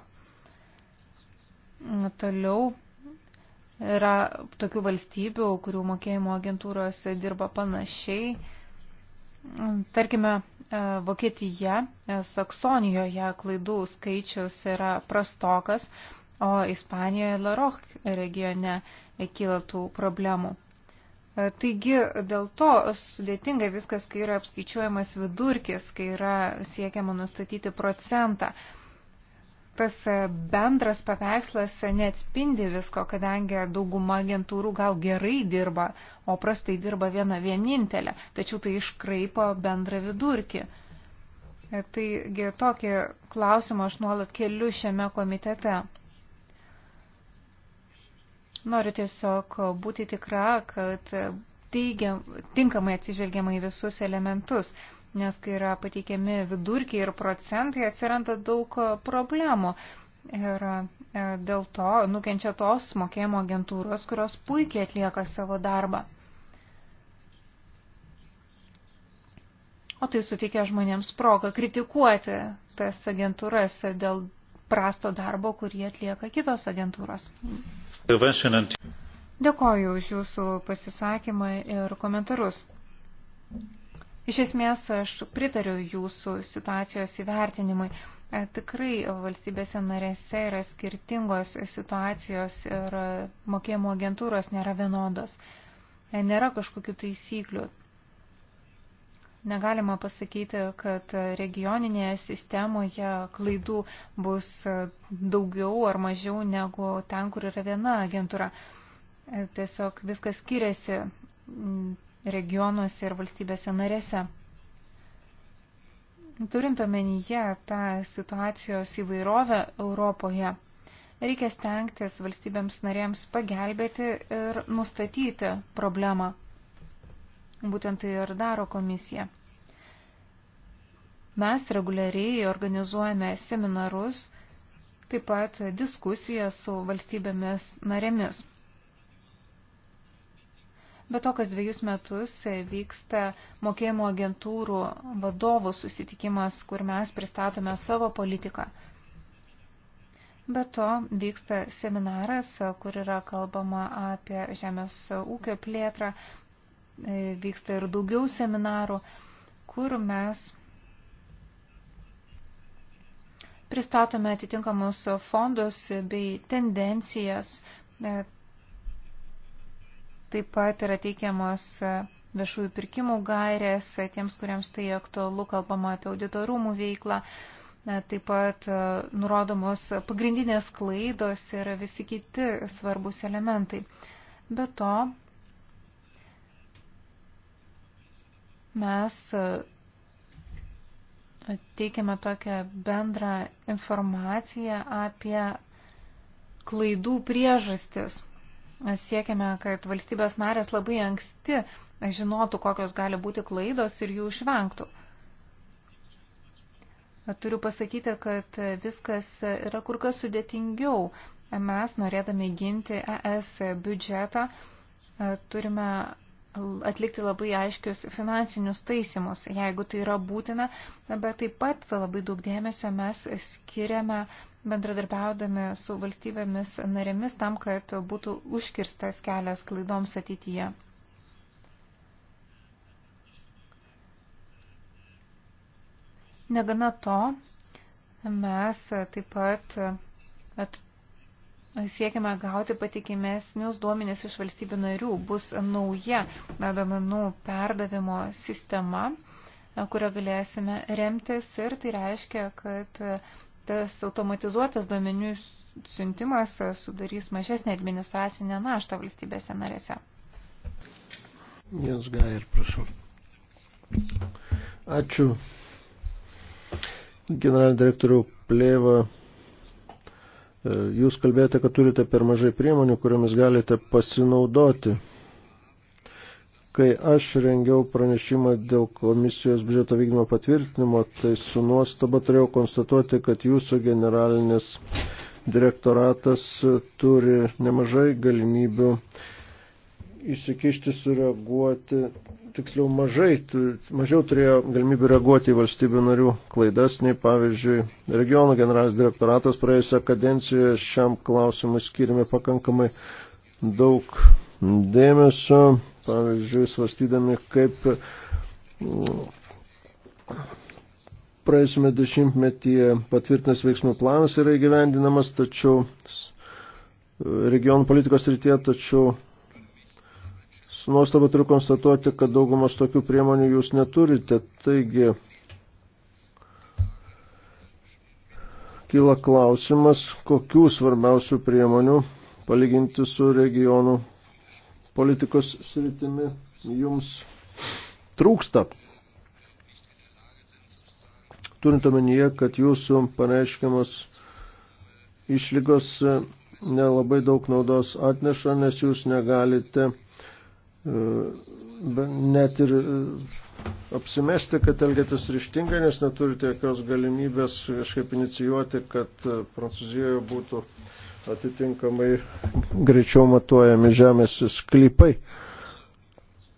Toliau yra tokių valstybių, kurių mokėjimo agentūros dirba panašiai. Tarkime, e, Vokietija, e, Saksonijoje klaidų skaičius yra prastokas, o Ispanijoje Laroch regione kyla tų problemų. E, taigi dėl to sudėtinga viskas, kai yra apskaičiuojamas vidurkis, kai yra siekiama nustatyti procentą. Tas e, bendras paveikslas neatspindi visko, kadangi dauguma agentūrų gal gerai dirba, o prastai dirba viena vienintelė, tačiau tai iškraipo bendrą vidurkį. E, taigi tokį klausimą aš nuolat keliu šiame komitete. Noriu tiesiog būti tikra, kad teigiam, tinkamai atsižvelgiama į visus elementus, nes kai yra pateikiami vidurkiai ir procentai, atsiranda daug problemų. Ir e, dėl to nukenčia tos mokėjimo agentūros, kurios puikiai atlieka savo darbą. O tai suteikia žmonėms progą kritikuoti tas agentūras dėl prasto darbo, kurį atlieka kitos agentūros. Dėkoju už Jūsų pasisakymą ir komentarus. Iš esmės, aš pritariu Jūsų situacijos įvertinimui. E, tikrai valstybėse narėse yra skirtingos situacijos ir mokėjimo agentūros nėra vienodos. E, nėra kažkokių taisyklių. Negalima pasakyti, kad regioninėje sistemoje klaidų bus daugiau ar mažiau negu ten, kur yra viena agentūra. Tiesiog viskas skiriasi regionuose ir valstybėse narėse. Turint omenyje tą situacijos įvairovę Europoje, reikia stengtis valstybėms narėms pagelbėti ir nustatyti problemą. Būtent tai ir daro komisija. Mes reguliariai organizuojame seminarus, taip pat diskusiją su valstybėmis narėmis. Be to, kas dviejus metus vyksta mokėjimo agentūrų vadovų susitikimas, kur mes pristatome savo politiką. Be to, vyksta seminaras, kur yra kalbama apie žemės ūkio plėtrą, E, vyksta ir daugiau seminarų, kur mes pristatome atitinkamus fondus bei tendencijas. E, taip pat yra teikiamos viešųjų pirkimų gairės, tiems, kuriems tai aktualu, kalbama apie auditorumų veiklą, e, taip pat nurodomos pagrindinės klaidos ir visi kiti svarbus elementai. Be to, Mes e, teikiame tokią bendrą informaciją apie klaidų priežastis. Siekiame, kad valstybės narės labai anksti žinotų, kokios gali būti klaidos ir jų išvengtų. E, turiu pasakyti, kad viskas yra kur kas sudėtingiau. E, mes, norėdami ginti ES biudžetą, turime atlikti labai aiškius finansinius taisimus, jeigu tai yra būtina, bet taip pat labai daug dėmesio mes skiriame bendradarbiaudami su valstybėmis narėmis tam, kad būtų užkirstas kelias klaidoms ateityje. Negana to, mes taip pat siekiame gauti patikimesnius duomenis iš valstybių narių. Bus nauja duomenų perdavimo sistema, kurią galėsime remtis ir tai reiškia, kad tas automatizuotas duomenių siuntimas sudarys mažesnį administracinę naštą valstybėse narėse. Jens Gair, prašau. Ačiū. Generalinį direktorių Plėvą E, jūs kalbėjote, kad turite per mažai priemonių, kuriomis galite pasinaudoti. Kai aš rengiau pranešimą dėl komisijos biudžeto vykdymo patvirtinimo, tai su nuostaba turėjau konstatuoti, kad jūsų generalinis direktoratas turi nemažai galimybių įsikišti, sureaguoti, tiksliau mažai, mažiau turėjo galimybę reaguoti į valstybių narių klaidas, nei pavyzdžiui regionų generalinis direktoratas praėjusią kadenciją šiam klausimui skirime pakankamai daug dėmesio, pavyzdžiui, svastydami, kaip mm, praėjusiame dešimtmetyje patvirtinas veiksmų planas yra įgyvendinamas, tačiau regionų politikos rytėje, tačiau Su nuostaba turiu konstatuoti, kad daugumas tokių priemonių jūs neturite. Taigi, kyla klausimas, kokių svarbiausių priemonių palyginti su regionų politikos sritimi jums trūksta. Turint omenyje, kad jūsų pareiškiamas išlygos nelabai daug naudos atneša, nes jūs negalite E, net ir e, apsimesti, kad elgėtės ryštingai, nes neturite jokios galimybės kažkaip inicijuoti, kad e, Prancūzijoje būtų atitinkamai greičiau matuojami žemės sklypai.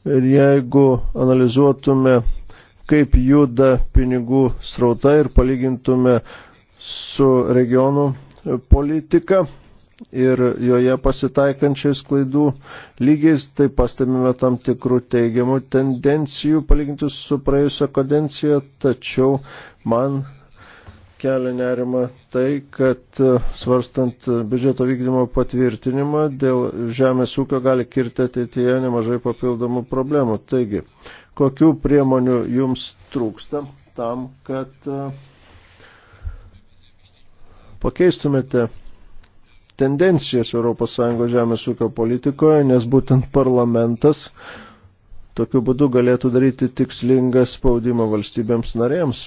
Ir jeigu analizuotume, kaip juda pinigų srauta ir palygintume su regionų politika, ir joje pasitaikančiais klaidų lygiais, tai pastebime tam tikrų teigiamų tendencijų palyginti su praėjusią kadenciją, tačiau man kelia nerima tai, kad e, svarstant biudžeto vykdymo patvirtinimą dėl žemės ūkio gali kirti ateityje nemažai papildomų problemų. Taigi, kokių priemonių jums trūksta tam, kad e, pakeistumėte tendencijas ES žemės ūkio politikoje, nes būtent parlamentas tokiu būdu galėtų daryti tikslingą spaudimą valstybėms narėms.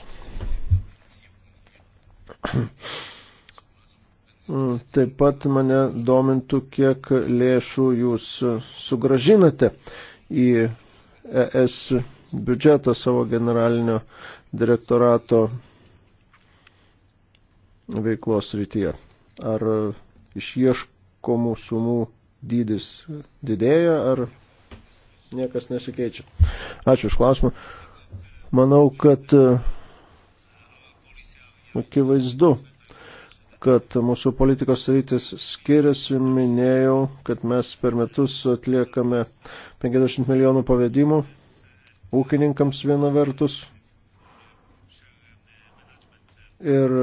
Taip pat mane domintų, kiek lėšų jūs sugražinate į ES biudžetą savo generalinio direktorato veiklos rytyje. Ar išieškomų sumų dydis didėja ar niekas nesikeičia? Ačiū iš klausimą. Manau, kad e, akivaizdu, kad mūsų politikos rytis skiriasi, minėjau, kad mes per metus atliekame 50 milijonų pavedimų ūkininkams viena vertus ir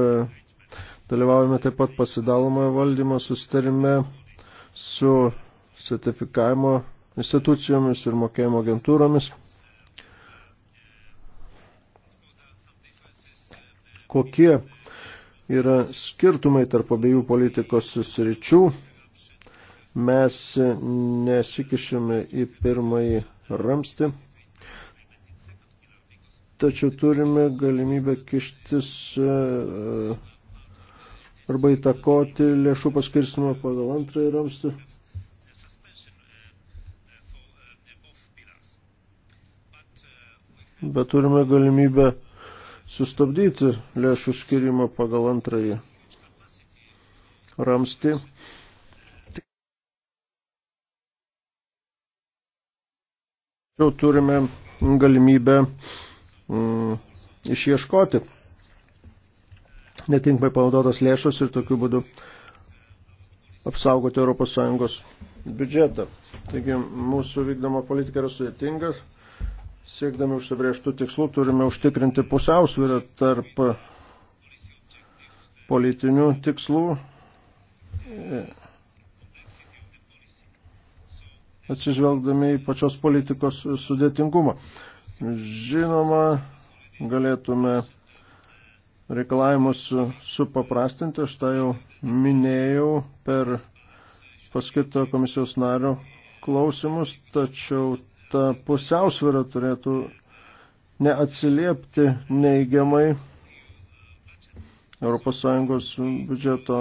Dalyvaujame taip pat pasidalomojo valdymo sustarime su sertifikavimo institucijomis ir mokėjimo agentūromis. Kokie yra skirtumai tarp abiejų politikos sričių? Mes nesikišime į pirmąjį ramstį, tačiau turime galimybę kištis uh, arba įtakoti lėšų paskirstimą pagal antrąjį ramstį. Bet turime galimybę sustabdyti lėšų skirimą pagal antrąjį ramstį. Tačiau turime galimybę mm, išieškoti netinkamai panaudotos lėšos ir tokiu būdu apsaugoti ES biudžetą. Taigi mūsų vykdoma politika yra sudėtingas. Siekdami užsibrieštų tikslų turime užtikrinti pusiausvyrą tarp politinių tikslų, atsižvelgdami į pačios politikos sudėtingumą. Žinoma, galėtume reikalavimus supaprastinti, aš tai jau minėjau per paskirto komisijos nario klausimus, tačiau ta pusiausvėra turėtų neatsiliepti neigiamai ES biudžeto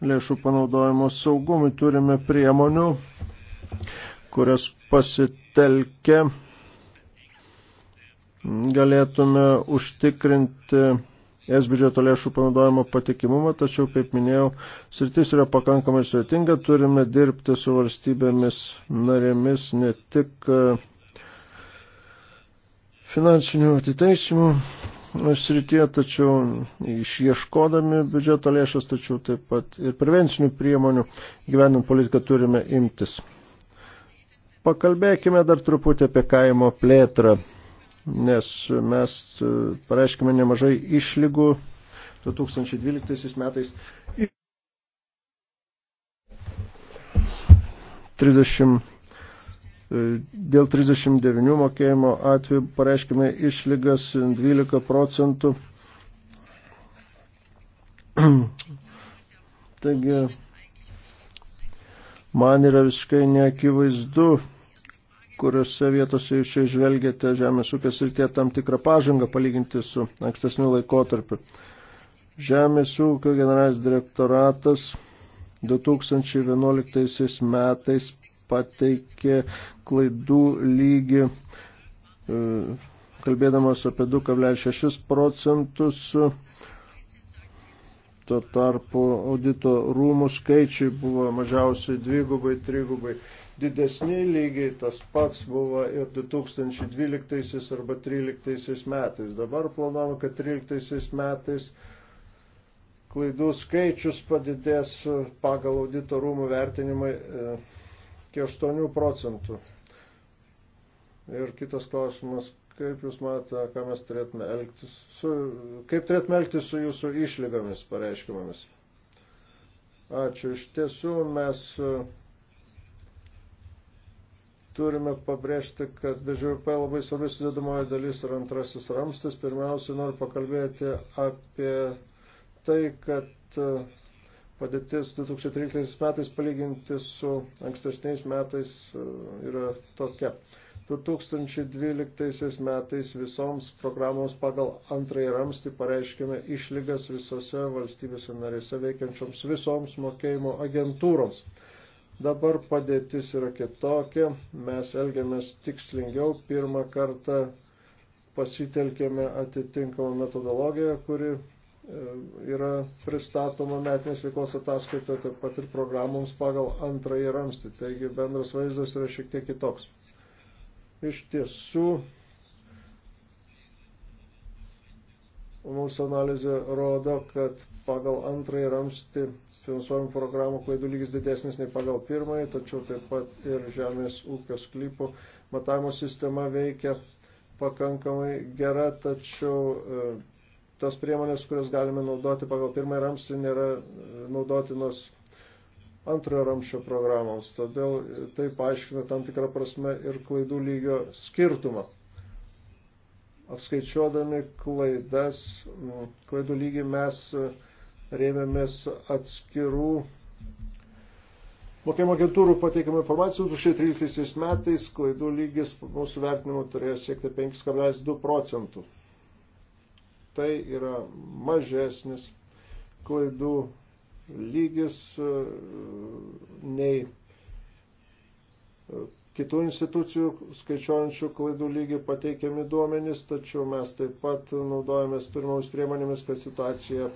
lėšų panaudojimo saugumui. Turime priemonių, kurias pasitelkia galėtume užtikrinti es biudžeto lėšų panaudojimo patikimumą, tačiau, kaip minėjau, sritis yra pakankamai sudėtinga, turime dirbti su valstybėmis narėmis ne tik e, finansinių atitaisimų srityje, tačiau išieškodami biudžeto lėšas, tačiau taip pat ir prevencinių priemonių gyvenant politiką turime imtis. Pakalbėkime dar truputį apie kaimo plėtrą nes mes e, pareiškime nemažai išlygų 2012 metais. 30, e, dėl 39 mokėjimo atveju pareiškime išlygas 12 procentų. Taigi, man yra visiškai neakivaizdu, kuriuose vietose jūs čia žvelgiate žemės ūkio srityje tam tikrą pažangą palyginti su ankstesniu laikotarpiu. Žemės ūkio generalinis direktoratas 2011 metais pateikė klaidų lygį, e, kalbėdamas apie 2,6 procentus. Tuo tarpu audito rūmų skaičiai buvo mažiausiai dvigubai, trigubai didesni lygiai tas pats buvo ir 2012 arba 2013 metais. Dabar planuojama, kad 2013 metais klaidų skaičius padidės pagal audito rūmų vertinimai e, iki 8 procentų. Ir kitas klausimas, kaip Jūs matote, ką mes turėtume elgtis su, kaip turėtume elgtis su Jūsų išlygomis pareiškimomis. Ačiū. Iš tiesų mes e, turime pabrėžti, kad BŽP labai svarbi sudėdamoji dalis yra antrasis ramstis. Pirmiausia, noriu pakalbėti apie tai, kad e, padėtis 2013 metais palyginti su ankstesniais metais e, yra tokia. 2012 metais visoms programoms pagal antrąjį ramstį pareiškime išlygas visose valstybėse narėse veikiančioms visoms mokėjimo agentūroms. Dabar padėtis yra kitokia, mes elgiamės tikslingiau, pirmą kartą pasitelkėme atitinkamą metodologiją, kuri e, yra pristatoma metinės veiklos ataskaita, taip pat ir programoms pagal antrąjį ramstį. Taigi bendras vaizdas yra šiek tiek kitoks. Iš tiesų, Mūsų analizė rodo, kad pagal antrąjį ramstį finansuojamų programų klaidų lygis didesnis nei pagal pirmąjį, tačiau taip pat ir žemės ūkio sklypų matavimo sistema veikia pakankamai gera, tačiau e, tos priemonės, kurias galime naudoti pagal pirmąjį ramstį, nėra e, naudotinos antrojo ramščio programoms. Todėl e, tai paaiškina tam tikrą prasme ir klaidų lygio skirtumą apskaičiuodami klaidas, klaidų lygį mes rėmėmės atskirų mokėjimo agentūrų pateikiamą informaciją. 2013 metais klaidų lygis mūsų vertinimu turėjo siekti 5,2 procentų. Tai yra mažesnis klaidų lygis e, nei kitų institucijų skaičiuojančių klaidų lygį pateikiami duomenys, tačiau mes taip pat naudojamės turimomis priemonėmis, kad situaciją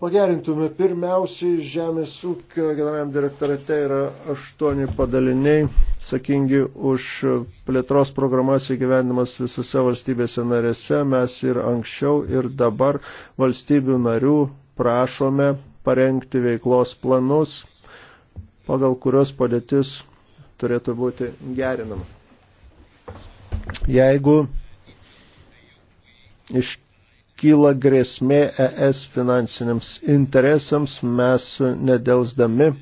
pagerintume. Pirmiausiai Žemės ūkio generaliniam direktorate yra aštuoni padaliniai, sakingi už plėtros programas įgyvendimas visose valstybėse narėse. Mes ir anksčiau, ir dabar valstybių narių prašome parengti veiklos planus pagal kurios padėtis turėtų būti gerinama. Jeigu iškyla grėsmė ES finansiniams interesams, mes nedelsdami e,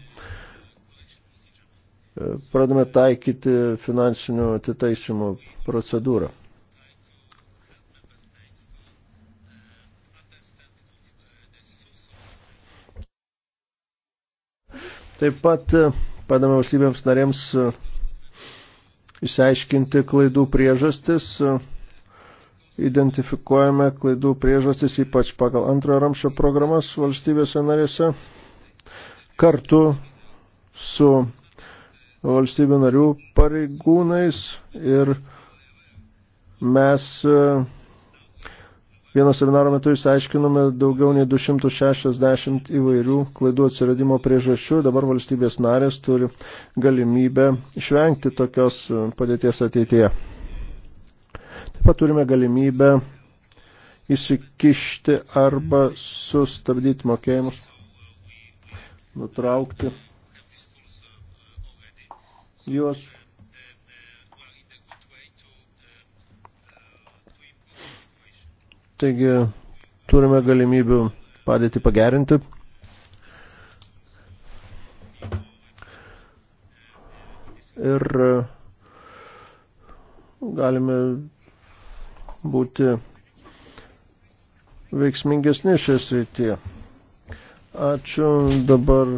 pradame taikyti finansinių atitaisymų procedūrą. Taip pat e, padame valstybėms narėms e, išsiaiškinti klaidų priežastis, e, identifikuojame klaidų priežastis ypač pagal antrojo ramšio programas valstybėse narėse, kartu su valstybių narių pareigūnais ir mes e, Vieno seminaro metu išsiaiškinome daugiau nei 260 įvairių klaidų atsiradimo priežasčių. Dabar valstybės narės turi galimybę išvengti tokios e, padėties ateityje. Taip pat turime galimybę įsikišti arba sustabdyti mokėjimus, nutraukti juos Taigi turime galimybių padėti pagerinti. Ir galime būti veiksmingesni šioje srityje. Ačiū. Dabar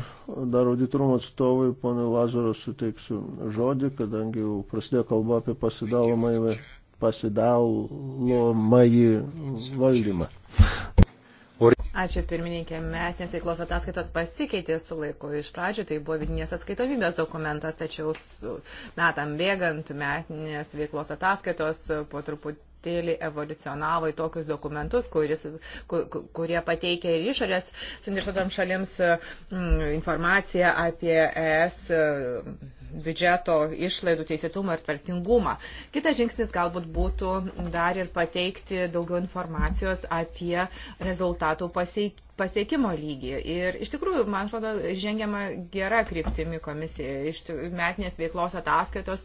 dar auditorumo atstovui, ponui Lazaro, suteiksiu žodį, kadangi jau prasidėjo kalba apie pasidalomą įvairią pasidalomąjį valdymą. Ačiū pirmininkė, metinės veiklos ataskaitos pasikeitė su laiku. Iš pradžių tai buvo vidinės atskaitomybės dokumentas, tačiau metam bėgant metinės veiklos ataskaitos po truputį truputėlį evoliucionavo į tokius dokumentus, kuris, kur, kurie pateikia ir išorės suinteresuotam šalims mm, informaciją apie ES mm, biudžeto išlaidų teisėtumą ir tvarkingumą. Kitas žingsnis galbūt būtų dar ir pateikti daugiau informacijos apie rezultatų pasiekimą pasiekimo lygį. Ir iš tikrųjų, man atrodo, žengiama gera kryptimi komisija. Iš metinės veiklos ataskaitos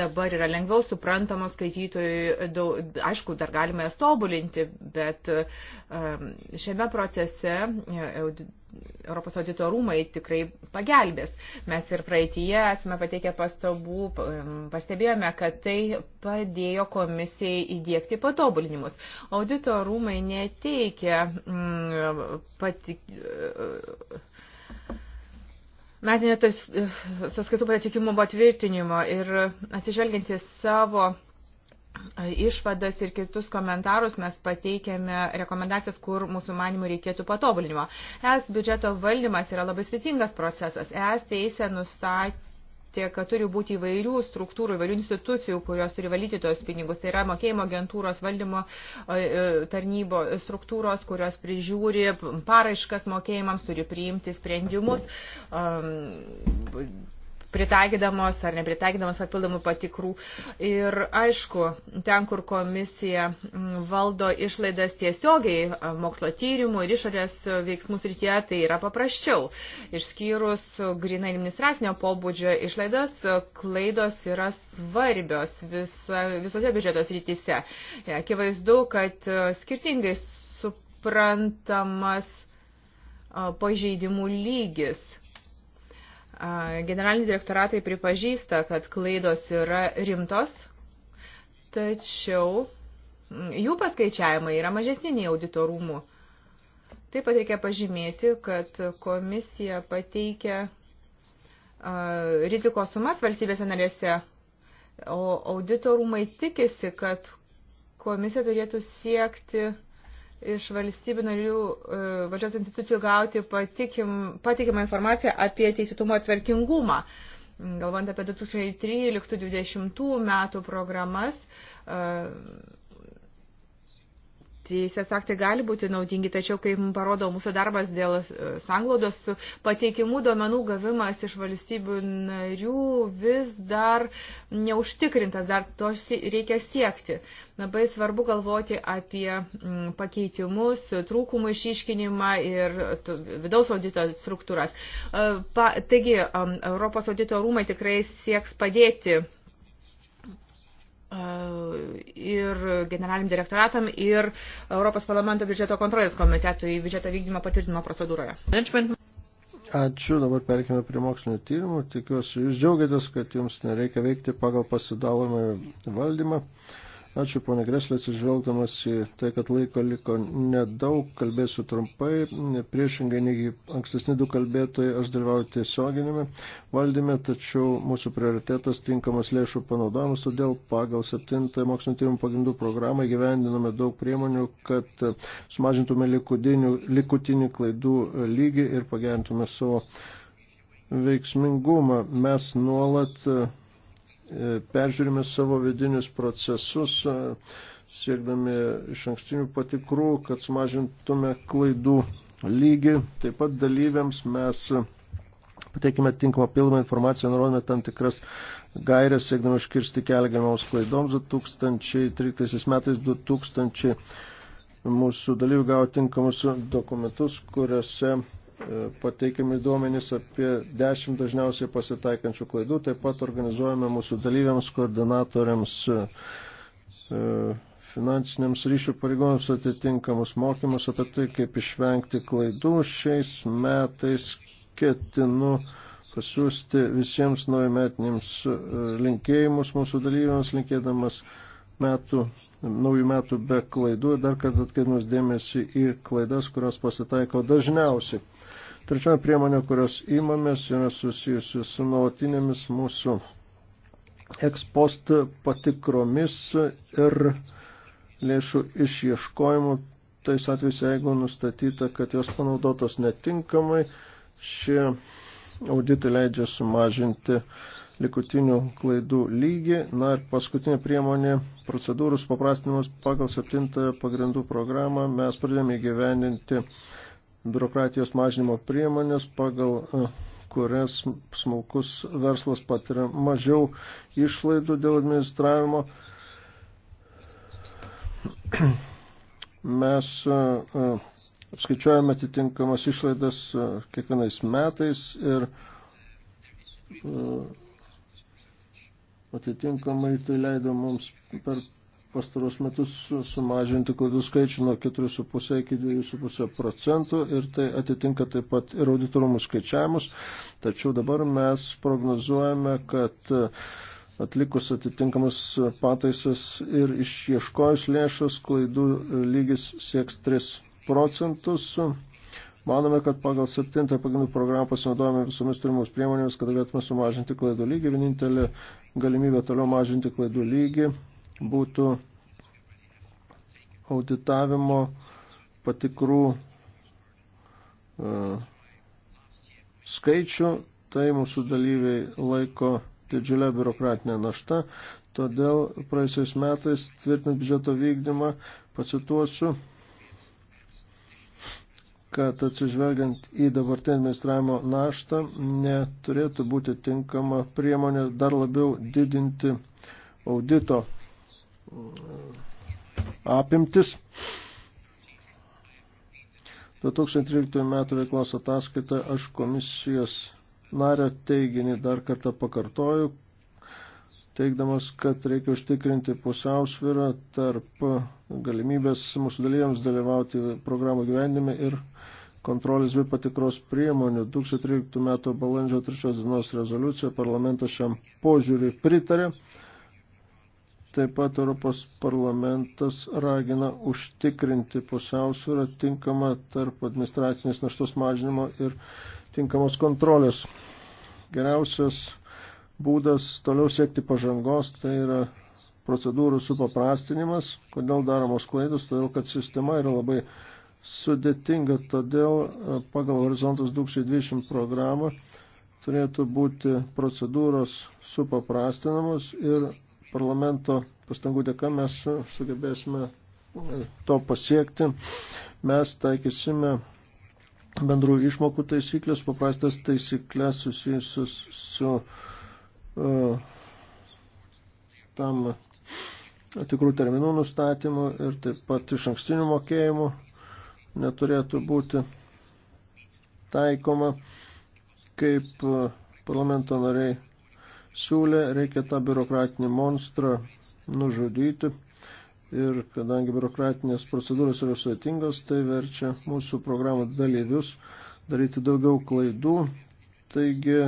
dabar yra lengviau suprantamos skaitytojui. Daug, aišku, dar galima jas tobulinti, bet um, šiame procese e, Europos audito rūmai tikrai pagelbės. Mes ir praeitie esame pateikę pastabų, pastebėjome, kad tai padėjo komisijai įdėkti patobulinimus. Audito rūmai neteikia mm, patik. E, e, metinio e, sąskaitų patikimumo patvirtinimo ir atsižvelgiant į savo išvadas ir kitus komentarus mes pateikėme rekomendacijas, kur mūsų manimų reikėtų patobulinimo. ES biudžeto valdymas yra labai sudėtingas procesas. ES teisė nustatė kad turi būti įvairių struktūrų, įvairių institucijų, kurios turi valyti tos pinigus. Tai yra mokėjimo agentūros, valdymo e, e, tarnybo struktūros, kurios prižiūri paraiškas mokėjimams, turi priimti sprendimus. Um, pritaikydamos ar nepritaikydamos papildomų patikrų. Ir aišku, ten, kur komisija mm, valdo išlaidas tiesiogiai e, mokslo tyrimų ir išorės veiksmų srityje, tai yra paprasčiau. Išskyrus grinai administracinio pobūdžio išlaidas, klaidos yra svarbios viso, visose biudžeto srityse. E, akivaizdu, kad e, skirtingai suprantamas pažeidimų lygis Generaliniai direktoratai pripažįsta, kad klaidos yra rimtos, tačiau jų paskaičiavimai yra mažesni nei auditorumų. Taip pat reikia pažymėti, kad komisija pateikia rizikos sumas valstybėse narėse, o auditorumai tikisi, kad komisija turėtų siekti iš valstybių narių e, valdžios institucijų gauti patikim, patikimą informaciją apie teisėtumo atverkingumą. Mm, Galvant apie 2013-2020 metų programas, e, teisės aktai gali būti naudingi, tačiau, kaip parodo mūsų darbas dėl e, sanglaudos, pateikimų duomenų gavimas iš valstybių narių vis dar neužtikrintas, dar to reikia siekti. Labai svarbu galvoti apie mm, pakeitimus, trūkumų išiškinimą ir vidaus audito struktūras. E, pa, taigi, Europos audito rūmai tikrai sieks padėti ir generaliniam direktoratam, ir Europos parlamento biudžeto kontrolės komitetui biudžeto vykdymo patvirtinimo procedūroje. Ačiū, dabar perkime prie mokslinio tyrimų. Tikiuosi, jūs džiaugiatės, kad jums nereikia veikti pagal pasidalomą valdymą. Ačiū, ponė Greslė, atsižvelgdamas į tai, kad laiko liko nedaug, kalbėsiu trumpai. Priešingai negi ankstesni du kalbėtojai, aš dalyvauju tiesioginėme valdyme, tačiau mūsų prioritetas tinkamas lėšų panaudojimas, todėl pagal 7 mokslinio tyrimų pagrindų programą gyvendiname daug priemonių, kad sumažintume likutinį klaidų lygį ir pagerintume savo veiksmingumą. Mes nuolat E, peržiūrime savo vidinius procesus, e, siekdami iš ankstinių patikrų, kad sumažintume klaidų lygį. Taip pat dalyviams mes pateikime tinkamą pilną informaciją, nurodome tam tikras gairias, siekdami iškirsti kelią galimaus klaidoms 2013 metais 2000 mūsų dalyvių gavo tinkamus dokumentus, kuriuose E, pateikiami duomenys apie 10 dažniausiai pasitaikančių klaidų. Taip pat organizuojame mūsų dalyviams, koordinatoriams, e, e, finansiniams ryšių pareigojams atitinkamus mokymus apie tai, kaip išvengti klaidų. Šiais metais ketinu pasiūsti visiems naujametiniams linkėjimus mūsų dalyviams, linkėdamas metų, naujų metų be klaidų ir dar kartą atkreipimas dėmesį į klaidas, kurios pasitaiko dažniausiai. Trečioji priemonė, kurios įmamės, yra susijusi su nuolatinėmis mūsų ekspost patikromis ir lėšų išieškojimu, tais atvejais, jeigu nustatyta, kad jos panaudotos netinkamai, šie auditai leidžia sumažinti likutinių klaidų lygį. Na ir paskutinė priemonė - procedūrų supaprastinimas pagal septintąją pagrindų programą. Mes pradėjome įgyvendinti biurokratijos mažinimo priemonės, pagal e, kurias smulkus verslas patiria mažiau išlaidų dėl administravimo. Mes e, e, skaičiuojame atitinkamas išlaidas kiekvienais metais ir atitinkamai tai leido mums per pastaros metus sumažinti klaidų skaičių nuo 4,5 iki 2,5 procentų ir tai atitinka taip pat ir auditorumų skaičiavimus. Tačiau dabar mes prognozuojame, kad atlikus atitinkamas pataisas ir išieškojus lėšas klaidų lygis sieks 3 procentus. Manome, kad pagal 7 pagrindų programą pasinaudojame visomis turimus priemonėmis, kad galėtume sumažinti klaidų lygį. Vienintelė galimybė toliau mažinti klaidų lygį būtų auditavimo patikrų e, skaičių, tai mūsų dalyviai laiko didžiulę biurokratinę naštą. Todėl praeisiais metais tvirtinant biudžeto vykdymą pacituosiu, kad atsižvelgiant į dabartinį administravimo naštą neturėtų būti tinkama priemonė dar labiau didinti audito apimtis. 2013 metų veiklos ataskaita aš komisijos nario teiginį dar kartą pakartoju, teikdamas, kad reikia užtikrinti pusiausvyrą tarp galimybės mūsų dalyviams dalyvauti programų gyvenime ir kontrolės bei patikros priemonių. 2013 m. balandžio 3 dienos rezoliuciją parlamentas šiam požiūriui pritarė. Taip pat Europos parlamentas ragina užtikrinti pusiausvyrą tinkamą tarp administracinės naštos mažinimo ir tinkamos kontrolės. Geriausias būdas toliau siekti pažangos tai yra procedūrų supaprastinimas. Kodėl daromos klaidos? Todėl, kad sistema yra labai sudėtinga, todėl e, pagal Horizontas 2020 programą turėtų būti procedūros supaprastinamos ir parlamento pastangų dėka mes sugebėsime to pasiekti. Mes taikysime bendrų išmokų taisyklės, paprastas taisyklės susijusius su uh, tam tikrų terminų nustatymu ir taip pat iš ankstinių mokėjimų neturėtų būti taikoma, kaip e, parlamento nariai siūlė, reikia tą biurokratinį monstrą nužudyti. Ir kadangi biurokratinės procedūros yra sudėtingos, tai verčia mūsų programų dalyvius daryti daugiau klaidų. Taigi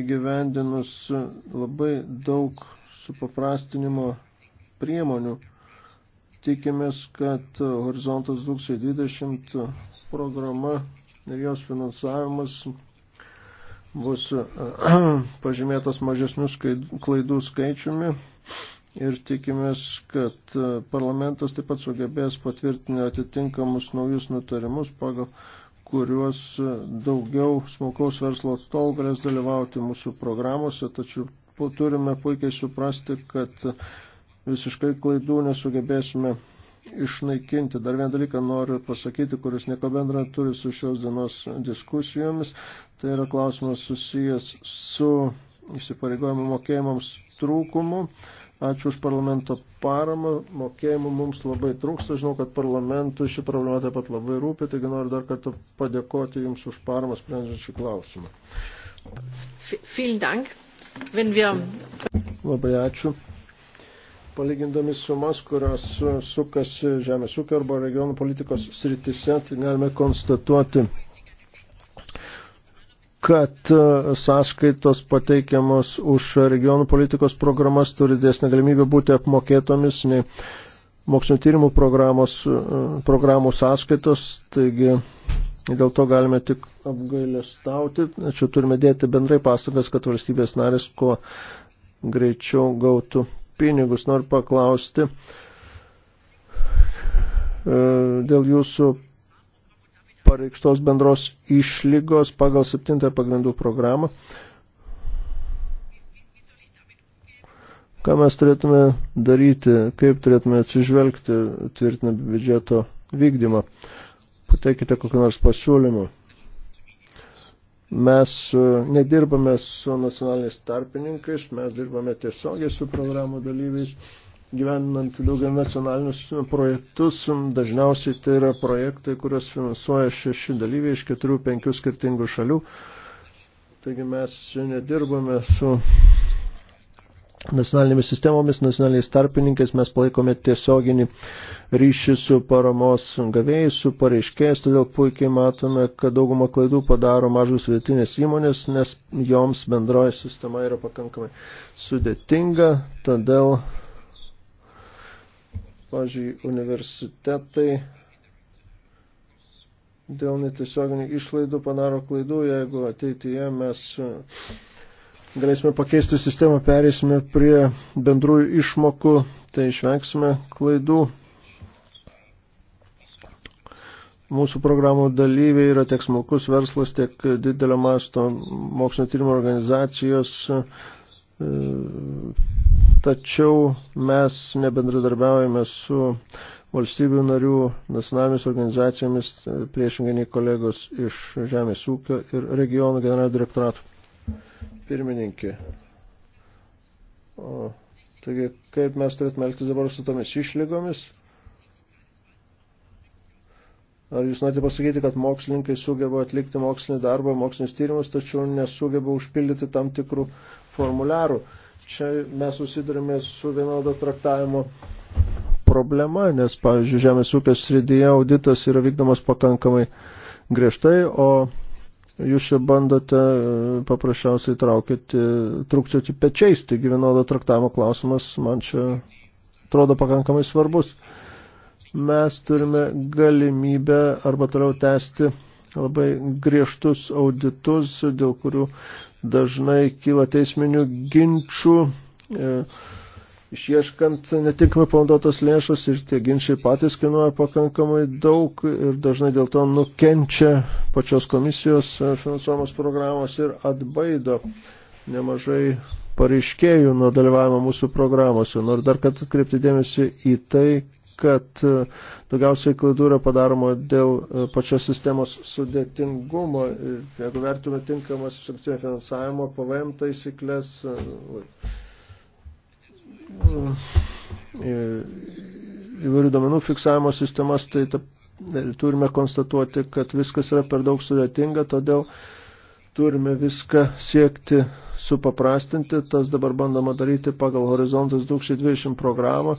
įgyvendinus labai daug supaprastinimo priemonių, tikimės, kad Horizontas 2020 programa ir jos finansavimas bus e, pažymėtas mažesnių klaidų skaičiumi ir tikimės, kad e, parlamentas taip pat sugebės patvirtinti atitinkamus naujus nutarimus, pagal kuriuos e, daugiau smulkaus verslo atstovų galės dalyvauti mūsų programuose, tačiau turime puikiai suprasti, kad visiškai klaidų nesugebėsime išnaikinti. Dar vieną dalyką noriu pasakyti, kuris nieko bendra turi su šios dienos diskusijomis. Tai yra klausimas susijęs su įsipareigojimo mokėjimams trūkumu. Ačiū už parlamento paramą, mokėjimų mums labai trūksta, žinau, kad parlamentui ši problema taip pat labai rūpi, taigi noriu dar kartą padėkoti Jums už paramą sprendžiant šį klausimą. Vielen Dank. Wenn wir... Labai ačiū palygindami sumas, kurios sukasi žemės ūkio arba regionų politikos sritise, tai galime konstatuoti, kad e, sąskaitos pateikiamos už regionų politikos programas turi dėsnę galimybę būti apmokėtomis nei mokslinio tyrimų programos, e, programų sąskaitos, taigi dėl to galime tik apgailestauti, tačiau turime dėti bendrai pasakas, kad valstybės narės kuo greičiau gautų pinigus. Noriu paklausti e, dėl jūsų pareikštos bendros išlygos pagal septintą pagrindų programą. Ką mes turėtume daryti, kaip turėtume atsižvelgti tvirtinant biudžeto vykdymą. Pateikite kokį nors pasiūlymą. Mes e, nedirbame su nacionaliniais tarpininkais, mes dirbame tiesiogiai su programų dalyviais, gyvenant daugia nacionalinius projektus. Dažniausiai tai yra projektai, kuriuos finansuoja šeši dalyviai iš keturių, penkių skirtingų šalių. Taigi mes nedirbame su nacionalinėmis sistemomis, nacionaliniais tarpininkais mes palaikome tiesioginį ryšį su paramos gavėjais, su pareiškėjais, todėl puikiai matome, kad daugumą klaidų padaro mažus vietinės įmonės, nes joms bendroji sistema yra pakankamai sudėtinga, todėl, pažiūrėjau, universitetai dėl netiesioginių išlaidų padaro klaidų, jeigu ateityje mes galėsime pakeisti sistemą, perėsime prie bendrųjų išmokų, tai išvengsime klaidų. Mūsų programų dalyviai yra tiek smokus verslas, tiek didelio masto mokslinio tyrimo organizacijos, tačiau mes nebendradarbiaujame su valstybių narių nacionalinėmis organizacijomis priešingai nei kolegos iš Žemės ūkio ir regionų generalinio direktorato. Pirmininkė. O, taigi, kaip mes turėtume elgtis dabar su tomis išlygomis? Ar jūs norite pasakyti, kad mokslininkai sugeba atlikti mokslinį darbą, mokslinis tyrimus, tačiau nesugeba užpildyti tam tikrų formuliarų? Čia mes susidurime su vienodo traktavimo problema, nes, pavyzdžiui, žemės ūkės srityje auditas yra vykdomas pakankamai griežtai, o jūs čia bandote e, paprasčiausiai traukyti, trukčioti pečiais, taigi vienodo traktavimo klausimas man čia atrodo pakankamai svarbus. Mes turime galimybę arba toliau tęsti labai griežtus auditus, dėl kurių dažnai kyla teisminių ginčių. E, išieškant netinkamai panaudotas lėšas ir tie ginčiai patys kainuoja pakankamai daug ir dažnai dėl to nukenčia pačios komisijos e, finansuojamos programos ir atbaido nemažai pareiškėjų nuo dalyvavimo mūsų programuose. Noriu dar kartą atkreipti dėmesį į tai, kad e, daugiausiai klaidų yra padaroma dėl e, pačios sistemos sudėtingumo. Jeigu vertume tinkamas iš anksinio finansavimo, PVM taisyklės, įvairių domenų fiksavimo sistemas, tai ta, e, turime konstatuoti, kad viskas yra per daug sudėtinga, todėl turime viską siekti supaprastinti, tas dabar bandoma daryti pagal Horizontas 2020 programą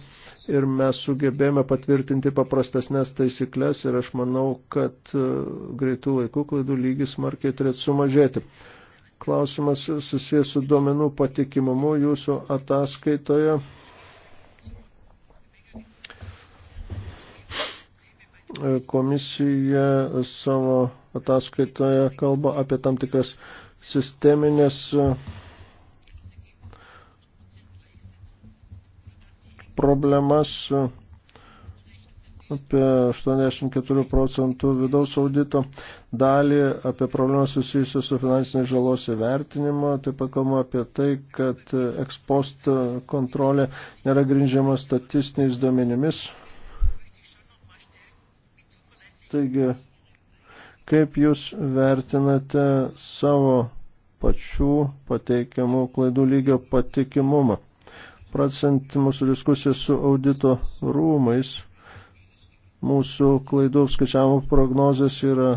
ir mes sugebėjome patvirtinti paprastesnės taisyklės ir aš manau, kad e, greitų laikų klaidų lygis smarkiai turėtų sumažėti klausimas susijęs su duomenų patikimumu jūsų ataskaitoje. Komisija savo ataskaitoje kalba apie tam tikras sisteminės problemas apie 84 procentų vidaus audito dalį, apie problemas susijusią su finansinės žalos įvertinimo, taip pat kalbama apie tai, kad ekspost kontrolė nėra grindžiama statistiniais duomenimis. Taigi, kaip jūs vertinate savo pačių pateikiamų klaidų lygio patikimumą? Pratsant mūsų diskusiją su audito rūmais, mūsų klaidų apskaičiavimo prognozės yra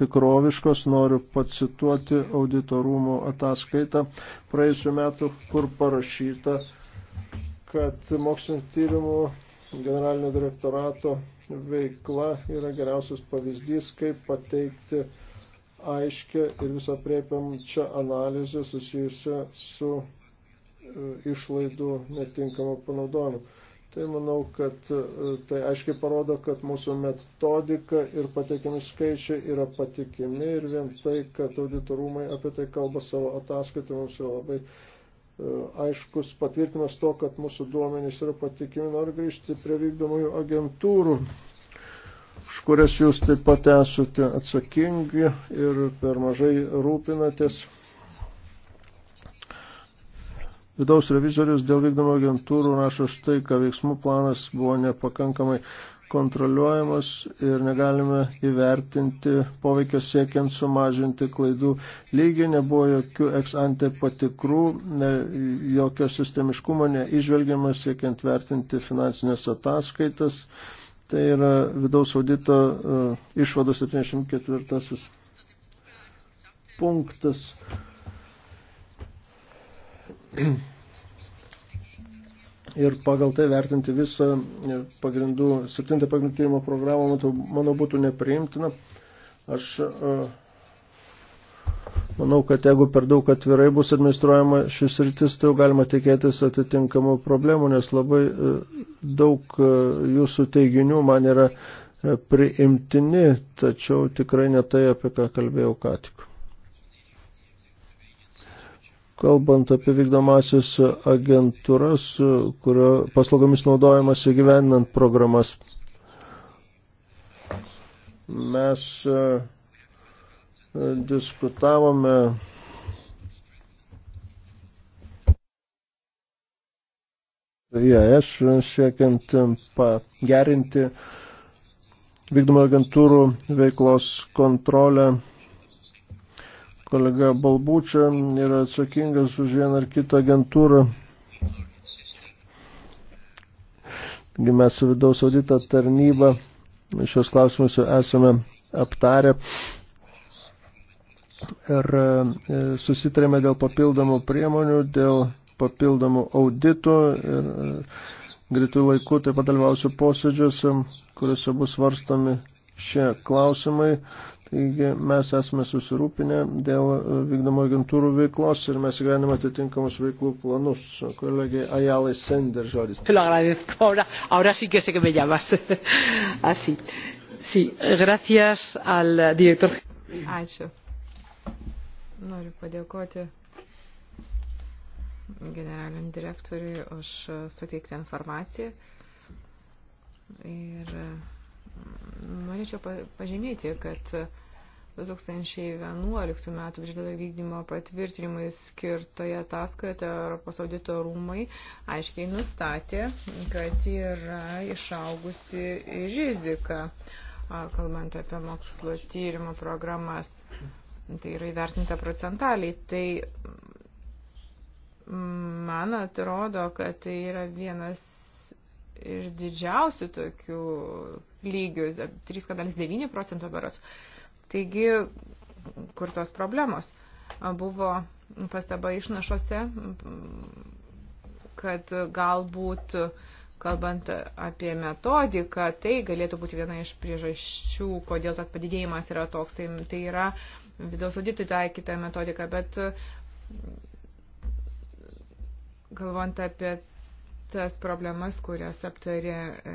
tikroviškos, noriu pacituoti auditorumo ataskaitą praėjusiu metu, kur parašyta, kad mokslinio tyrimų generalinio direktorato veikla yra geriausias pavyzdys, kaip pateikti aiškę ir visą priepiamčią analizę susijusią su e, išlaidų netinkamo panaudojimu. Tai manau, kad e, tai aiškiai parodo, kad mūsų metodika ir pateikiami skaičiai yra patikimi ir vien tai, kad auditorumai apie tai kalba savo ataskaitą, mums yra labai e, aiškus patvirtinimas to, kad mūsų duomenys yra patikimi. Noriu grįžti prie vykdomųjų agentūrų, už kurias jūs taip pat esate atsakingi ir per mažai rūpinatės Vidaus revizorius dėl vykdomo agentūrų rašo štai, kad veiksmų planas buvo nepakankamai kontroliuojamas ir negalime įvertinti poveikio siekiant sumažinti klaidų lygį, nebuvo jokių ex ante patikrų, ne, jokio sistemiškumo neižvelgiama siekiant vertinti finansinės ataskaitas. Tai yra vidaus audito uh, išvados 74 punktas. ir pagal tai vertinti visą pagrindų, septintą pagrindų tyrimo programą, matau, manau, būtų nepriimtina. Aš e, manau, kad jeigu per daug atvirai bus administruojama šis rytis, tai jau galima tikėtis atitinkamų problemų, nes labai e, daug e, jūsų teiginių man yra priimtini, tačiau tikrai ne tai, apie ką kalbėjau ką tik. Kalbant apie vykdomasias agentūras, kurio paslaugomis naudojamas įgyvendinant programas, mes e, e, diskutavome IAS siekiant pagerinti vykdomą agentūrų veiklos kontrolę kolega Balbučia yra atsakingas už vieną ar kitą agentūrą. Taigi mes su vidaus audito tarnyba šios klausimus esame aptarę ir e, susitarėme dėl papildomų priemonių, dėl papildomų auditų ir e, greitų laikų taip pat dalyvausiu posėdžiuose, kuriuose bus svarstami šie klausimai. Taigi mes esame susirūpinę dėl vykdomo agentūrų veiklos ir mes gyvenime atitinkamus veiklų planus. Kolegiai Ajalai Sender žodis. Te lo agradezco. Ahora, ahora sí que sé que me llamas. Así. Sí, gracias al director. Ačiū. Noriu padėkoti generaliniam direktoriui už suteiktą informaciją. Ir norėčiau pažymėti, kad 2011 m. biudžeto vykdymo patvirtinimui skirtoje ataskaitoje Europos audito rūmai aiškiai nustatė, kad yra išaugusi rizika, kalbant apie mokslo tyrimo programas. Tai yra įvertinta procentaliai. Tai man atrodo, kad tai yra vienas iš didžiausių tokių lygių, 3,9 procento berots. Taigi, kur tos problemos? Buvo pastaba išnašose, kad galbūt, kalbant apie metodiką, tai galėtų būti viena iš priežasčių, kodėl tas padidėjimas yra toks. Tai, tai yra vidaus auditų taikyta metodika, bet galvant apie tas problemas, kurias aptarė e,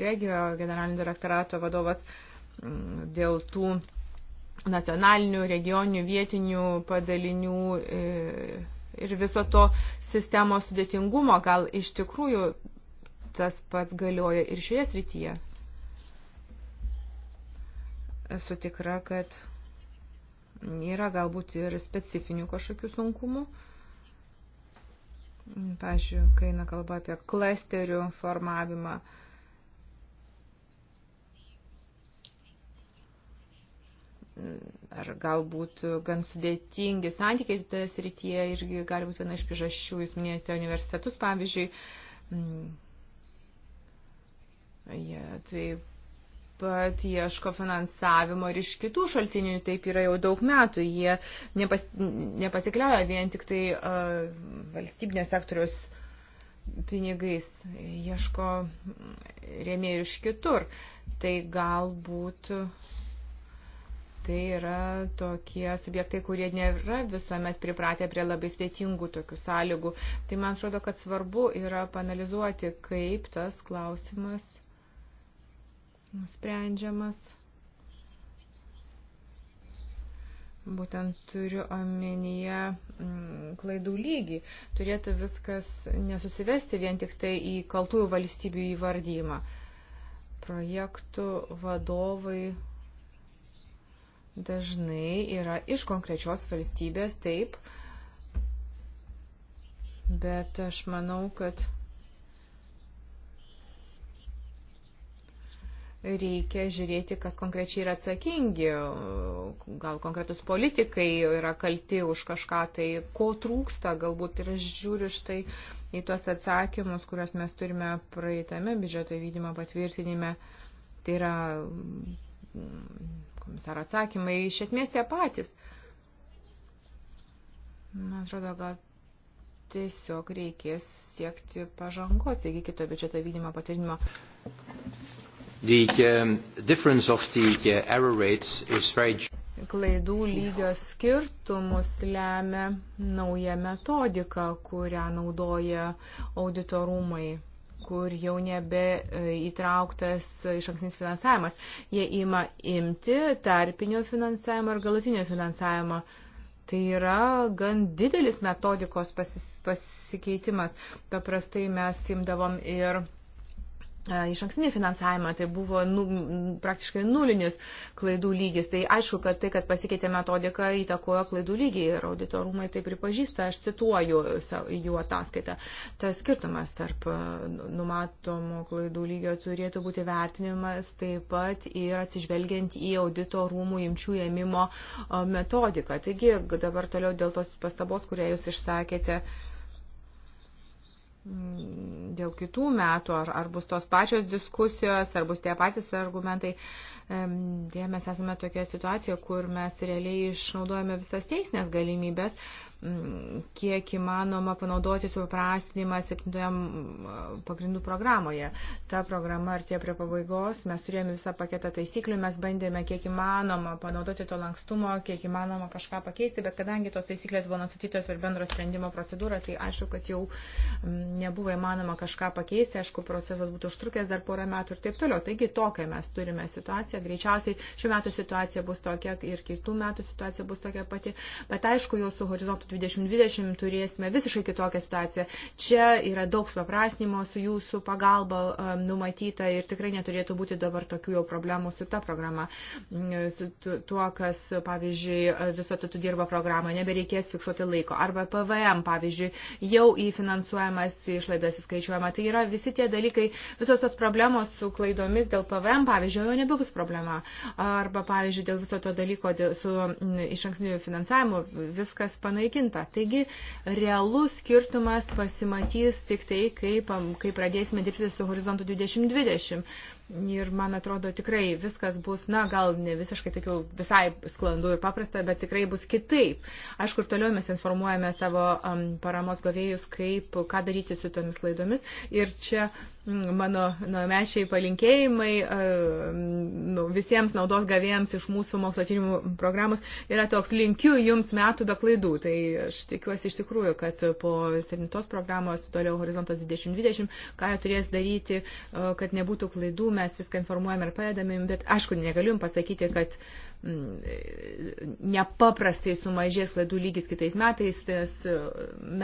regio generalinio direktorato vadovas mm, dėl tų nacionalinių, regioninių, vietinių padalinių e, ir viso to sistemos sudėtingumo. Gal iš tikrųjų tas pats galioja ir šioje srityje? Esu tikra, kad yra galbūt ir specifinių kažkokių sunkumų. Uh, Pavyzdžiui, kai eina kalba apie klasterių formavimą. Ar galbūt gan sudėtingi santykiai toje srityje irgi gali būti viena iš priežasčių. Jūs minėjote universitetus, pavyzdžiui. Yeah, mm. tai pat ieško finansavimo ir iš kitų šaltinių, taip yra jau daug metų, jie nepas, nepasikliauja vien tik tai uh, valstybinio sektoriaus pinigais, ieško rėmėjų iš kitur. Tai galbūt tai yra tokie subjektai, kurie nėra visuomet pripratę prie labai sudėtingų tokių sąlygų. Tai man atrodo, kad svarbu yra panalizuoti, kaip tas klausimas sprendžiamas. Būtent turiu omenyje mm, klaidų lygį. Turėtų viskas nesusivesti vien tik tai į kaltųjų valstybių įvardymą. Projektų vadovai dažnai yra iš konkrečios valstybės, taip, bet aš manau, kad reikia žiūrėti, kas konkrečiai yra atsakingi. Gal konkretus politikai yra kalti už kažką, tai ko trūksta galbūt ir žiūriu štai į tuos atsakymus, kuriuos mes turime praeitame biudžeto įvykdymo patvirtinime. Tai yra mm, komisaro atsakymai iš esmės tie patys. Man atrodo, gal tiesiog reikės siekti pažangos, taigi kito biudžeto vykdymo patvirtinimo. The um, difference of the uh, error rates is very klaidų lygio skirtumus lemia nauja metodika, kurią naudoja auditorumai kur jau nebe e, įtrauktas iš anksinis finansavimas. Jie ima imti tarpinio finansavimo ir galutinio finansavimo. Tai yra gan didelis metodikos pasis, pasikeitimas. Paprastai mes imdavom ir iš ankstinį finansavimą, tai buvo nu, praktiškai nulinis klaidų lygis. Tai aišku, kad tai, kad pasikeitė metodika, įtakojo klaidų lygį ir auditorumai tai pripažįsta, aš cituoju jų ataskaitą. Tas skirtumas tarp numatomo klaidų lygio turėtų būti vertinimas taip pat ir atsižvelgiant į auditorumų imčių ėmimo metodiką. Taigi dabar toliau dėl tos pastabos, kurią jūs išsakėte. Uh, Mm, dėl kitų metų, ar, ar bus tos pačios diskusijos, ar bus tie patys argumentai. Dėja, mes esame tokia situacija, kur mes realiai išnaudojame visas teisinės galimybės kiek įmanoma panaudoti suprastinimą septintojam pagrindų programoje. Ta programa artėja prie pabaigos, mes turėjome visą paketą taisyklių, mes bandėme kiek įmanoma panaudoti to lankstumo, kiek įmanoma kažką pakeisti, bet kadangi tos taisyklės buvo nustatytos per bendro sprendimo procedūrą, tai aišku, kad jau nebuvo įmanoma kažką pakeisti, aišku, procesas būtų užtrukęs dar porą metų ir taip toliau. Taigi tokia mes turime situaciją. Greičiausiai šių metų situacija bus tokia ir kitų metų situacija bus tokia pati, bet aišku, jau su horizontu 2020 turėsime visiškai kitokią situaciją. Čia yra daug supaprasnimo su jūsų pagalba um, numatyta ir tikrai neturėtų būti dabar tokių jau problemų su ta programa, mm, su tuo, kas, pavyzdžiui, viso tu dirba programą, nebereikės fiksuoti laiko. Arba PVM, pavyzdžiui, jau į finansuojamas išlaidas įskaičiuojama. Tai yra visi tie dalykai, visos tos problemos su klaidomis dėl PVM, pavyzdžiui, jau nebebus problema. Arba, pavyzdžiui, dėl viso to dalyko su mm, iš ankstiniu finansavimu viskas panaikinta panaikinta. Taigi realus skirtumas pasimatys tik tai, kai, kai pradėsime dirbti su horizontu 2020. Ir man atrodo, tikrai viskas bus, na, gal ne visiškai, tokiu, visai sklandu ir paprasta, bet tikrai bus kitaip. Aišku, ir toliau mes informuojame savo um, paramos gavėjus, kaip, ką daryti su tomis laidomis. Ir čia mano nuomečiai palinkėjimai uh, visiems naudos gavėjams iš mūsų mokslo tyrimų programos yra toks linkiu jums metų be klaidų. Tai aš tikiuosi iš tikrųjų, kad po 7 programos toliau Horizontas 2020, ką jie turės daryti, uh, kad nebūtų klaidų mes viską informuojam ir padedam jums, bet aišku, negaliu jums pasakyti, kad mm, nepaprastai sumažės klaidų lygis kitais metais, nes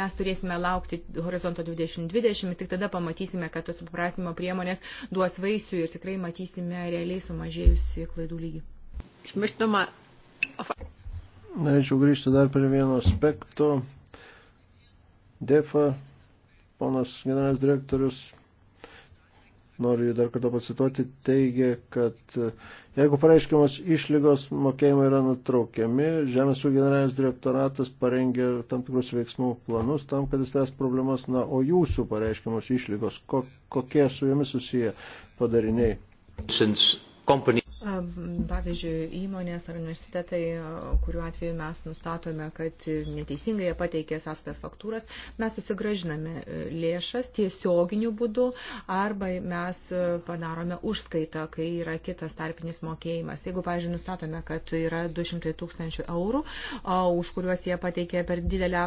mes turėsime laukti horizonto 2020 ir tik tada pamatysime, kad tos suprasimo priemonės duos vaisių ir tikrai matysime realiai sumažėjusi klaidų lygį. Norėčiau grįžti dar prie vieno aspekto. DEFA, ponas generalinis direktorius noriu jį dar kartą pacituoti, teigia, kad e, jeigu pareiškiamos išlygos mokėjimai yra nutraukiami, Žemės ūkio generalinis direktoratas parengė tam tikrus veiksmų planus tam, kad įspręs problemas, na, o jūsų pareiškiamos išlygos, ko, kokie su jomis susiję padariniai? Since company... Pavyzdžiui, įmonės ar universitetai, kuriuo atveju mes nustatome, kad neteisingai jie pateikė sąskaitas faktūras, mes susigražiname e, lėšas tiesioginiu būdu arba mes e, padarome užskaitą, kai yra kitas tarpinis mokėjimas. Jeigu, pavyzdžiui, nustatome, kad yra 200 tūkstančių eurų, už kuriuos jie pateikė per didelę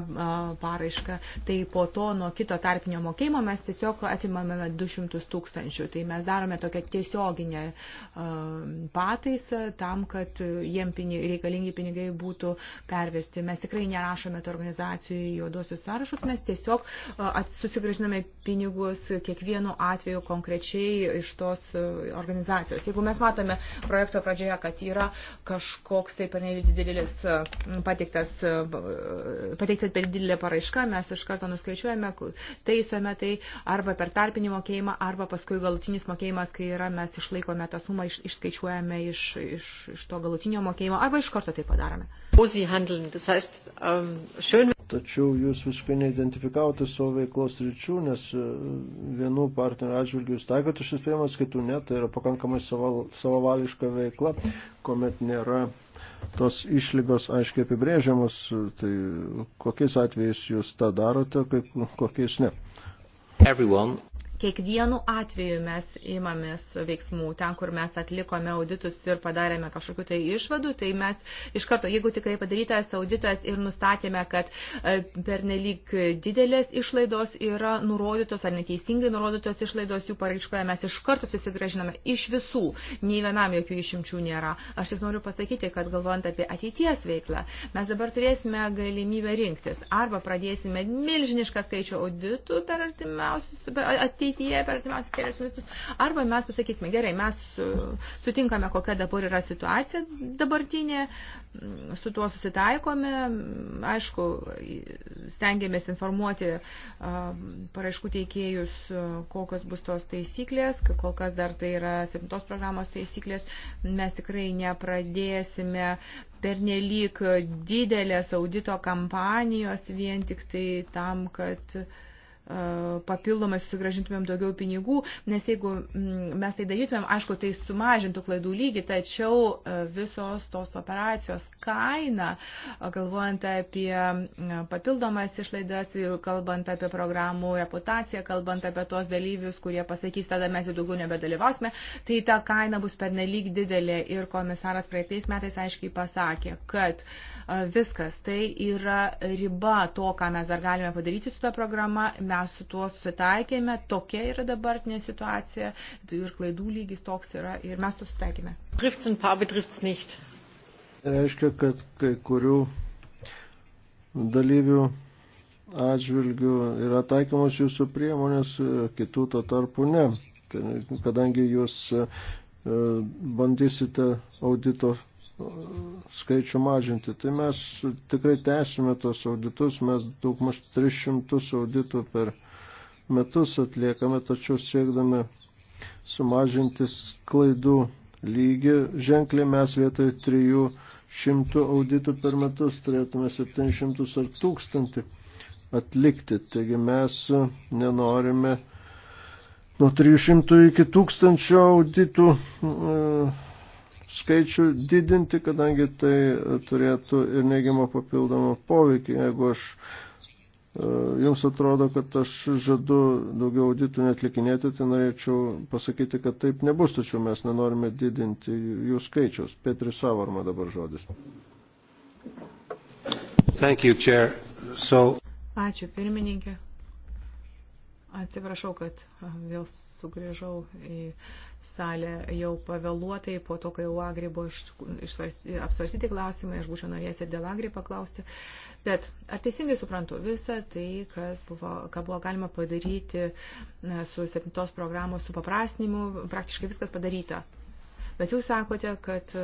paraišką, tai po to nuo kito tarpinio mokėjimo mes tiesiog atimame 200 tūkstančių. Tai mes darome tokią tiesioginę pataisą tam, kad jiem pinig, reikalingi pinigai būtų pervesti. Mes tikrai nerašome to organizacijų juodosius sąrašus, mes tiesiog susigražiname pinigus kiekvienu atveju konkrečiai iš tos organizacijos. Jeigu mes matome projekto pradžioje, kad yra kažkoks taip per nedidelis pateiktas, pateiktas per didelė paraiška, mes iš karto nuskaičiuojame, taisome tai arba per tarpinį mokėjimą, arba paskui galutinis mokėjimas, kai yra, mes išlaikome tą sumą, iš, išskaičiuojame finansuojame iš, iš, iš to galutinio mokėjimo arba iš karto tai padarome. Ähm, Tačiau jūs visiškai neidentifikavote savo veiklos ryčių, nes e, vienų partnerių atžvilgių jūs taikote šis priemonės, kitų ne, tai yra pakankamai savavališka veikla, kuomet nėra tos išlygos aiškiai apibrėžiamos, tai kokiais atvejais jūs tą darote, kokiais ne. Everyone Kiekvienu atveju mes imamės veiksmų. Ten, kur mes atlikome auditus ir padarėme kažkokiu tai išvadų, tai mes iš karto, jeigu tikrai padarytas auditas ir nustatėme, kad e, pernelyg didelės išlaidos yra nurodytos ar neteisingai nurodytos išlaidos jų paraiškoje, mes iš karto susigražiname iš visų. Nei vienam jokių išimčių nėra. Aš tik noriu pasakyti, kad galvojant apie ateities veiklą, mes dabar turėsime galimybę rinktis. Arba pradėsime milžinišką skaičių auditų per artimiausius ateitis ateityje per artimiausius kelius metus, arba mes pasakysime, gerai, mes sutinkame, kokia dabar yra situacija dabartinė, mm, su tuo susitaikome, mm, aišku, stengiamės informuoti paraiškų teikėjus, kokios bus tos taisyklės, kol kas dar tai yra septintos programos taisyklės, mes tikrai nepradėsime pernelyg didelės audito kampanijos vien tik tai tam, kad uh, papildomai susigražintumėm daugiau pinigų, nes jeigu mm, mes tai darytumėm, aišku, tai sumažintų klaidų lygį, tačiau e, visos tos operacijos kaina, galvojant apie mm, papildomas išlaidas, kalbant apie programų reputaciją, kalbant apie tos dalyvius, kurie pasakys, tada mes jau daugiau nebedalyvausime, tai ta kaina bus pernelyg didelė ir komisaras praeitais metais aiškiai pasakė, kad uh, Viskas tai yra riba to, ką mes dar galime padaryti su ta programa, mes su tuo susitaikėme, tokia yra dabartinė situacija ir klaidų lygis toks yra ir mes su tuo susitaikėme. Tai reiškia, kad kai kurių dalyvių atžvilgių yra taikomos jūsų priemonės, kitų to tarpu ne. Tai kadangi jūs e, bandysite audito skaičių mažinti. Tai mes tikrai tęsime tos auditus, mes daugmaž 300 auditų per metus atliekame, tačiau siekdami sumažinti klaidų lygį, ženkliai mes vietoj 300 auditų per metus turėtume 700 ar 1000 atlikti. Taigi mes nenorime nuo 300 iki 1000 auditų. E, skaičių didinti, kadangi tai turėtų ir neigiamą papildomą poveikį. Jeigu aš e, jums atrodo, kad aš žadu daugiau auditų netlikinėti, tai norėčiau pasakyti, kad taip nebus, tačiau mes nenorime didinti jų skaičius. Petris Savarma dabar žodis. Thank you, Chair. So... Ačiū, pirmininkė. Atsiprašau, kad vėl sugrįžau į salę jau pavėluotai, po to, kai jau agri buvo apsvarstyti klausimai, aš būčiau norėjęs ir dėl agri paklausti. Bet ar teisingai suprantu visą tai, kas buvo, ką buvo galima padaryti su septintos programos supaprastinimu, praktiškai viskas padaryta. Bet jūs sakote, kad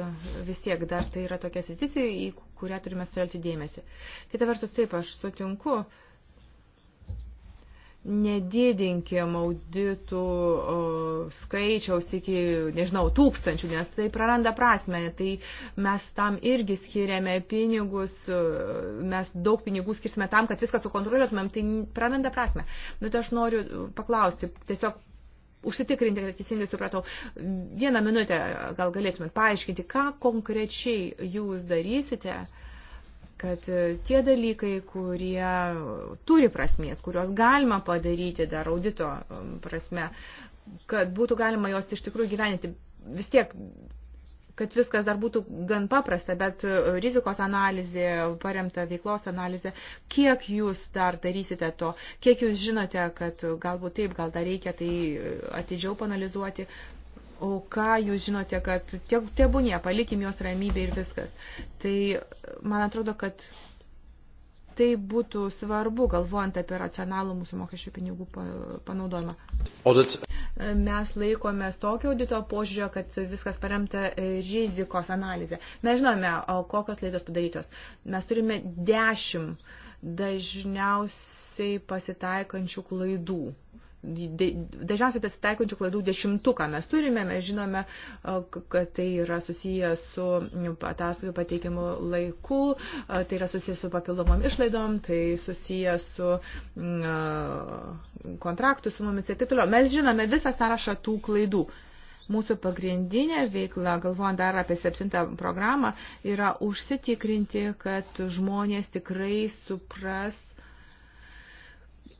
vis tiek dar tai yra tokia sritis, į kurią turime sutelkti dėmesį. Kita vertus, taip, aš sutinku, nedidinkim auditų o, skaičiaus iki, nežinau, tūkstančių, nes tai praranda prasme. Tai mes tam irgi skiriame pinigus, mes daug pinigų skirsime tam, kad viską sukontroliuotumėm, tai praranda prasme. Bet aš noriu paklausti, tiesiog užsitikrinti, kad teisingai supratau. Vieną minutę gal galėtumėt paaiškinti, ką konkrečiai jūs darysite kad e, tie dalykai, kurie turi prasmės, kuriuos galima padaryti dar audito um, prasme, kad būtų galima juos iš tikrųjų gyveninti. Vis tiek kad viskas dar būtų gan paprasta, bet e, rizikos analizė, paremta veiklos analizė, kiek jūs dar darysite to, kiek jūs žinote, kad galbūt taip, gal dar reikia tai e, atidžiau panalizuoti, O ką jūs žinote, kad tie, tebūnie, palikim juos ramybė ir viskas. Tai man atrodo, kad tai būtų svarbu, galvojant apie racionalų mūsų mokesčių pinigų panaudojimą. Audit. Mes laikomės tokio audito požiūrio, kad viskas paremta rizikos analizė. Mes žinome, kokios laidos padarytos. Mes turime dešimt dažniausiai pasitaikančių klaidų dažniausiai pasitaikančių klaidų dešimtuką mes turime, mes žinome, kad tai yra susiję su ataskaitų pateikimu laiku, tai yra susiję su papildomom išlaidom, tai susiję su kontraktų su mumis ir taip toliau. Mes žinome visą sąrašą tų klaidų mūsų pagrindinė veikla, galvojant dar apie septintą programą, yra užsitikrinti, kad žmonės tikrai supras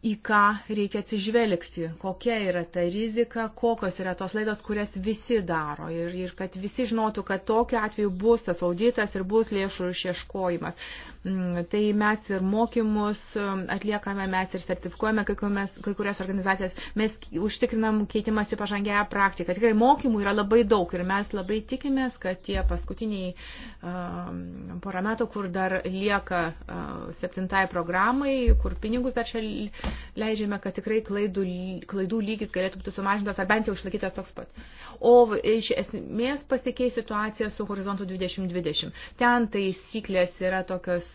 į ką reikia atsižvelgti, kokia yra ta rizika, kokios yra tos laidos, kurias visi daro ir, ir kad visi žinotų, kad tokiu atveju bus tas auditas ir bus lėšų išieškojimas. Mm, tai mes ir mokymus mm, atliekame, mes ir sertifikuojame kai, mes, kai kurias organizacijas, mes užtikrinam keitimąsi pažangę praktiką. Tikrai mokymų yra labai daug ir mes labai tikimės, kad tie paskutiniai uh, porą metų, kur dar lieka uh, septintai programai, kur pinigus dar čia leidžiame, kad tikrai klaidų, klaidų lygis galėtų būti sumažintas ar bent jau išlaikytas toks pat. O iš esmės pasikeis situacija su horizontu 2020. Ten taisyklės yra tokios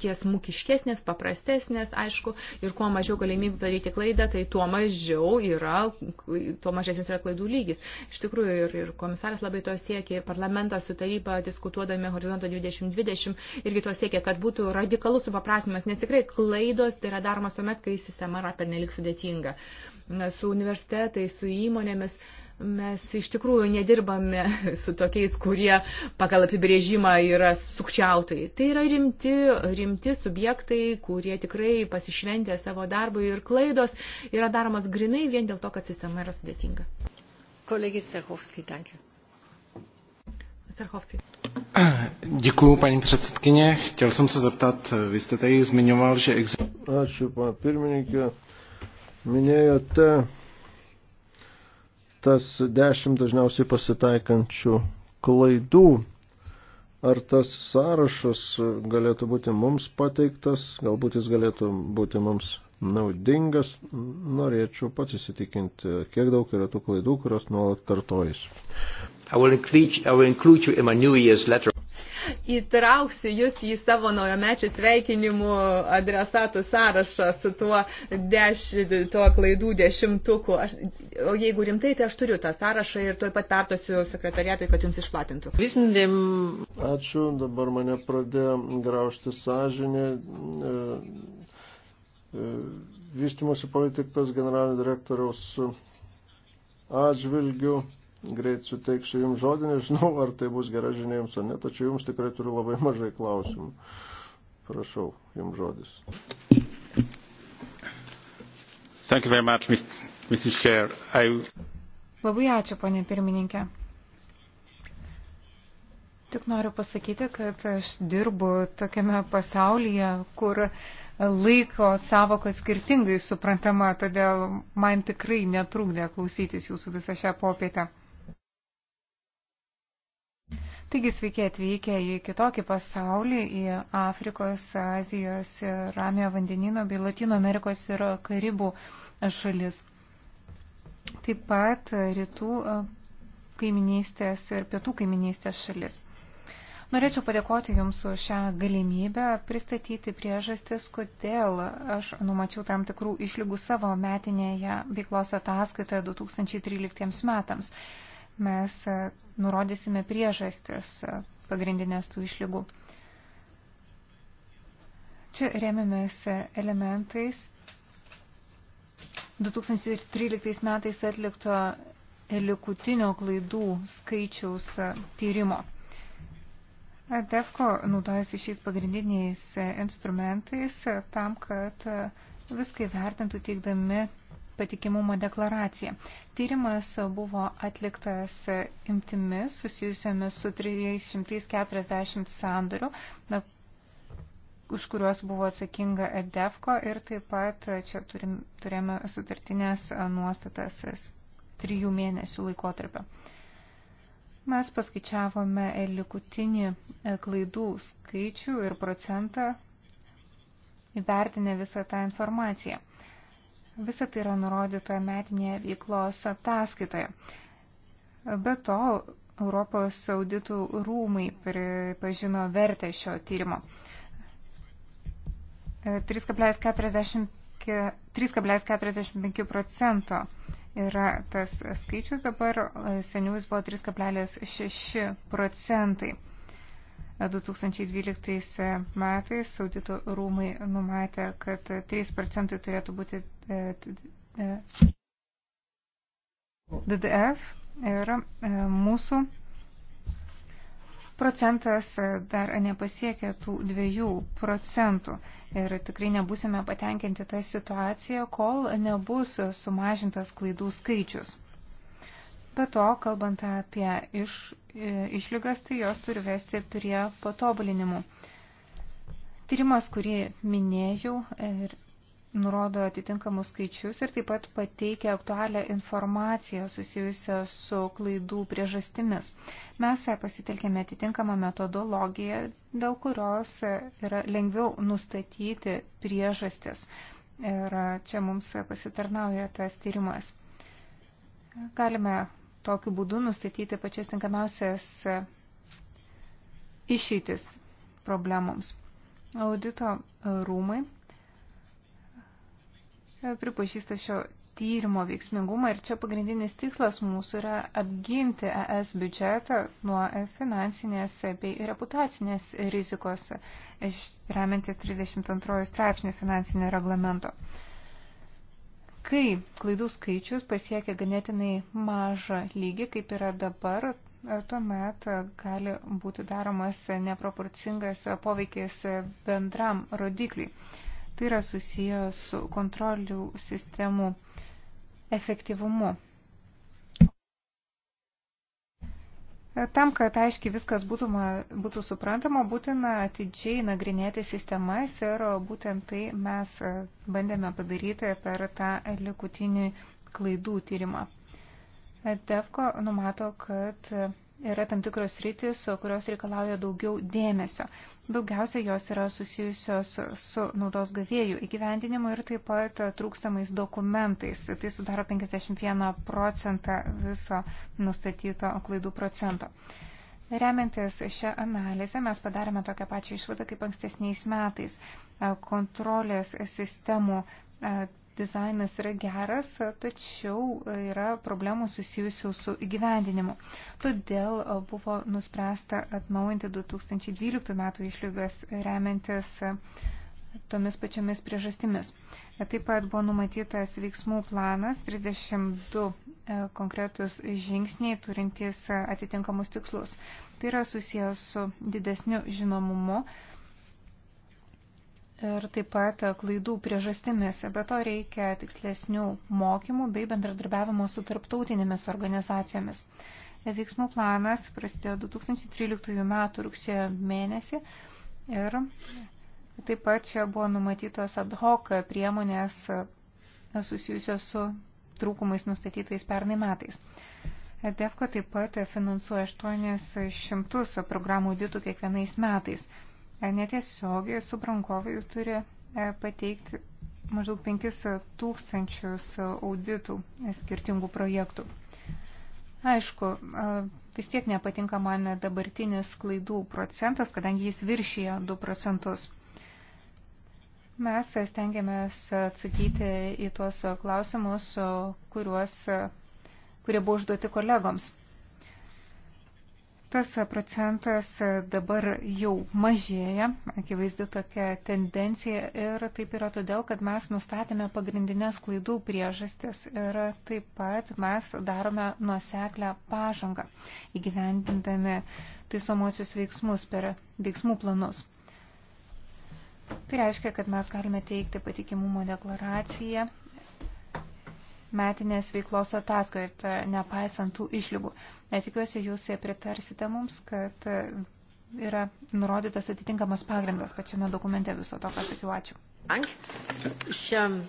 tiesmukiškesnės, paprastesnės, aišku, ir kuo mažiau galimybių daryti klaidą, tai tuo mažiau yra, tuo mažesnis yra klaidų lygis. Iš tikrųjų, ir, ir komisaras labai to siekia, ir parlamentas su taryba diskutuodami horizonto 2020 irgi to siekia, kad būtų radikalus supaprastinimas, nes tikrai klaidos tai yra daromas tuomet, kai sistema yra pernelik sudėtinga. Su universitetais, su įmonėmis. Uh, Mes iš tikrųjų nedirbame su tokiais, kurie pagal apibrėžimą yra sukčiautojai. Tai yra rimti, rimti subjektai, kurie tikrai pasišventė savo darbui ir klaidos yra daromas grinai vien dėl to, kad sistema yra sudėtinga. Kolegis Serhovski, danke. Serhovski. Děkuji, paní předsedkyně. Chtěl jsem se zeptat, vy jste tady zmiňoval, že existuje. Ačiū, pana pirmininkė. Minėjote, tas dešimt dažniausiai pasitaikančių klaidų. Ar tas sąrašas galėtų būti mums pateiktas, galbūt jis galėtų būti mums naudingas, norėčiau pats įsitikinti, kiek daug yra tų klaidų, kurios nuolat kartojas įtrauksiu jūs į savo naujomečių sveikinimų adresatų sąrašą su tuo, deš, tuo klaidų dešimtuku. Aš, o jeigu rimtai, tai aš turiu tą sąrašą ir tuoj pat pertosiu sekretariatui, kad jums išplatintų. Visindim. Ačiū, dabar mane pradėjo graužti sąžinė. E, e, Vystimosi politikos generalinio direktoriaus atžvilgių greit suteiksiu jums žodį, nežinau, ar tai bus gera žinia jums ar ne, tačiau jums tikrai turiu labai mažai klausimų. Prašau, jums žodis. Thank you very much, Mrs. Chair. I... Labai ačiū, ponė pirmininkė. Tik noriu pasakyti, kad aš dirbu tokiame pasaulyje, kur laiko savoka skirtingai suprantama, todėl man tikrai netrūkdė klausytis jūsų visą šią popietę. Taigi sveiki atvykę į kitokį pasaulį, į Afrikos, Azijos, Ramio vandenino bei Latino Amerikos ir Karibų šalis. Taip pat rytų kaiminystės ir pietų kaiminystės šalis. Norėčiau padėkoti Jums už šią galimybę pristatyti priežastis, kodėl aš numačiau tam tikrų išlygų savo metinėje veiklos ataskaitoje 2013 metams. Mes nurodysime priežastis e, pagrindinės tų išlygų. Čia remiamės e, elementais 2013 metais atlikto likutinio klaidų skaičiaus e, tyrimo. DEFCO naudojasi šiais pagrindiniais instrumentais tam, kad viską įvertintų teikdami patikimumo deklaraciją. Tyrimas buvo atliktas imtimis susijusiomis su 340 sandorių, na, už kuriuos buvo atsakinga DEFCO ir taip pat čia turim, turėjome sutartinės nuostatas trijų mėnesių laikotarpio. Mes paskaičiavome likutinį e, klaidų skaičių ir procentą įvertinę visą tą informaciją. Visa tai yra nurodyta metinėje veiklos ataskaitoje. Be to, Europos auditų rūmai pripažino vertę šio tyrimo. 3,45 e, procento yra tas skaičius dabar, e, seniau jis buvo 3,6 procentai. 2012 e, metais audito rūmai numatė, kad 3 procentai turėtų būti DDF ir e, mūsų procentas e, dar nepasiekė tų dviejų procentų ir tikrai nebusime patenkinti tą situaciją, kol nebus sumažintas klaidų skaičius. Be to, kalbant apie iš, e, išlygas, tai jos turi vesti prie patobulinimų. Tyrimas, kurį minėjau, ir nurodo atitinkamus skaičius ir taip pat pateikia aktualią informaciją susijusią su klaidų priežastimis. Mes pasitelkėme atitinkamą metodologiją, dėl kurios yra lengviau nustatyti priežastis. Ir čia mums pasitarnauja tas tyrimas. Galime tokiu būdu nustatyti pačias tinkamiausias išeitis problemoms. Audito rūmai pripažįsta šio tyrimo veiksmingumą ir čia pagrindinis tikslas mūsų yra apginti ES biudžetą nuo finansinės bei reputacinės rizikos, remiantis 32 straipsnių finansinio reglamento. Kai klaidų skaičius pasiekia ganėtinai mažą lygį, kaip yra dabar, tuomet gali būti daromas neproporcingas poveikis bendram rodikliui. Tai yra susiję su kontrolių sistemų efektyvumu. Tam, kad aiškiai viskas būtų, būtų suprantama, būtina atidžiai nagrinėti sistemas ir būtent tai mes bandėme padaryti per tą likutinį klaidų tyrimą. DEFCO numato, kad yra tam tikros rytis, kurios reikalauja daugiau dėmesio. Daugiausia jos yra susijusios su naudos gavėjų įgyvendinimu ir taip pat trūkstamais dokumentais. Tai sudaro 51 procentą viso nustatyto klaidų procento. Remiantis šią analizę mes padarėme tokią pačią išvadą kaip ankstesniais metais. Kontrolės sistemų dizainas yra geras, tačiau yra problemų susijusių su įgyvendinimu. Todėl buvo nuspręsta atnaujinti 2012 metų išlygas remiantis tomis pačiomis priežastimis. Taip pat buvo numatytas veiksmų planas, 32 konkretus žingsniai turintys atitinkamus tikslus. Tai yra susijęs su didesniu žinomumu, ir taip pat klaidų priežastimis. Be to reikia tikslesnių mokymų bei bendradarbiavimo su tarptautinėmis organizacijomis. Veiksmų planas prasidėjo 2013 m. rugsėjo mėnesį ir taip pat čia buvo numatytos ad hoc priemonės susijusios su trūkumais nustatytais pernai metais. DEFCO taip pat finansuoja 800 programų auditų kiekvienais metais netiesiogiai subrangovai turi e, pateikti maždaug 5 tūkstančius auditų skirtingų projektų. Aišku, e, vis tiek nepatinka man dabartinis klaidų procentas, kadangi jis viršyje 2 procentus. Mes stengiamės atsakyti į tuos klausimus, kuriuos, kurie buvo užduoti kolegoms. Tas procentas dabar jau mažėja, akivaizdi tokia tendencija ir taip yra todėl, kad mes nustatėme pagrindinės klaidų priežastis ir taip pat mes darome nuoseklę pažangą, įgyvendindami taisomosius veiksmus per veiksmų planus. Tai reiškia, kad mes galime teikti patikimumo deklaraciją metinės veiklos ataskaitą, nepaisant tų išlygų. Netikiuosi, jūs pritarsite mums, kad yra nurodytas atitinkamas pagrindas pačiame dokumente viso to, ką sakiau. Ačiū. Dank. Ich ähm,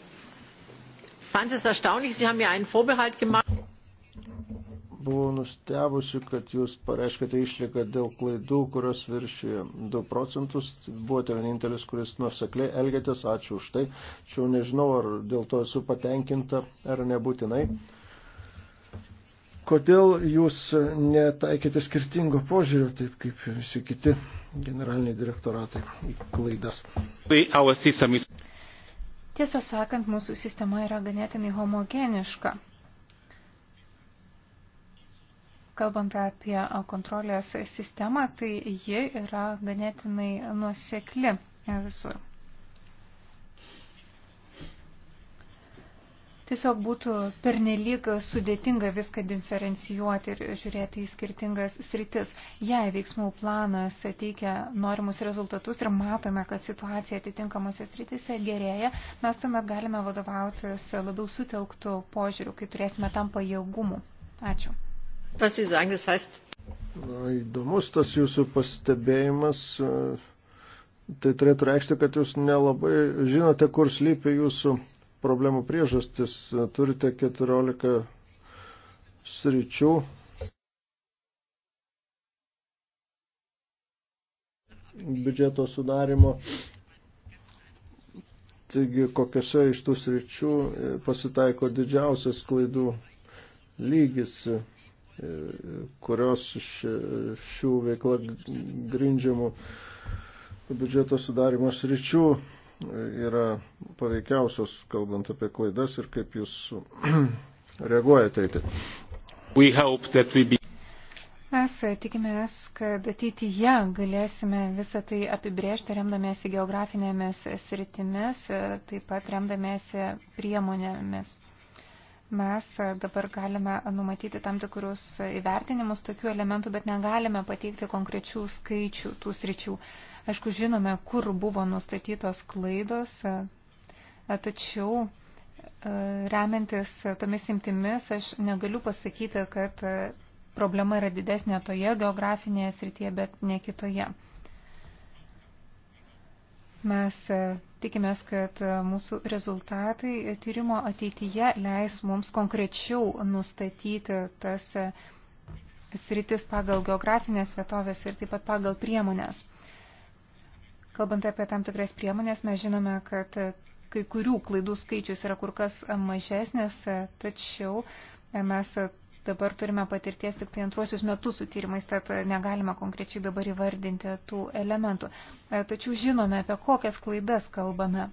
fand es erstaunlich, Sie haben mir einen Vorbehalt gemacht buvau nustebusi, kad jūs pareiškite išlygą dėl klaidų, kurios viršyje 2 procentus. Buvote vienintelis, kuris nusekliai elgėtės, ačiū už tai. Čia nežinau, ar dėl to esu patenkinta, ar nebūtinai. Kodėl jūs netaikėte skirtingo požiūrio, taip kaip visi kiti generaliniai direktoratai į klaidas? Tai Tiesą sakant, mūsų sistema yra ganėtinai homogeniška. Kalbant apie kontrolės sistemą, tai ji yra ganėtinai nuosekli visur. Tiesiog būtų pernelyg sudėtinga viską diferencijuoti ir žiūrėti į skirtingas sritis. Jei veiksmų planas teikia norimus rezultatus ir matome, kad situacija atitinkamosios sritise gerėja, mes tuomet galime vadovautis labiau sutelktų požiūrių, kai turėsime tam pajėgumų. Ačiū. Na, įdomus tas jūsų pastebėjimas. Tai turėtų reikšti, kad jūs nelabai žinote, kur slypi jūsų problemų priežastis. Turite 14 sričių. biudžeto sudarimo. Taigi, kokiuose iš tų sričių pasitaiko didžiausias klaidų lygis kurios šių veikla grindžiamų biudžeto sudarimo sričių yra paveikiausios, kalbant apie klaidas ir kaip jūs reaguojate į tai. Be... Mes tikimės, kad ateityje galėsime visą tai apibrėžti remdamėsi geografinėmis sritimis, taip pat remdamėsi priemonėmis. Mes dabar galime numatyti tam tikrus įvertinimus tokių elementų, bet negalime pateikti konkrečių skaičių tų sričių. Aišku, žinome, kur buvo nustatytos klaidos, tačiau e, remiantis tomis imtimis aš negaliu pasakyti, kad problema yra didesnė toje geografinėje srityje, bet ne kitoje. Mes e, tikimės, kad e, mūsų rezultatai tyrimo ateityje leis mums konkrečiau nustatyti tas e, sritis pagal geografinės vietovės ir taip pat pagal priemonės. Kalbant apie tam tikras priemonės, mes žinome, kad kai kurių klaidų skaičius yra kur kas mažesnis, tačiau mes Dabar turime patirties tik tai antruosius metus su tyrimais, tad negalime konkrečiai dabar įvardinti tų elementų. E, tačiau žinome, apie kokias klaidas kalbame.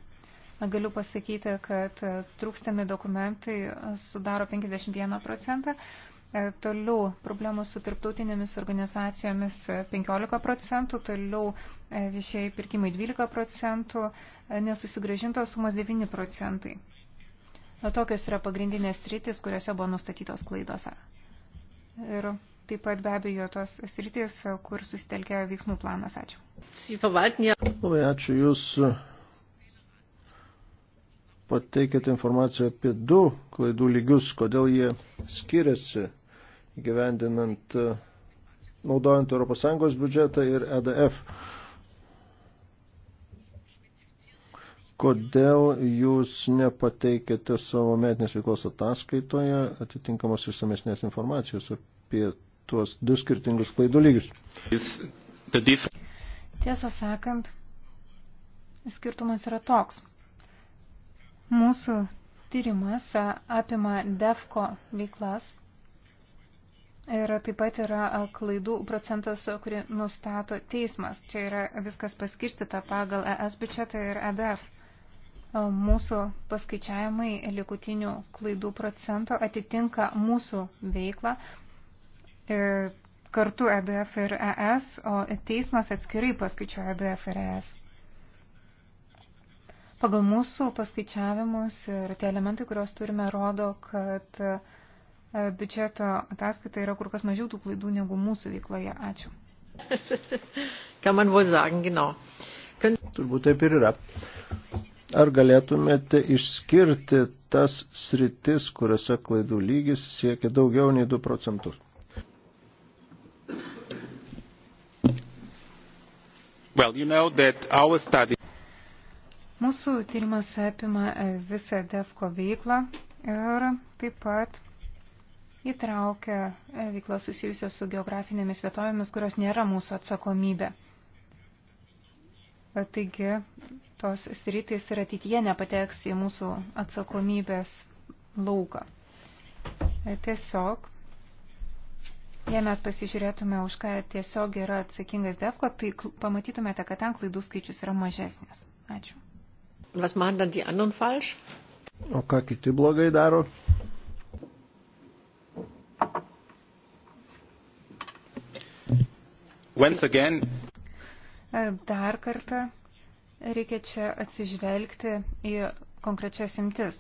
Galiu pasakyti, kad trūkstami dokumentai sudaro 51 procentą, e, toliau problemų su tarptautinėmis organizacijomis 15 procentų, toliau e, viešieji pirkimai 12 procentų, nesusigražintos sumos 9 procentai. Tokios yra pagrindinės rytis, kuriuose buvo nustatytos klaidos. Ir taip pat be abejo tos sritis, kur susitelkė veiksmų planas. Ačiū. Labai ačiū Jūs pateikėte informaciją apie du klaidų lygius, kodėl jie skiriasi gyvendinant, naudojant ES biudžetą ir EDF kodėl jūs nepateikėte savo metinės veiklos ataskaitoje atitinkamos išsamesnės informacijos apie tuos du skirtingus klaidų lygius? Tiesą sakant, skirtumas yra toks. Mūsų tyrimas apima DEFCO veiklas ir taip pat yra klaidų procentas, kurį nustato teismas. Čia yra viskas paskirstyta pagal ES biudžetą ir EDF mūsų paskaičiavimai likutinių klaidų procento atitinka mūsų veiklą e, kartu EDF ir ES, o teismas atskirai paskaičiuoja EDF ir ES. Pagal mūsų paskaičiavimus ir tie elementai, kuriuos turime, rodo, kad e, biudžeto ataskaita yra kur kas mažiau tų klaidų negu mūsų veikloje. Ačiū. Kann man wohl sagen, genau. Turbūt taip ir yra. Ar galėtumėte išskirti tas sritis, kuriuose klaidų lygis siekia daugiau nei 2 procentus? Well, you know study... Mūsų tyrimas apima e, visą DEFCO veiklą ir taip pat įtraukia e, veiklą susijusią su geografinėmis vietovėmis, kurios nėra mūsų atsakomybė. E, taigi, tos sritis ir ateityje nepateks į mūsų atsakomybės lauką. E, tiesiog, jei mes pasižiūrėtume, už ką tiesiog yra atsakingas DEFCO, tai pamatytumėte, kad ten klaidų skaičius yra mažesnis. Ačiū. Was machen dann die anderen falsch? O ką kiti blogai daro? Once again. E, dar kartą Reikia čia atsižvelgti į konkrečias imtis.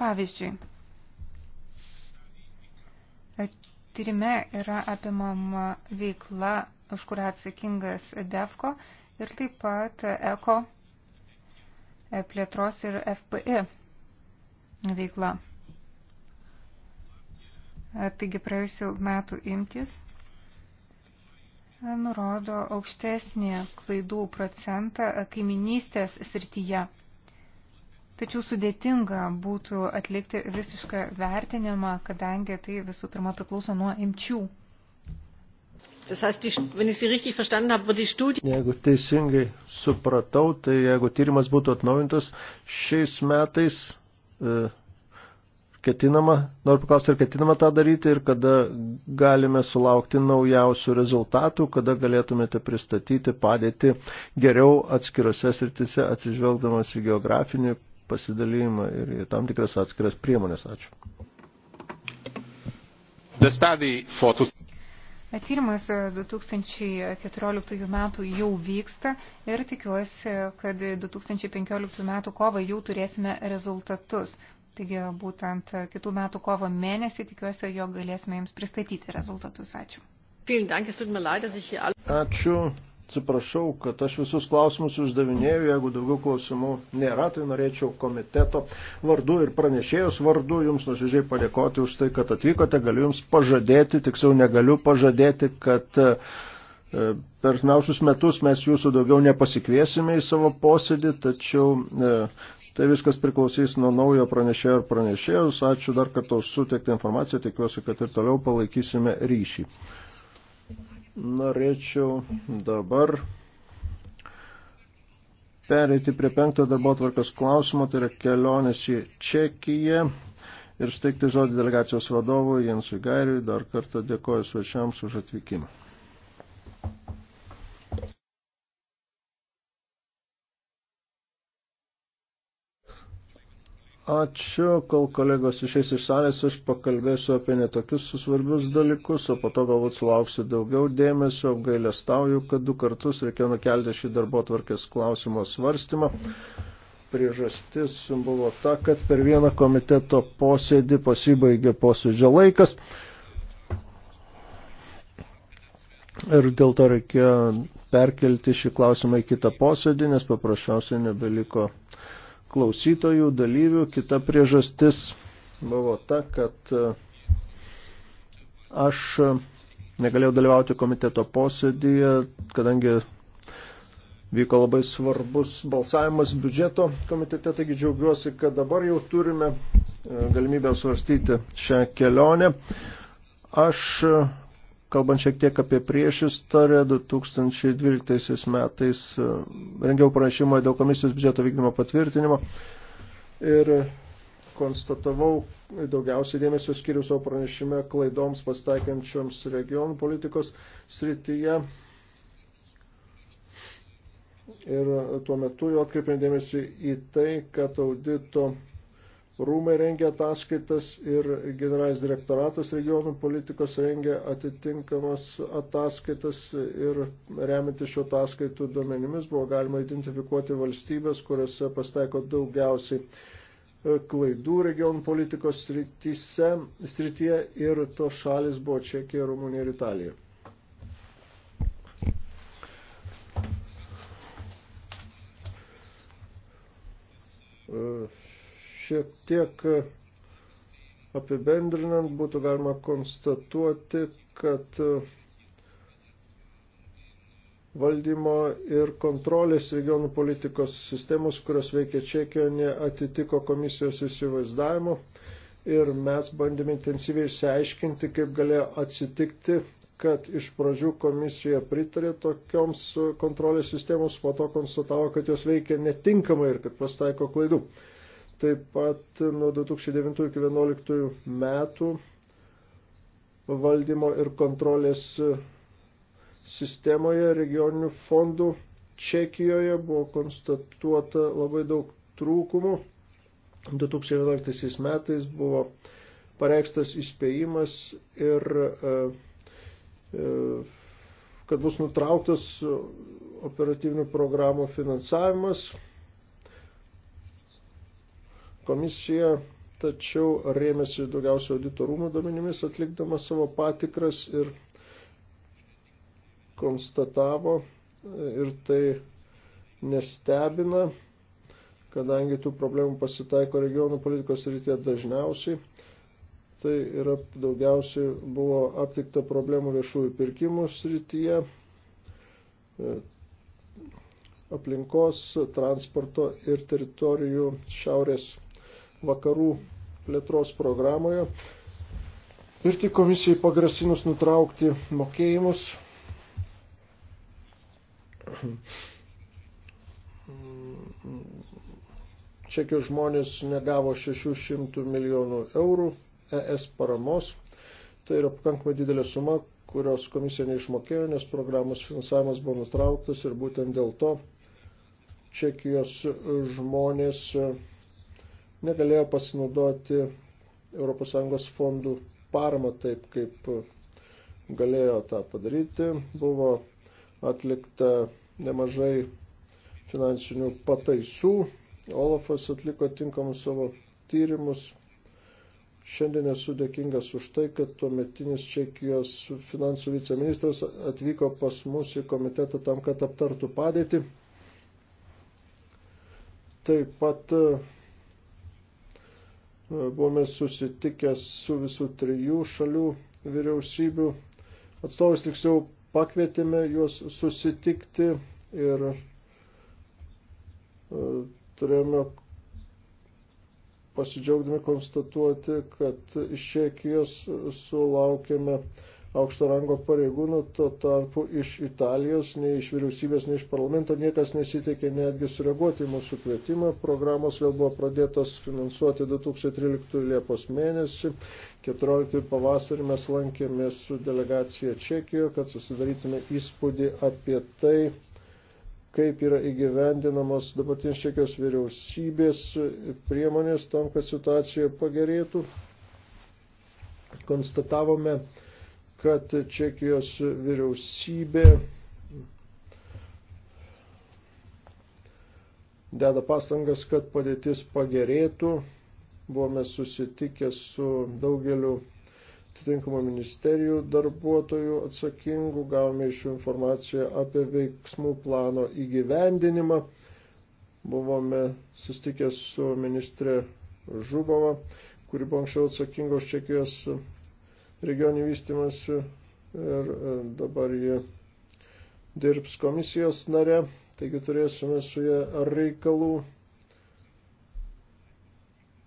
Pavyzdžiui, tyrime yra apimama veikla, už kurią atsakingas DEFCO ir taip pat ECO plėtros ir FPI veikla. Taigi praėjusių metų imtis nurodo aukštesnį klaidų procentą kaiminystės srityje. Tačiau sudėtinga būtų atlikti visišką vertinimą, kadangi tai visų pirma priklauso nuo imčių. Jeigu teisingai supratau, tai jeigu tyrimas būtų atnaujintas šiais metais, e, ketinama, noriu paklausti, ar ketinama tą daryti ir kada galime sulaukti naujausių rezultatų, kada galėtumėte pristatyti padėti geriau atskirose sritise, atsižvelgdamas į geografinį pasidalymą ir į tam tikras atskiras priemonės. Ačiū. E, tyrimas 2014 e, metų jau vyksta ir tikiuosi, kad 2015 metų kovą jau turėsime rezultatus. Taigi būtent kitų metų kovo mėnesį tikiuosi, jog galėsime jums pristatyti rezultatus. Ačiū. Ačiū. Atsiprašau, kad aš visus klausimus uždavinėjau, jeigu daugiau klausimų nėra, tai norėčiau komiteto vardu ir pranešėjos vardu Jums nuoširdžiai padėkoti už tai, kad atvykote. Galiu Jums pažadėti, tiksliau negaliu pažadėti, kad e, per nausius metus mes Jūsų daugiau nepasikviesime į savo posėdį, tačiau e, Tai viskas priklausys nuo naujo pranešėjo ir pranešėjus. Ačiū dar kartą už suteiktą informaciją, tikiuosi, kad ir toliau palaikysime ryšį. Norėčiau dabar pereiti prie penktojo darbo tvarkos klausimo, tai yra kelionės į Čekiją ir steigti žodį delegacijos vadovui Jensui Gairiui. Dar kartą dėkoju svečiams už atvykimą. Ačiū, kol kolegos išeis iš salės, aš pakalbėsiu apie netokius svarbius dalykus, o po to galbūt sulauksiu daugiau dėmesio, apgailę stauju, kad du kartus reikėjo nukelti šį darbo tvarkės klausimo svarstymą. Priežastis buvo ta, kad per vieną komiteto posėdį pasibaigė posėdžio laikas ir dėl to reikėjo perkelti šį klausimą į kitą posėdį, nes paprasčiausiai nebeliko klausytojų, dalyvių. Kita priežastis buvo ta, kad e, aš e, negalėjau dalyvauti komiteto posėdėje, kadangi vyko labai svarbus balsavimas biudžeto komitete, taigi džiaugiuosi, kad dabar jau turime e, galimybę svarstyti šią kelionę. Aš Kalbant šiek tiek apie priešistorę, 2012 metais e, rengiau pranešimą dėl komisijos biudžeto vykdymo patvirtinimo ir konstatavau daugiausiai dėmesio skiriu savo pranešime klaidoms pastaikiančioms regionų politikos srityje. Ir tuo metu jau atkreipėm dėmesį į tai, kad audito rūmai rengia ataskaitas ir generalinis direktoratas regionų politikos rengia atitinkamas ataskaitas ir remianti šio ataskaitų duomenimis buvo galima identifikuoti valstybės, kuriuose pastaiko daugiausiai e, klaidų regionų politikos srityse, srityje ir tos šalis buvo Čekija, Rumunija ir Italija. Uh Šiek tiek e, apibendrinant būtų galima konstatuoti, kad e, valdymo ir kontrolės regionų politikos sistemos, kurios veikia Čekijoje, neatitiko komisijos įsivaizdavimo ir mes bandėme intensyviai išsiaiškinti, kaip galėjo atsitikti, kad iš pradžių komisija pritarė tokioms e, kontrolės sistemos, po to konstatavo, kad jos veikia netinkamai ir kad pastaiko klaidų. Taip pat nuo 2009 iki 2011 metų valdymo ir kontrolės sistemoje regioninių fondų Čekijoje buvo konstatuota labai daug trūkumų. 2011 metais buvo pareikštas įspėjimas ir e, e, kad bus nutrauktas operatyvinių programų finansavimas Komisija tačiau rėmėsi daugiausia auditorumų duomenimis atlikdama savo patikras ir konstatavo ir tai nestebina, kadangi tų problemų pasitaiko regionų politikos rytėje dažniausiai. Tai yra daugiausiai buvo aptikta problemų viešųjų pirkimų srityje, aplinkos, transporto ir teritorijų šiaurės vakarų plėtros programoje. Ir tik komisijai pagrasinus nutraukti mokėjimus. Čekijos žmonės negavo 600 milijonų eurų ES paramos. Tai yra pakankamai didelė suma, kurios komisija neišmokėjo, nes programos finansavimas buvo nutrauktas ir būtent dėl to Čekijos žmonės negalėjo pasinaudoti ES fondų parama taip, kaip galėjo tą padaryti. Buvo atlikta nemažai finansinių pataisų. Olafas atliko tinkamus savo tyrimus. Šiandien esu dėkingas už tai, kad tuometinis Čekijos finansų viceministras atvyko pas mus į komitetą tam, kad aptartų padėtį. Taip pat uh, buvome susitikę su visų trijų šalių vyriausybių atstovus, tiksliau pakvietėme juos susitikti ir e, turėjome pasidžiaugdami konstatuoti, kad iš Čekijos sulaukėme aukšto rango pareigūnų, to tarpu iš Italijos, nei iš vyriausybės, nei iš parlamento niekas nesitikė netgi sureaguoti į mūsų kvietimą. Programos vėl buvo pradėtos finansuoti 2013 Liepos mėnesį, 14 pavasarį mes lankėmės su delegacija Čekijoje, kad susidarytume įspūdį apie tai, kaip yra įgyvendinamos dabartinės Čekijos vyriausybės priemonės tam, kad situacija pagerėtų. Konstatavome, kad Čekijos vyriausybė deda pastangas, kad padėtis pagerėtų. Buvome susitikę su daugeliu atitinkamų ministerijų darbuotojų atsakingų, gavome iš jų informaciją apie veiksmų plano įgyvendinimą. Buvome susitikę su ministrė Žubova, kuri buvo anksčiau atsakinga už Čekijos regionį vystimas ir e, dabar ji dirbs komisijos nare, taigi turėsime su ją reikalų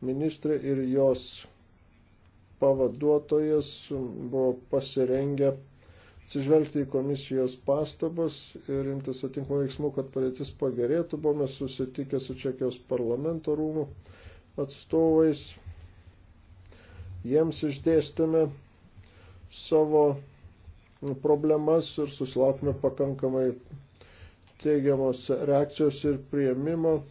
ministrė ir jos pavaduotojas buvo pasirengę atsižvelgti į komisijos pastabas ir imtis atinkamų veiksmų, kad padėtis pagerėtų. Buvome susitikę su Čekijos parlamento rūmų atstovais. Jiems išdėstėme savo problemas ir susilaukime pakankamai teigiamos reakcijos ir prieimimo.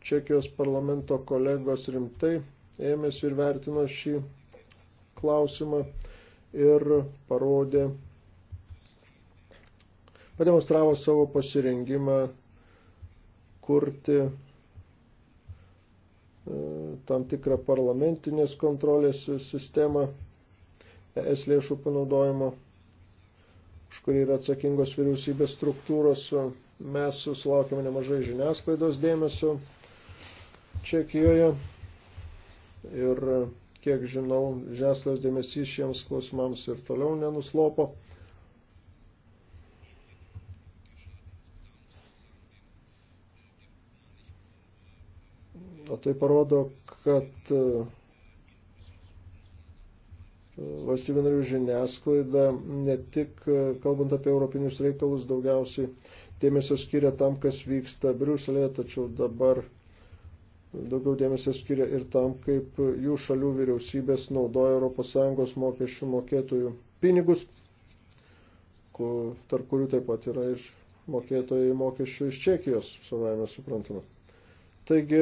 Čekijos parlamento kolegos rimtai ėmėsi ir vertino šį klausimą ir parodė, pademonstravo savo pasirengimą kurti e, tam tikrą parlamentinės kontrolės sistemą es lėšų panaudojimo, už kurį yra atsakingos vyriausybės struktūros. Mes susilaukėme nemažai žiniasklaidos dėmesio Čekijoje ir, kiek žinau, žiniasklaidos dėmesys šiems klausimams ir toliau nenuslopo. O tai parodo, kad valstybių narių žiniasklaida ne tik e, kalbant apie europinius reikalus daugiausiai dėmesio skiria tam, kas vyksta Briuselėje, tačiau dabar daugiau dėmesio skiria ir tam, kaip jų šalių vyriausybės naudoja ES mokesčių mokėtojų pinigus, tarp kurių taip pat yra ir mokėtojai mokesčių iš Čekijos, savai mes suprantame. Taigi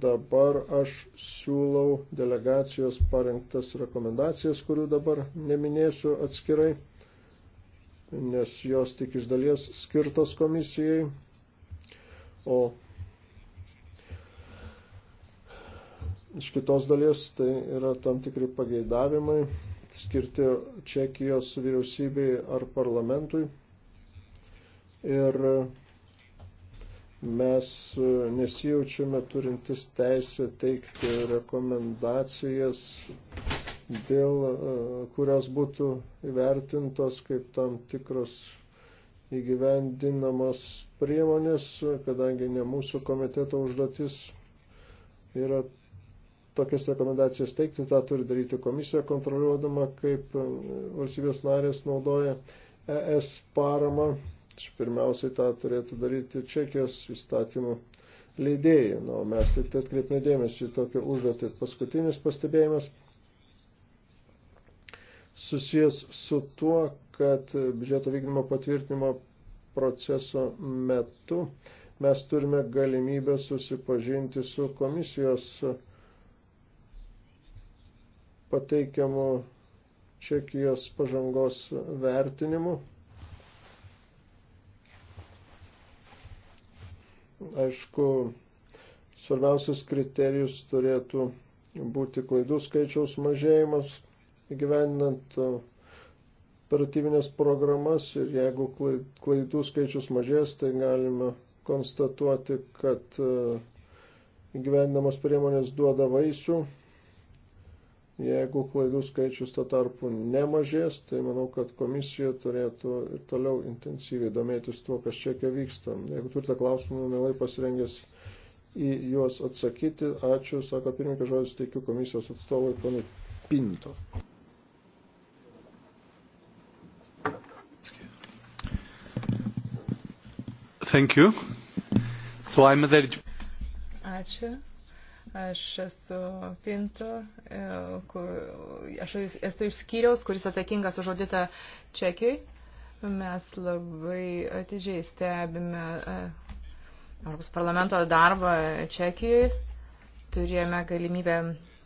dabar aš siūlau delegacijos parengtas rekomendacijas, kurių dabar neminėsiu atskirai, nes jos tik iš dalies skirtos komisijai. O iš kitos dalies tai yra tam tikri pageidavimai skirti Čekijos vyriausybei ar parlamentui. Ir mes e, nesijaučiame turintis teisę teikti rekomendacijas, dėl e, kurios būtų įvertintos kaip tam tikros įgyvendinamos priemonės, kadangi ne mūsų komiteto užduotis yra tokias rekomendacijas teikti, tą turi daryti komisija kontroliuodama, kaip e, valstybės narės naudoja ES paramą Pirmiausiai tą turėtų daryti Čekijos įstatymų leidėjai. Na, nu, mes tik tai atkreipime dėmesį į tokią užduotį. Paskutinis pastebėjimas susijęs su tuo, kad biudžeto vykdymo patvirtinimo proceso metu mes turime galimybę susipažinti su komisijos pateikiamu Čekijos pažangos vertinimu Aišku, svarbiausias kriterijus turėtų būti klaidų skaičiaus mažėjimas įgyvendinant uh, operatyvinės programas ir jeigu klaidų skaičius mažės, tai galima konstatuoti, kad uh, įgyvendinamos priemonės duoda vaisių Jeigu klaidų skaičius to tarpu nemažės, tai manau, kad komisija turėtų ir toliau intensyviai domėtis tuo, kas čia vyksta. Jeigu turite klausimų, mielai pasirengęs į juos atsakyti. Ačiū, sako pirmininkė žodis, teikiu komisijos atstovui ponui Pinto. Thank you. So I'm there. Ačiū. Aš esu Finto, e, aš esu iš skyriaus, kuris atsakingas už auditą Čekijai. Mes labai atidžiai stebime e, Europos parlamento darbą Čekijoje. Turėjome galimybę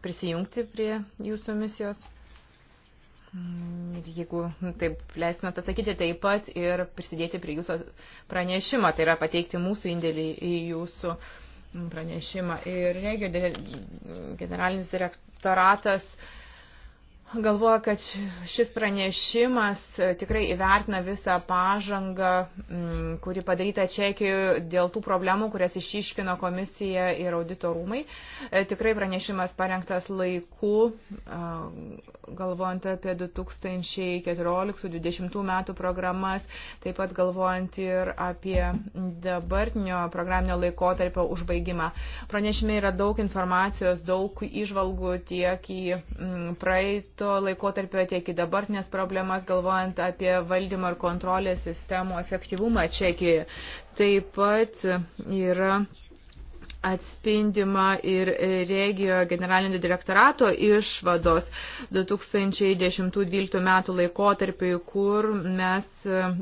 prisijungti prie jūsų misijos. Ir jeigu taip leisime atsakyti taip pat ir prisidėti prie jūsų pranešimo, tai yra pateikti mūsų indėlį į jūsų uh, pranešimą. Ir regio generalinis direktoratas uh, galvoja, kad šis pranešimas e, tikrai įvertina visą pažangą, mm, kuri padaryta Čekijoje dėl tų problemų, kurias išiškino komisija ir auditorumai. E, tikrai pranešimas parengtas laiku, galvojant apie 2014-2020 metų programas, taip pat galvojant ir apie dabartinio programinio laikotarpio užbaigimą. Pranešime yra daug informacijos, daug išvalgų tiek į praeitą to laikotarpio, tiek į dabartinės problemas, galvojant apie valdymo ir kontrolės sistemų efektyvumą Čekijoje. Taip pat yra atspindima ir regio generalinio direktorato išvados 2010-2012 metų laikotarpiai, kur mes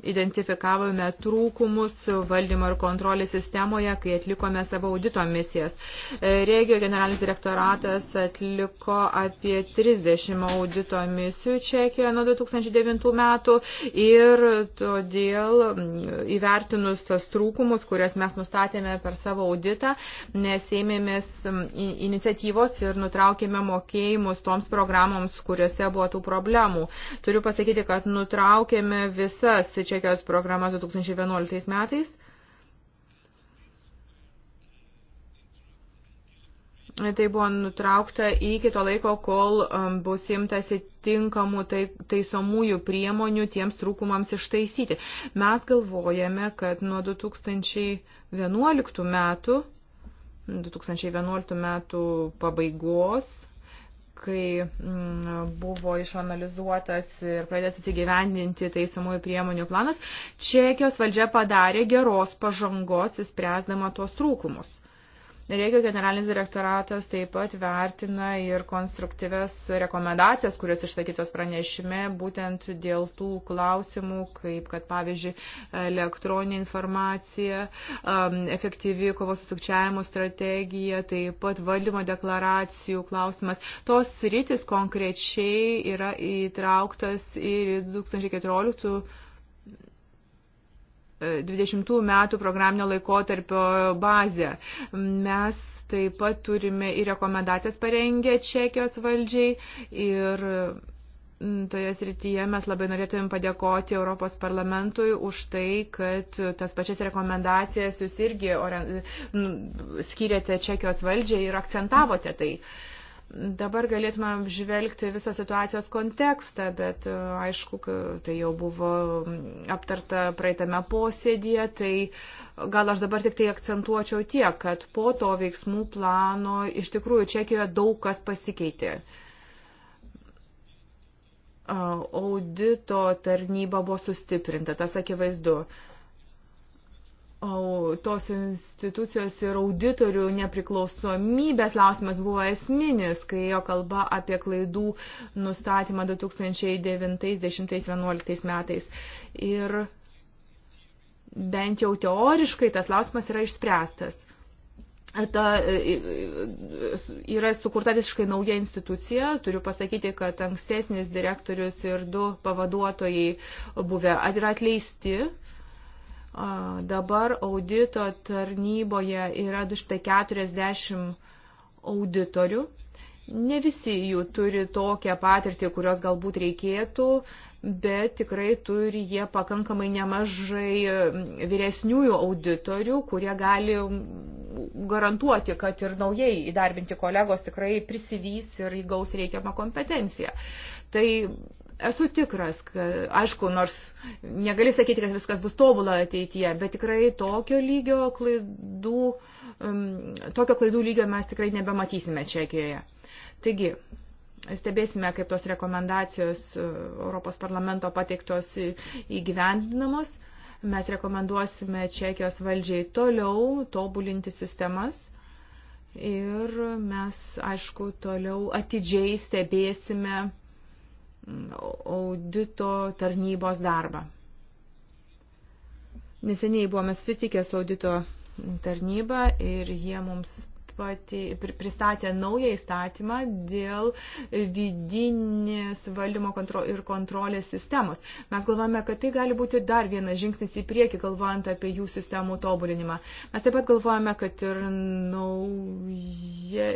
identifikavome trūkumus valdymo ir kontrolės sistemoje, kai atlikome savo audito misijas. Regio generalinis direktoratas atliko apie 30 audito misijų Čekijoje nuo 2009 metų ir todėl įvertinus tas trūkumus, kurias mes nustatėme per savo auditą, mes ėmėmės iniciatyvos ir nutraukėme mokėjimus toms programoms, kuriuose buvo tų problemų. Turiu pasakyti, kad nutraukėme visas Čekijos programas 2011 metais. tai buvo nutraukta iki to laiko, kol bus imtasi tinkamų tai, taisomųjų priemonių tiems trūkumams ištaisyti. Mes galvojame, kad nuo 2011 metų 2011 metų pabaigos kai mm, buvo išanalizuotas ir pradėtas įgyvendinti taisomųjų priemonių planas, Čekijos valdžia padarė geros pažangos, įspręsdama tuos trūkumus. Regio generalinis direktoratas taip pat vertina ir konstruktyves rekomendacijas, kurios išsakytos pranešime, būtent dėl tų klausimų, kaip kad pavyzdžiui elektroninė informacija, efektyvi kovos su sukčiavimu strategija, taip pat valdymo deklaracijų klausimas. Tos rytis konkrečiai yra įtrauktas ir 2014 20 metų programinio laikotarpio bazę. Mes taip pat turime ir rekomendacijas parengę Čekijos valdžiai ir toje srityje mes labai norėtumėm padėkoti Europos parlamentui už tai, kad tas pačias rekomendacijas jūs irgi skiriate Čekijos valdžiai ir akcentavote tai. Uh, Dabar galėtume apžvelgti visą situacijos kontekstą, bet e, aišku, tai jau buvo aptarta praeitame posėdėje, tai gal aš dabar tik tai akcentuočiau tiek, kad po to veiksmų plano iš tikrųjų Čekijoje daug kas pasikeitė. Audito tarnyba buvo sustiprinta, tas akivaizdu. O tos institucijos ir auditorių nepriklausomybės klausimas buvo esminis, kai jo kalba apie klaidų nustatymą 2009-2011 metais. Ir bent jau teoriškai tas klausimas yra išspręstas. Ta, yra sukurta visiškai nauja institucija. Turiu pasakyti, kad ankstesnis direktorius ir du pavaduotojai buvę yra atleisti. Uh, Dabar audito tarnyboje yra 240 auditorių. Ne visi jų turi tokią patirtį, kurios galbūt reikėtų, bet tikrai turi jie pakankamai nemažai e, vyresniųjų auditorių, kurie gali garantuoti, kad ir naujai įdarbinti kolegos tikrai prisivys ir įgaus reikiamą kompetenciją. Tai esu tikras, kad, aišku, nors negali sakyti, kad viskas bus tobula ateityje, bet tikrai tokio lygio klaidų, um, tokio klaidų lygio mes tikrai nebematysime Čekijoje. Taigi, stebėsime, kaip tos rekomendacijos uh, Europos parlamento pateiktos įgyvendinamos. Mes rekomenduosime Čekijos valdžiai toliau tobulinti sistemas. Ir mes, aišku, toliau atidžiai stebėsime audito tarnybos darbą. Neseniai buvome sutikę su audito tarnyba ir jie mums pati, pristatė naują įstatymą dėl vidinės valdymo kontro, ir kontrolės sistemos. Mes galvojame, kad tai gali būti dar vienas žingsnis į priekį, galvojant apie jų sistemų tobulinimą. Mes taip pat galvojame, kad ir nauja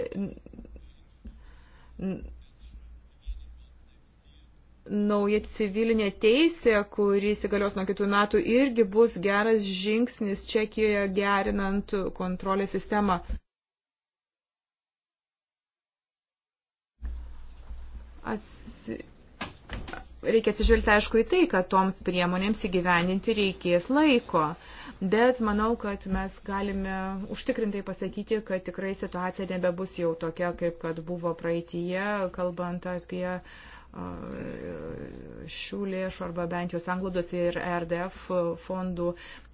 nauja civilinė teisė, kuri įsigalios nuo kitų metų, irgi bus geras žingsnis Čekijoje gerinant kontrolės sistemą. As... Reikia atsižvelgti aišku į tai, kad toms priemonėms įgyveninti reikės laiko, bet manau, kad mes galime užtikrintai pasakyti, kad tikrai situacija nebebus jau tokia, kaip kad buvo praeitie, kalbant apie uh, šių lėšų arba bent jau sanglaudos ir RDF fondų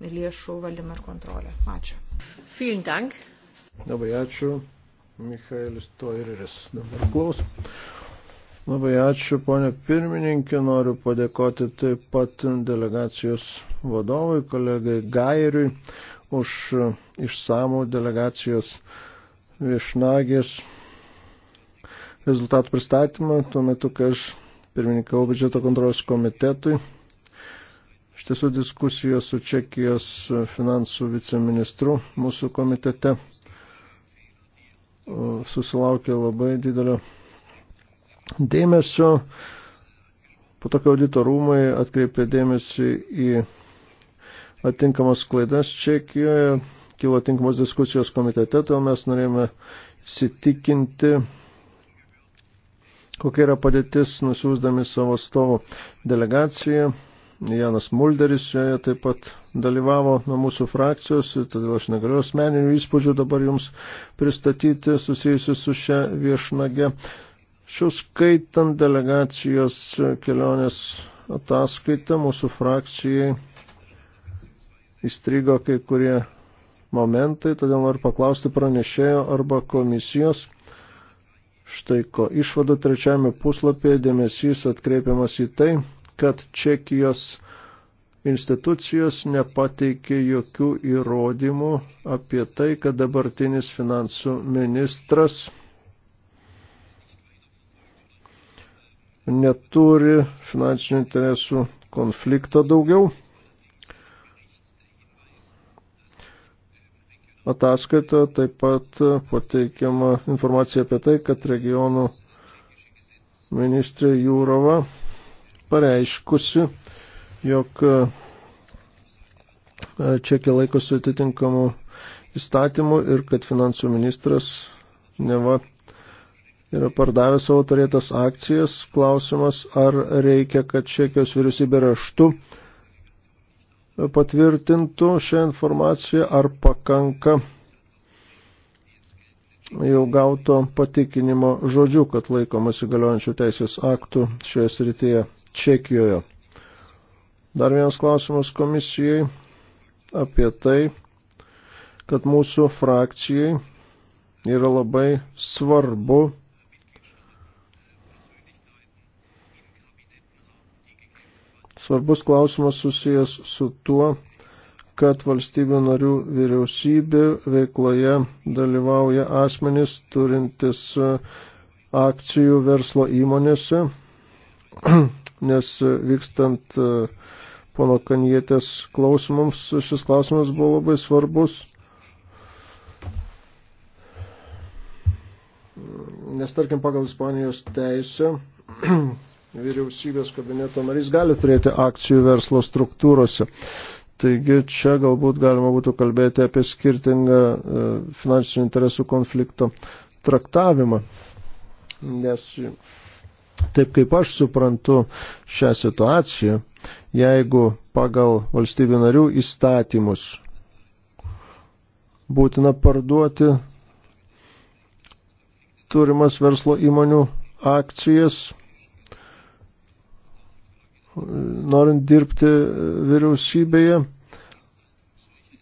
lėšų valdymą ir kontrolę. Ačiū. Vielen Dank. Labai ačiū. Michaelis Toireris dabar klaus. Labai ačiū, ponė pirmininkė. Noriu padėkoti taip pat delegacijos vadovui, kolegai Gairiui, už išsamų delegacijos viešnagės rezultatų pristatymą tuo metu, kai aš pirmininkau biudžeto kontrolės komitetui. Iš tiesų diskusijos su Čekijos finansų viceministru mūsų komitete susilaukė labai didelio dėmesio. Po tokio audito rūmai atkreipė dėmesį į atinkamas klaidas Čekijoje, kilo tinkamos diskusijos komitete, todėl mes norėjome sitikinti kokia yra padėtis nusiūsdami savo stovų delegaciją. Janas Mulderis joje taip pat dalyvavo nuo mūsų frakcijos, todėl aš negaliu asmeninių įspūdžių dabar jums pristatyti susijusiu su šia viešnage. Šios skaitant delegacijos kelionės ataskaitą mūsų frakcijai įstrigo kai kurie momentai, todėl noriu paklausti pranešėjo arba komisijos Štai ko išvada trečiame puslapyje dėmesys atkreipiamas į tai, kad Čekijos institucijos nepateikė jokių įrodymų apie tai, kad dabartinis finansų ministras neturi finansinių interesų konflikto daugiau. ataskaita taip pat e, pateikiama informacija apie tai, kad regionų ministrė Jūrova pareiškusi, jog e, e, Čekija laikosi atitinkamų įstatymų ir kad finansų ministras neva yra pardavęs savo turėtas akcijas. Klausimas, ar reikia, kad Čekijos vyriausybė raštu patvirtintų šią informaciją, ar pakanka jau gauto patikinimo žodžių, kad laikomasi galiojančių teisės aktų šioje srityje Čekijoje. Dar vienas klausimas komisijai apie tai, kad mūsų frakcijai yra labai svarbu Svarbus klausimas susijęs su tuo, kad valstybių narių vyriausybė veikloje dalyvauja asmenys turintis e, akcijų verslo įmonėse, nes e, vykstant e, pono Kanietės klausimams šis klausimas buvo labai svarbus. Nes tarkim pagal Ispanijos teisę vyriausybės kabineto narys gali turėti akcijų verslo struktūrose. Taigi čia galbūt galima būtų kalbėti apie skirtingą e, finansinių interesų konflikto traktavimą. Nes taip kaip aš suprantu šią situaciją, jeigu pagal valstybių narių įstatymus būtina parduoti turimas verslo įmonių akcijas, norint dirbti vyriausybėje,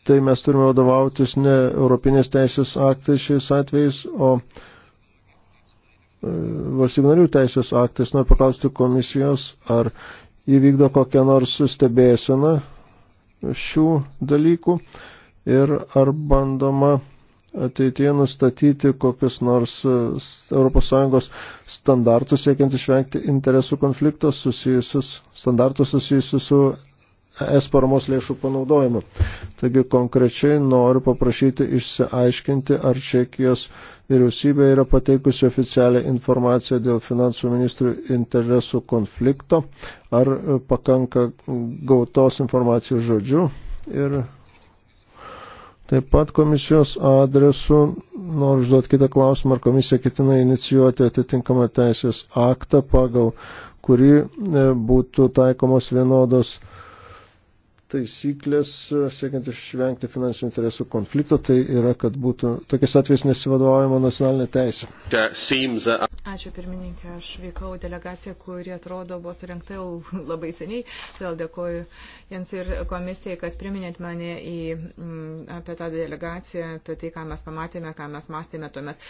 tai mes turime vadovautis ne Europinės teisės aktais šiais atvejais, o e, valstybinarių teisės aktais. Noriu paklausti komisijos, ar įvykdo kokią nors stebėseną šių dalykų ir ar bandoma ateitie nustatyti kokius nors ES standartus, siekiant išvengti interesų konfliktos susijusius, standartus susijusius su ES paramos lėšų panaudojimu. Taigi konkrečiai noriu paprašyti išsiaiškinti, ar Čekijos vyriausybė yra pateikusi oficialią informaciją dėl finansų ministrų interesų konflikto, ar pakanka gautos informacijos žodžių ir Taip pat komisijos adresu noriu užduoti kitą klausimą, ar komisija ketina inicijuoti atitinkamą teisės aktą, pagal kurį e, būtų taikomos vienodos taisyklės, e, siekiant išvengti finansinių interesų konflikto, tai yra, kad būtų tokiais atvejais nesivadovaujama nacionalinė teisė. Ačiū pirmininkė, aš vykau delegaciją, kuri atrodo buvo surinkta jau labai seniai, todėl dėkoju Jens ir komisijai, kad priminėt mane į, mm, apie tą delegaciją, apie tai, ką mes pamatėme, ką mes mąstėme tuomet.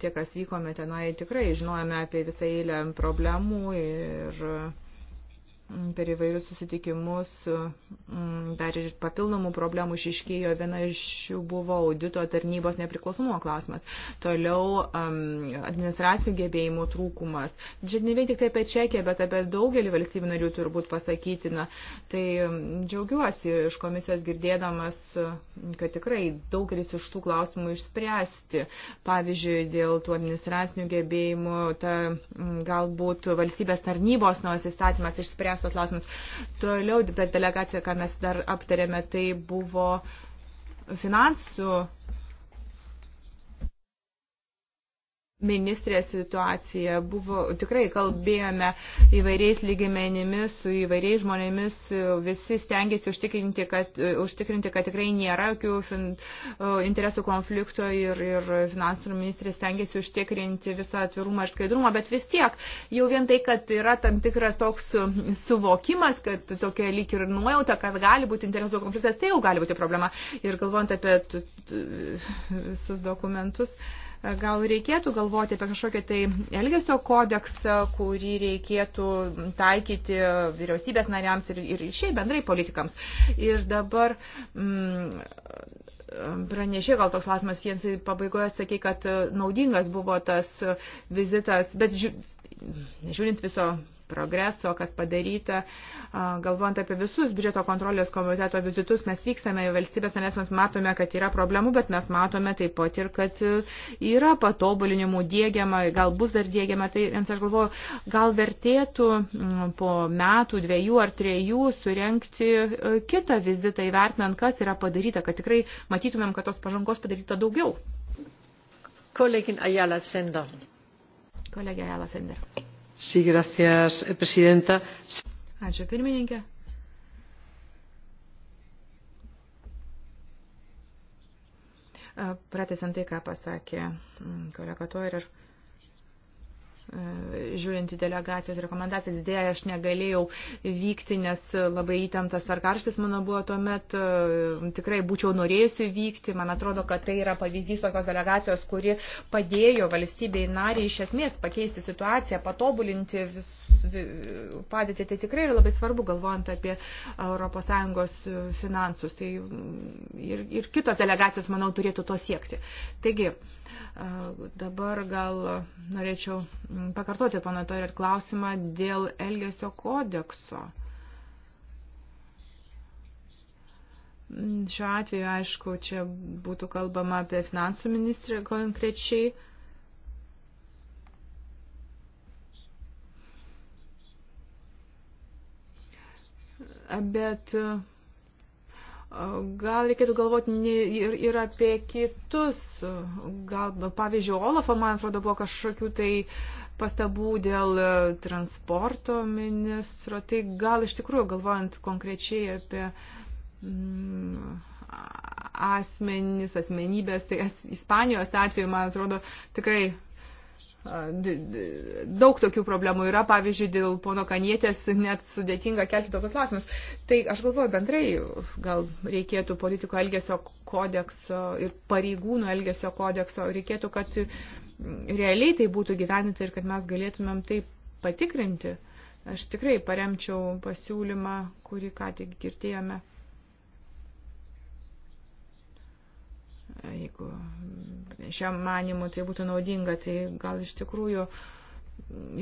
Tie, kas vykome tenai, tikrai žinojame apie visą eilę problemų ir per įvairius susitikimus mm, dar ir papildomų problemų išiškėjo. Viena iš jų buvo audito tarnybos nepriklausomumo klausimas. Toliau administracijų gebėjimų trūkumas. Čia ne vien tik tai apie Čekiją, bet apie daugelį valstybių narių turbūt pasakytina. Tai džiaugiuosi iš komisijos girdėdamas, kad tikrai daugelis iš tų klausimų išspręsti. Pavyzdžiui, dėl tų administracinių gebėjimų, ta galbūt valstybės tarnybos nuos įstatymas išspręs spręs tos klausimus. Toliau, bet delegacija, ką mes dar aptarėme, tai buvo finansų ministrės situacija buvo, tikrai kalbėjome įvairiais lygimenimis, su įvairiais žmonėmis, visi stengiasi užtikrinti, kad, užtikrinti, kad tikrai nėra jokių fin, interesų konflikto ir, ir finansų ministrės stengiasi užtikrinti visą atvirumą ir skaidrumą, bet vis tiek jau vien tai, kad yra tam tikras toks suvokimas, kad tokia lyg ir nuojauta, kad gali būti interesų konfliktas, tai jau gali būti problema. Ir galvojant apie visus dokumentus. Uh, Gal reikėtų galvoti apie kažkokią tai elgesio kodeksą, kurį reikėtų taikyti vyriausybės nariams ir, ir šiaip bendrai politikams. Ir dabar mm, pranešė gal toks klausimas, jiems pabaigoje sakė, kad naudingas buvo tas vizitas, bet žiūrint viso progreso, kas padaryta. Galvojant apie visus biudžeto kontrolės komiteto vizitus, mes vykstame į valstybės, nes mes matome, kad yra problemų, bet mes matome taip pat ir, kad yra patobulinimų dėgiama, gal bus dar dėgiama. Tai jums aš galvoju, gal vertėtų po metų, dviejų ar trejų surenkti e, kitą vizitą įvertinant, kas yra padaryta, kad tikrai matytumėm, kad tos pažangos padaryta daugiau. Kollegin Ayala Sender. Kollegin Ayala Sender. Sí, gracias, presidenta. Ačiū, pirmininkė. Pratesant tai, ką pasakė mm, kolega Toirer. Ir žiūrint į delegacijos rekomendacijas, dėja aš negalėjau vykti, nes labai įtemptas varkarštis mano buvo tuo metu, tikrai būčiau norėjusi vykti, man atrodo, kad tai yra pavyzdys tokios delegacijos, kuri padėjo valstybei nariai iš esmės pakeisti situaciją, patobulinti vis, padėtį, tai tikrai yra labai svarbu galvojant apie ES finansus. Tai mm, ir, ir kitos delegacijos, manau, turėtų to siekti. Taigi, dabar gal norėčiau mm, pakartoti pana to ir klausimą dėl Elgesio kodekso. Mm, šiuo atveju, aišku, čia būtų kalbama apie finansų ministrį konkrečiai. bet e, gal reikėtų galvoti ir, ir apie kitus. Gal, pavyzdžiui, Olafo, man atrodo, buvo kažkokių tai pastabų dėl e, transporto ministro. Tai gal iš tikrųjų, galvojant konkrečiai apie mm, asmenis, asmenybės, tai Ispanijos atveju, man atrodo, tikrai Daug tokių problemų yra, pavyzdžiui, dėl pono Kanietės net sudėtinga kelti tokius klausimus. Tai aš galvoju, bendrai gal reikėtų politiko elgesio kodekso ir pareigūnų elgesio kodekso, reikėtų, kad realiai tai būtų gyveninti ir kad mes galėtumėm tai patikrinti. Aš tikrai paremčiau pasiūlymą, kurį ką tik girdėjome. jeigu šiam manimu tai būtų naudinga, tai gal iš tikrųjų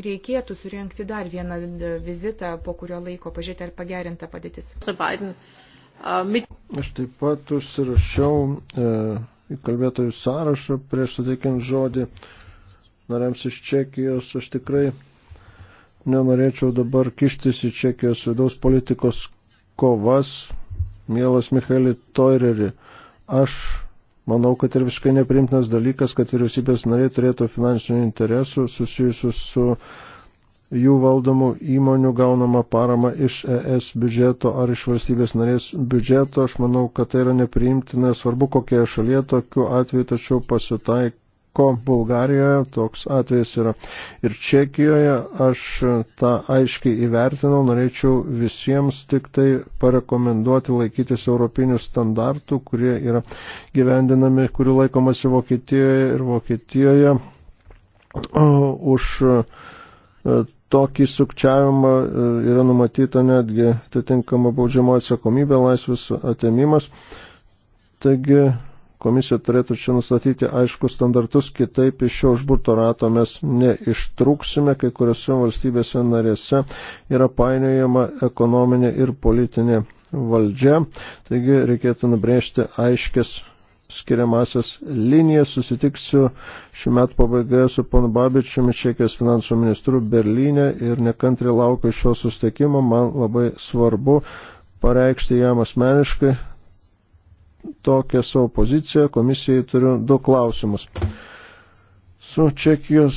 reikėtų surenkti dar vieną vizitą po kurio laiko, pažiūrėti ar pagerinta padėtis. Uh, aš taip pat užsirašiau e, į kalbėtojų sąrašą prieš suteikiant žodį nariams iš Čekijos. Aš tikrai nenorėčiau dabar kištis į Čekijos vidaus politikos kovas. Mielas Michaeli Toireri, aš Manau, kad ir tai visiškai neprimtinas dalykas, kad vyriausybės nariai turėtų finansinių interesų susijusius su jų valdomų įmonių gaunama parama iš ES biudžeto ar iš valstybės narės biudžeto. Aš manau, kad tai yra nepriimtina, svarbu kokioje šalyje tokiu atveju, tačiau pasitaiko vyko Bulgarijoje, toks atvejs yra ir Čekijoje. Aš tą aiškiai įvertinau, norėčiau visiems tik tai parekomenduoti laikytis europinių standartų, kurie yra gyvendinami, kurių laikomasi Vokietijoje ir Vokietijoje už e, tokį sukčiavimą e, yra numatyta netgi atitinkama baudžiamo atsakomybė, laisvės atėmimas. Taigi Komisija turėtų čia nustatyti aiškus standartus, kitaip iš šio užburto rato mes neištrūksime, kai kuriuose valstybėse narėse yra painiojama ekonominė ir politinė valdžia. Taigi reikėtų nubrėžti aiškės skiriamasias linijas. Susitiksiu šių metų pabaigoje su ponu Babičiumi, Čekijos finansų ministru Berlyne ir nekantri laukiu šio sustikimo. Man labai svarbu pareikšti jam asmeniškai tokią savo poziciją, komisijai turiu du klausimus. Su Čekijos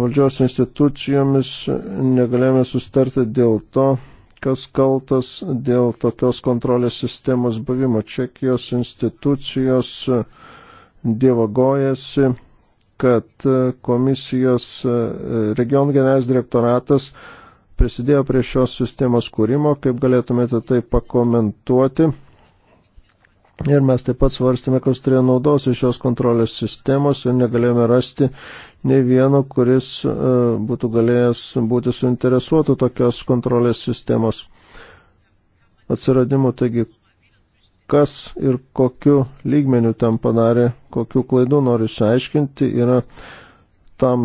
valdžios institucijomis negalėjome sustarti dėl to, kas kaltas dėl tokios kontrolės sistemos buvimo. Čekijos institucijos dievagojasi, kad komisijos regionų generalinis direktoratas prisidėjo prie šios sistemos kūrimo. Kaip galėtumėte tai pakomentuoti? Ir mes taip pat svarstėme, kas turėjo naudos iš šios kontrolės sistemos ir negalėjome rasti nei vieno, kuris e, būtų galėjęs būti suinteresuotų tokios kontrolės sistemos atsiradimu. Taigi, kas ir kokiu lygmeniu tam padarė, kokiu klaidu nori išaiškinti, yra tam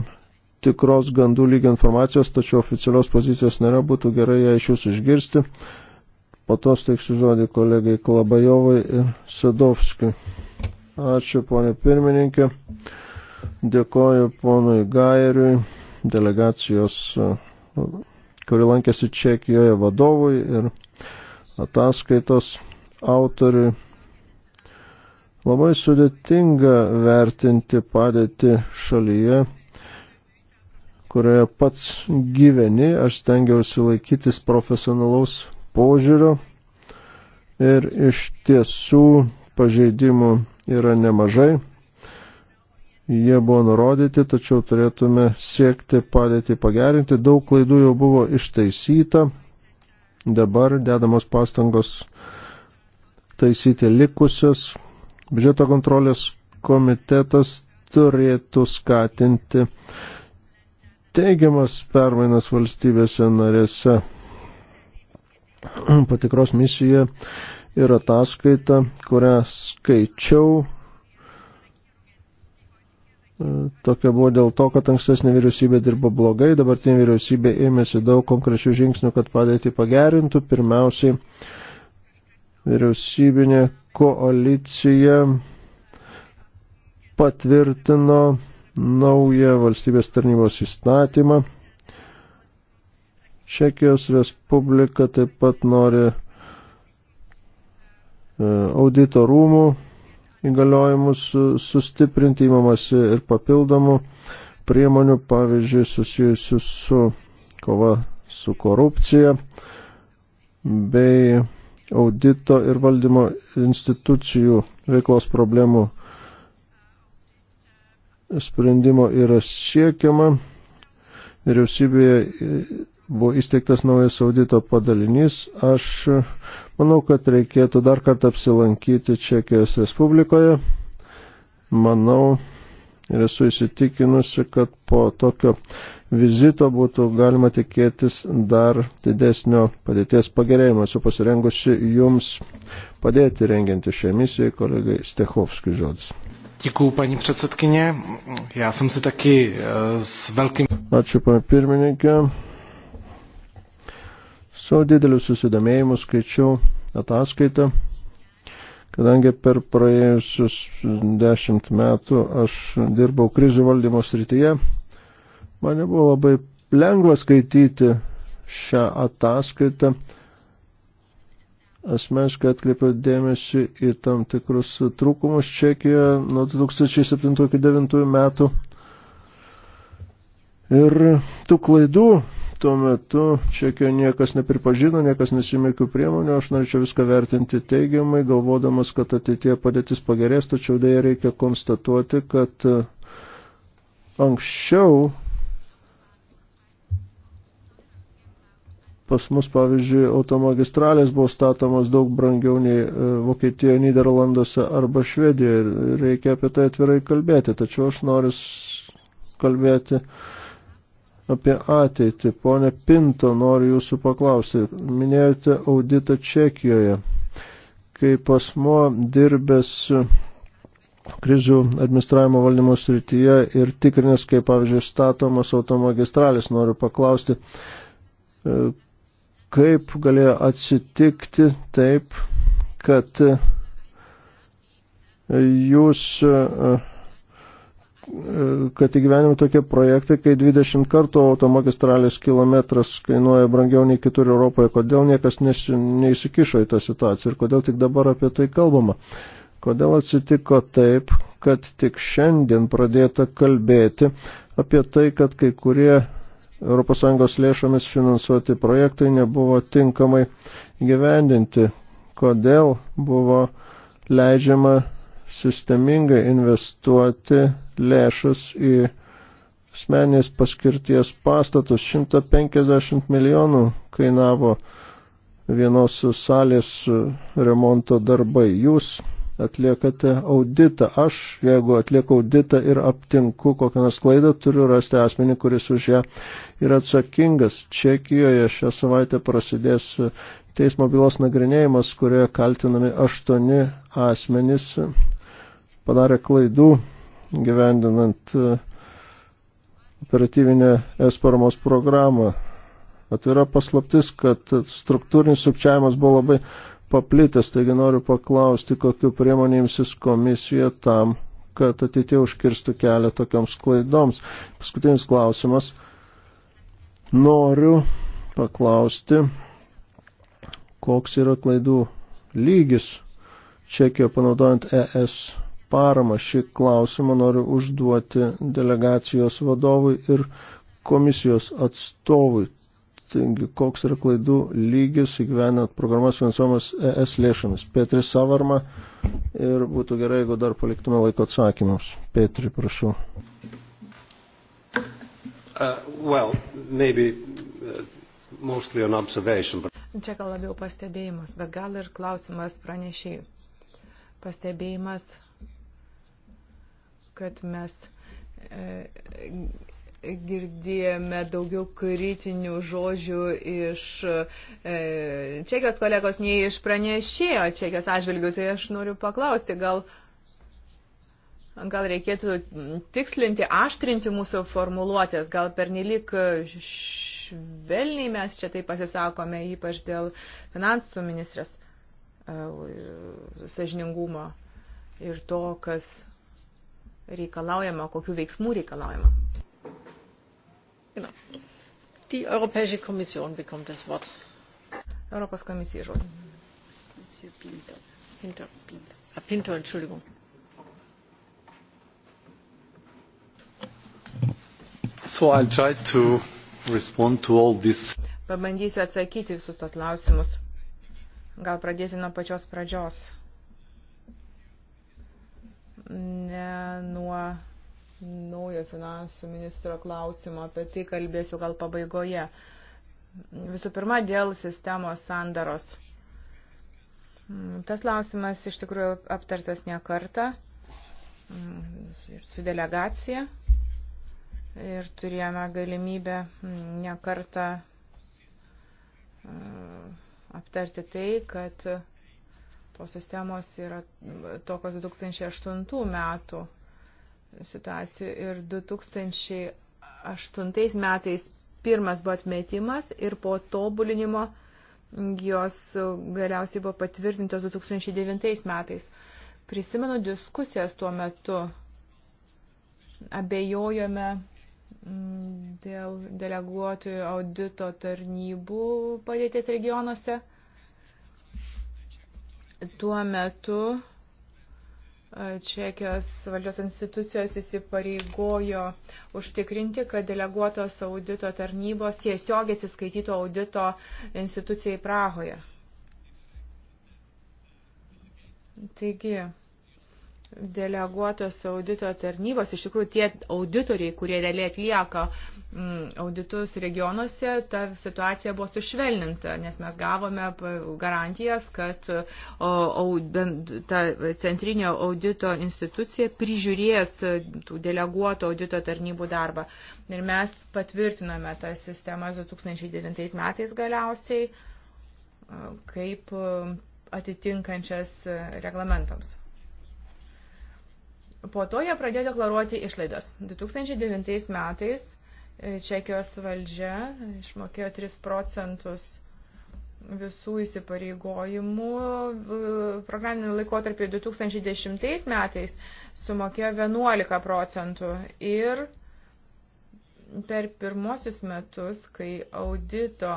tikros gandų lygio informacijos, tačiau oficialios pozicijos nėra, būtų gerai ją iš jūsų išgirsti. Po to steiksiu žodį kolegai Klabajovai ir Sadovskiui. Ačiū, ponė pirmininkė. Dėkoju ponui Gairiui, delegacijos, kuri lankėsi Čekijoje vadovui ir ataskaitos autoriui. Labai sudėtinga vertinti padėti šalyje, kurioje pats gyveni. Aš stengiausi laikytis profesionalaus požiūrio ir iš tiesų pažeidimų yra nemažai. Jie buvo nurodyti, tačiau turėtume siekti padėtį pagerinti. Daug klaidų jau buvo ištaisyta. Dabar dedamos pastangos taisyti likusios. Biudžeto kontrolės komitetas turėtų skatinti teigiamas permainas valstybėse narėse. patikros misija ir ataskaita, kurią skaičiau. E, tokia buvo dėl to, kad ankstesnė vyriausybė dirbo blogai, dabartinė vyriausybė ėmėsi daug konkrečių žingsnių, kad padėtį pagerintų. Pirmiausiai vyriausybinė koalicija patvirtino naują valstybės tarnybos įstatymą Čekijos Respublika taip pat nori e, audito rūmų įgaliojimus sustiprinti įmamasi ir papildomų priemonių, pavyzdžiui, susijusių su kova su korupcija bei audito ir valdymo institucijų veiklos problemų sprendimo yra siekiama. Vyriausybėje buvo įsteigtas naujas audito padalinys. Aš manau, kad reikėtų dar kartą apsilankyti Čekijos Respublikoje. Manau ir esu įsitikinusi, kad po tokio vizito būtų galima tikėtis dar didesnio padėties pagerėjimo. Esu pasirengusi Jums padėti rengianti šią misiją, kolegai Stechovskiui žodis. Děkuji, paní předsedkyně. Já jsem si taky eh, s velkým... Ačiū, pane pirmininkė. Su dideliu susidomėjimu skaičiau ataskaitą, kadangi per praėjusius dešimt metų aš dirbau krizių valdymo srityje, man buvo labai lengva skaityti šią ataskaitą. Asmeniškai atkreipiau dėmesį į tam tikrus trūkumus Čekijoje nuo 2007-2009 metų. Ir tų klaidų tuo metu Čekijoje niekas nepripažino, niekas nesimėkių priemonių, aš norėčiau viską vertinti teigiamai, galvodamas, kad ateitie padėtis pagerės, tačiau dėja reikia konstatuoti, kad e, anksčiau pas mus, pavyzdžiui, automagistralės buvo statomos daug brangiau nei e, Vokietijoje, Niderlanduose arba Švedijoje. Reikia apie tai atvirai kalbėti, tačiau aš noriu kalbėti apie ateitį. Pone Pinto, noriu jūsų paklausti. Minėjote auditą Čekijoje. Kaip asmo dirbęs krizių administravimo valdymo srityje ir tikrinęs, kaip pavyzdžiui, statomas automagistralis, noriu paklausti, e, kaip galėjo atsitikti taip, kad e, jūs uh, kad įgyvenime tokie projektai, kai 20 kartų automagistralės kilometras kainuoja brangiau nei kitur Europoje, kodėl niekas neįsikišo į tą situaciją ir kodėl tik dabar apie tai kalbama. Kodėl atsitiko taip, kad tik šiandien pradėta kalbėti apie tai, kad kai kurie ES lėšomis finansuoti projektai nebuvo tinkamai gyvendinti. Kodėl buvo leidžiama sistemingai investuoti lėšas į asmenės paskirties pastatus. 150 milijonų kainavo vienos salės remonto darbai. Jūs atliekate auditą. Aš, jeigu atlieku auditą ir aptinku kokią nors klaidą, turiu rasti asmenį, kuris už ją yra atsakingas. Čekijoje šią savaitę prasidės teismo bylos nagrinėjimas, kurioje kaltinami aštuoni asmenys padarė klaidų gyvendinant e, operatyvinę es paramos programą. Atvira paslaptis, kad struktūrinis sukčiavimas buvo labai paplitęs, taigi noriu paklausti, kokiu priemonėmsis komisija tam, kad ateitie užkirstų kelią tokioms klaidoms. Paskutinis klausimas. Noriu paklausti, koks yra klaidų lygis Čekijoje panaudojant ES paramą. Šį klausimą noriu užduoti delegacijos vadovui ir komisijos atstovui. Taigi, koks yra klaidų lygis įgyvenant programas finansuojamas ES lėšomis. Petri Savarma ir būtų gerai, jeigu dar paliktume laiko atsakymams. Petri, prašau. Uh, well, maybe, uh, mostly an observation. But... Čia gal labiau pastebėjimas, bet gal ir klausimas pranešiai. Pastebėjimas kad mes e, girdėjome daugiau kritinių žodžių iš e, čekijos kolegos nei iš pranešėjo čekijos atžvilgių, tai aš noriu paklausti, gal, gal reikėtų tikslinti, aštrinti mūsų formuluotės, gal pernelyg švelniai mes čia taip pasisakome, ypač dėl finansų ministrės e, sažiningumo ir to, kas reikalaujama, kokiu veiksmu reikalaujama. Genau. Die Europäische Kommission bekommt das Wort. Europos Komisija žodį. Pinto. Pinto, Pinto. Ah, A, Pinto, Entschuldigung. So I'll try to respond to all this. Pabandysiu atsakyti visus tos klausimus. Gal pradėsiu nuo pačios pradžios ne nuo naujo finansų ministro klausimo, apie tai kalbėsiu gal pabaigoje. Visų pirma, dėl sistemos sandaros. Tas klausimas iš tikrųjų aptartas ne kartą su delegacija ir turėjome galimybę ne kartą e, aptarti tai, kad Tos sistemos yra tokios 2008 metų situacijų ir 2008 metais pirmas buvo atmetimas ir po tobulinimo jos galiausiai buvo patvirtintos 2009 metais. Prisimenu diskusijas tuo metu. Abejojome mm, dėl deleguotojų audito tarnybų padėties regionuose. Tuo metu e, Čekijos valdžios institucijos įsipareigojo užtikrinti, kad deleguotos audito tarnybos tiesiog atsiskaitytų audito institucijai Prahoje. Taigi, deleguotos audito tarnybos, iš tikrųjų tie auditoriai, kurie realiai atlieka mm, auditus regionuose, ta situacija buvo sušvelninta, nes mes gavome garantijas, kad ta centrinio audito institucija prižiūrės tų deleguoto audito tarnybų darbą. Ir mes patvirtinome tą sistemą 2009 metais galiausiai kaip atitinkančias reglamentams. Po to jie pradėjo deklaruoti išlaidas. 2009 metais e, Čekijos valdžia išmokėjo 3 procentus visų įsipareigojimų. Programinį laikotarpį 2010 metais sumokėjo 11 procentų ir per pirmosius metus, kai audito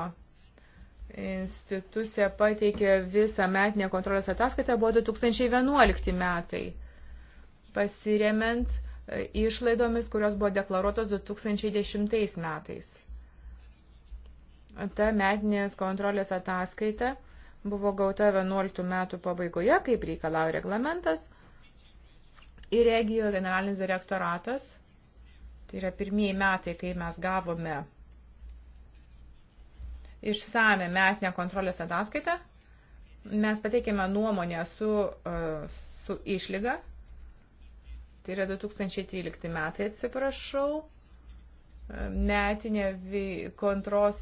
institucija pateikė visą metinę kontrolės ataskaitą, buvo 2011 metai pasiremiant e, išlaidomis, kurios buvo deklaruotos 2010 metais. Ta metinės kontrolės ataskaita buvo gauta 11 metų pabaigoje, kaip reikalauja reglamentas, ir regijo generalinis direktoratas. Tai yra pirmieji metai, kai mes gavome išsame metinę kontrolės ataskaitą. Mes pateikėme nuomonę su, e, su išlyga, Tai yra 2013 metai, atsiprašau. Metinė kontros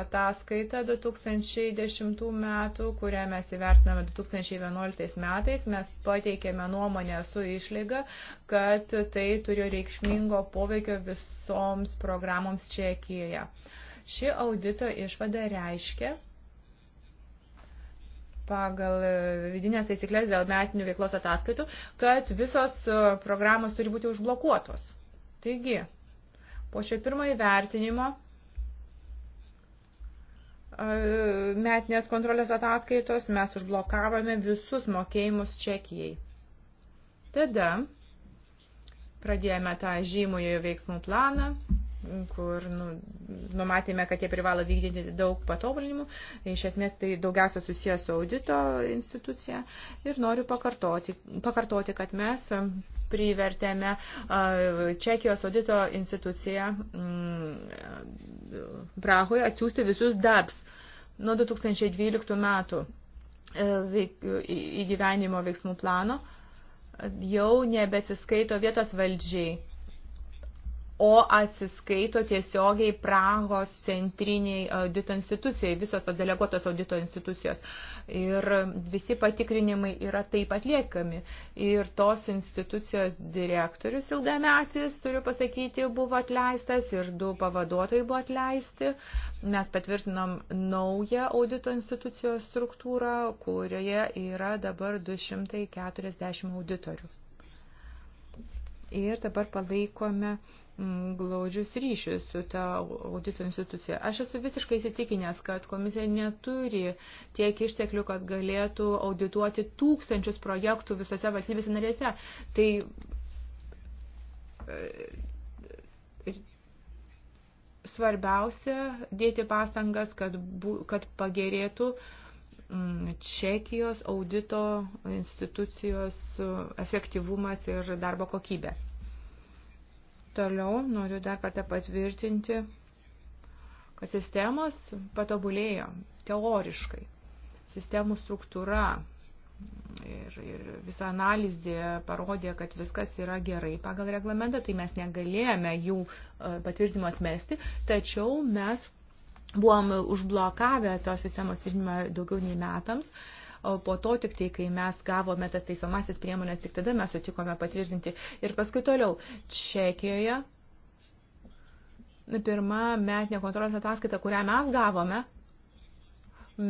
ataskaita 2010 metų, kurią mes įvertiname 2011 metais, mes pateikėme nuomonę su išlyga, kad tai turėjo reikšmingo poveikio visoms programoms Čekijoje. Ši audito išvada reiškia, pagal e, vidinės taisyklės dėl metinių veiklos ataskaitų, kad visos e, programos turi būti užblokuotos. Taigi, po šio pirmo įvertinimo e, metinės kontrolės ataskaitos mes užblokavome visus mokėjimus Čekijai. Tada pradėjome tą žymųjį veiksmų planą kur nu, numatėme, kad jie privalo vykdyti daug patobulinimų. Iš esmės tai daugiausia susijęs su audito institucija. Ir noriu pakartoti, pakartoti kad mes privertėme Čekijos audito instituciją mm, Prahoje atsiųsti visus DABS nuo 2012 metų e, įgyvenimo veiksmų plano jau nebesiskaito vietos valdžiai o atsiskaito tiesiogiai Prahos centriniai audito institucijai, visos to deleguotos audito institucijos. Ir visi patikrinimai yra taip atliekami. Ir tos institucijos direktorius ilgametis, turiu pasakyti, buvo atleistas ir du pavaduotojai buvo atleisti. Mes patvirtinom naują audito institucijos struktūrą, kurioje yra dabar 240 auditorių. Ir dabar palaikome uh, Mm, glaudžius ryšius su ta audito institucija. Aš esu visiškai įsitikinęs, kad komisija neturi tiek išteklių, kad galėtų audituoti tūkstančius projektų visose valstybėse narėse. Tai e, svarbiausia dėti pastangas, kad, bu, kad pagerėtų mm, Čekijos audito institucijos e, efektyvumas ir darbo kokybė. Toliau noriu dar kartą patvirtinti, kad sistemos patobulėjo teoriškai. Sistemų struktūra ir, ir visa analizė parodė, kad viskas yra gerai pagal reglamentą, tai mes negalėjome jų e, patvirtinimo atmesti, tačiau mes buvom užblokavę tos sistemos tvirtinimą daugiau nei metams. Uh, o po to tik tai, kai mes gavome tas teisomasis priemonės, tik tada mes sutikome patvirtinti. Ir paskui toliau Čekijoje pirma metinė kontrolės ataskaita, kurią mes gavome,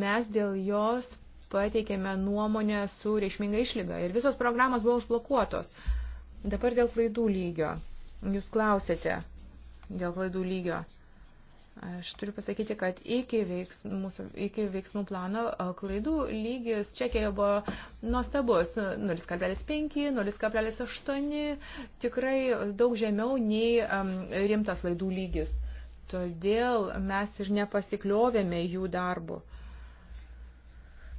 mes dėl jos pateikėme nuomonę su reikšminga išlyga ir visos programos buvo užblokuotos. Dabar dėl klaidų lygio. Jūs klausėte dėl klaidų lygio. Aš turiu pasakyti, kad iki, veiks, mūsų, iki veiksmų plano klaidų lygis Čekijoje buvo nuostabus 0,5, 0,8, tikrai daug žemiau nei um, rimtas klaidų lygis. Todėl mes ir nepasikliovėme jų darbu.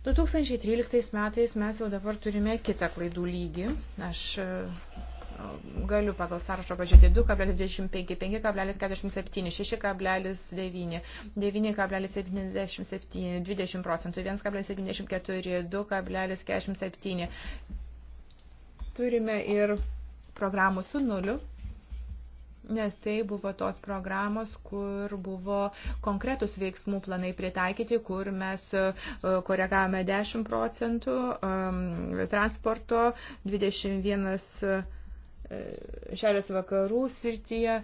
2013 metais mes jau dabar turime kitą klaidų lygį. Aš galiu pagal sąrašą pažiūrėti 2,25, 5,47, 6,9, 9,77, 20 procentų, 1,74, 2,47. Turime ir programų su nuliu, nes tai buvo tos programos, kur buvo konkretus veiksmų planai pritaikyti, kur mes e, koregavome 10 procentų, e, transporto 21 E, šiaurės vakarų srityje.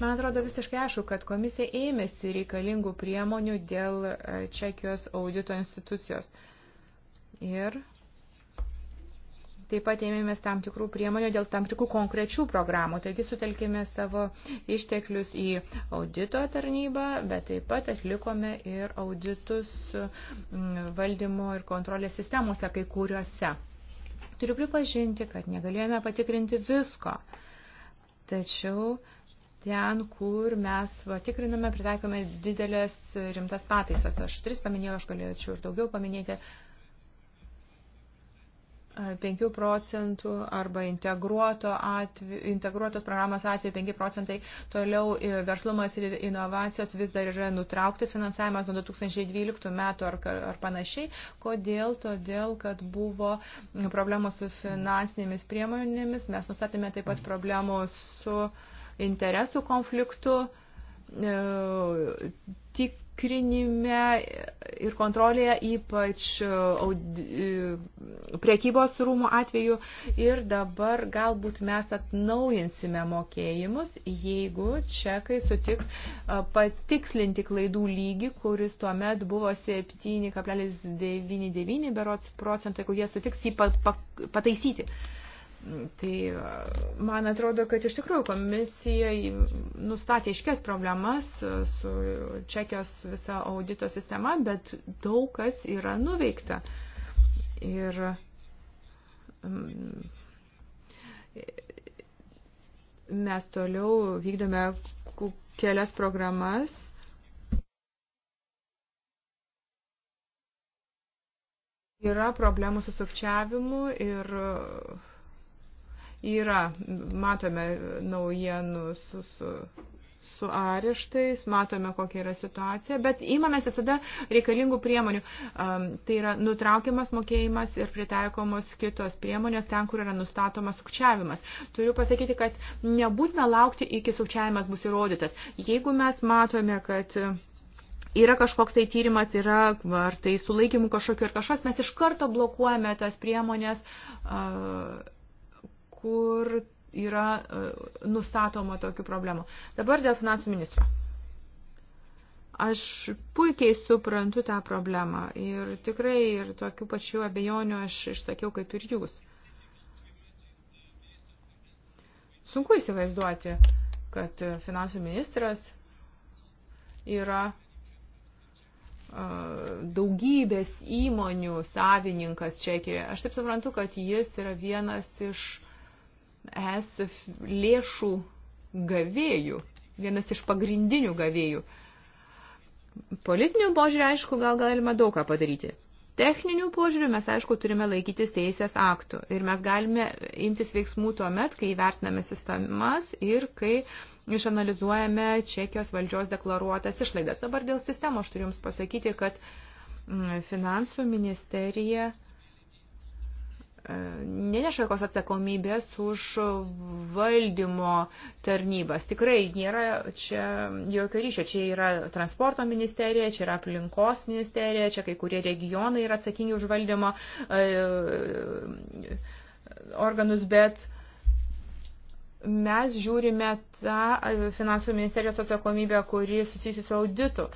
Man atrodo visiškai aišku, kad komisija ėmėsi reikalingų priemonių dėl e, Čekijos audito institucijos. Ir Taip pat ėmėmės tam tikrų priemonių dėl tam tikrų konkrečių programų. Taigi sutelkėme savo išteklius į audito tarnybą, bet taip pat atlikome ir auditus mm, valdymo ir kontrolės sistemose kai kuriuose. Turiu pripažinti, kad negalėjome patikrinti visko. Tačiau ten, kur mes va, tikriname, pritaikome didelės rimtas pataisas. Aš tris paminėjau, aš galėčiau ir daugiau paminėti, 5 procentų arba integruoto atve, integruotos programos atveju 5 procentai. Toliau e, verslumas ir inovacijos vis dar yra nutrauktas finansavimas nuo 2012 metų ar, ar panašiai. Kodėl? Todėl, kad buvo problemų su finansinėmis priemonėmis. Mes nustatėme taip pat problemų su interesų konfliktu. E, tik tikrinime ir kontrolėje, ypač e, e, priekybos rūmų atveju. Ir dabar galbūt mes atnaujinsime mokėjimus, jeigu čekai sutiks e, patikslinti klaidų lygį, kuris tuo met buvo 7,99 berots procentų, jeigu jie sutiks jį pataisyti. Pat, pat, Tai e, man atrodo, kad iš tikrųjų komisija nustatė iškės problemas e, su Čekijos visa audito sistema, bet daug kas yra nuveikta. Ir mes toliau vykdome kelias programas yra problemų su sukčiavimu ir Yra, matome naujienų su, su, su areštais, matome, kokia yra situacija, bet įmamės visada reikalingų priemonių. Um, tai yra nutraukiamas mokėjimas ir pritaikomos kitos priemonės ten, kur yra nustatomas sukčiavimas. Turiu pasakyti, kad nebūtina laukti, iki sukčiavimas bus įrodytas. Jeigu mes matome, kad yra kažkoks tai tyrimas, yra ar tai sulaikymų kažkokio ir kažkas, mes iš karto blokuojame tas priemonės. Uh, kur yra e, nustatoma tokių problemų. Dabar dėl finansų ministro. Aš puikiai suprantu tą problemą ir tikrai ir tokių pačių abejonių aš išsakiau kaip ir jūs. Sunku įsivaizduoti, kad finansų ministras yra e, daugybės įmonių savininkas Čekijoje. Aš taip suprantu, kad jis yra vienas iš es lėšų gavėjų, vienas iš pagrindinių gavėjų. Politinių požiūrį, aišku, gal galima daug ką padaryti. Techninių požiūrių mes, aišku, turime laikytis teisės aktų ir mes galime imtis veiksmų tuo met, kai vertiname sistemas ir kai išanalizuojame Čekijos valdžios deklaruotas išlaidas. Dabar dėl sistemos aš turiu Jums pasakyti, kad mm, finansų ministerija neneša jokios atsakomybės už valdymo tarnybas. Tikrai nėra čia jokio ryšio. Čia yra transporto ministerija, čia yra aplinkos ministerija, čia kai kurie regionai yra atsakingi už valdymo e, organus, bet mes žiūrime tą finansų ministerijos atsakomybę, kuri susijusi su auditu.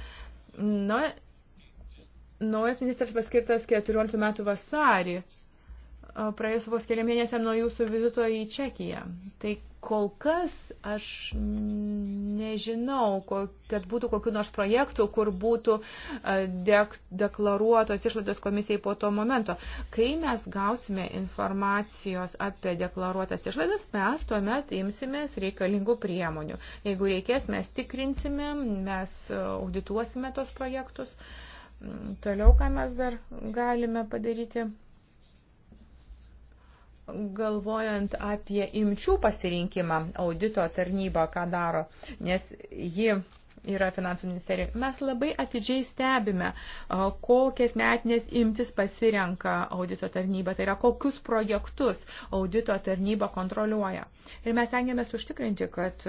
Na, naujas ministras paskirtas 14 metų vasarį praėjus vos keliam mėnesiam nuo jūsų vizito į Čekiją. Tai kol kas aš nežinau, kad būtų kokiu nors projektu, kur būtų deklaruotos išlaidos komisijai po to momento. Kai mes gausime informacijos apie deklaruotas išlaidas, mes tuomet imsimės reikalingų priemonių. Jeigu reikės, mes tikrinsime, mes audituosime tos projektus. Mm, toliau, ką mes dar galime padaryti galvojant apie imčių pasirinkimą audito tarnybą, ką daro, nes ji yra finansų ministerija. Mes labai atidžiai stebime, kokias metinės imtis pasirenka audito tarnyba, tai yra kokius projektus audito tarnyba kontroliuoja. Ir mes tengiamės užtikrinti, kad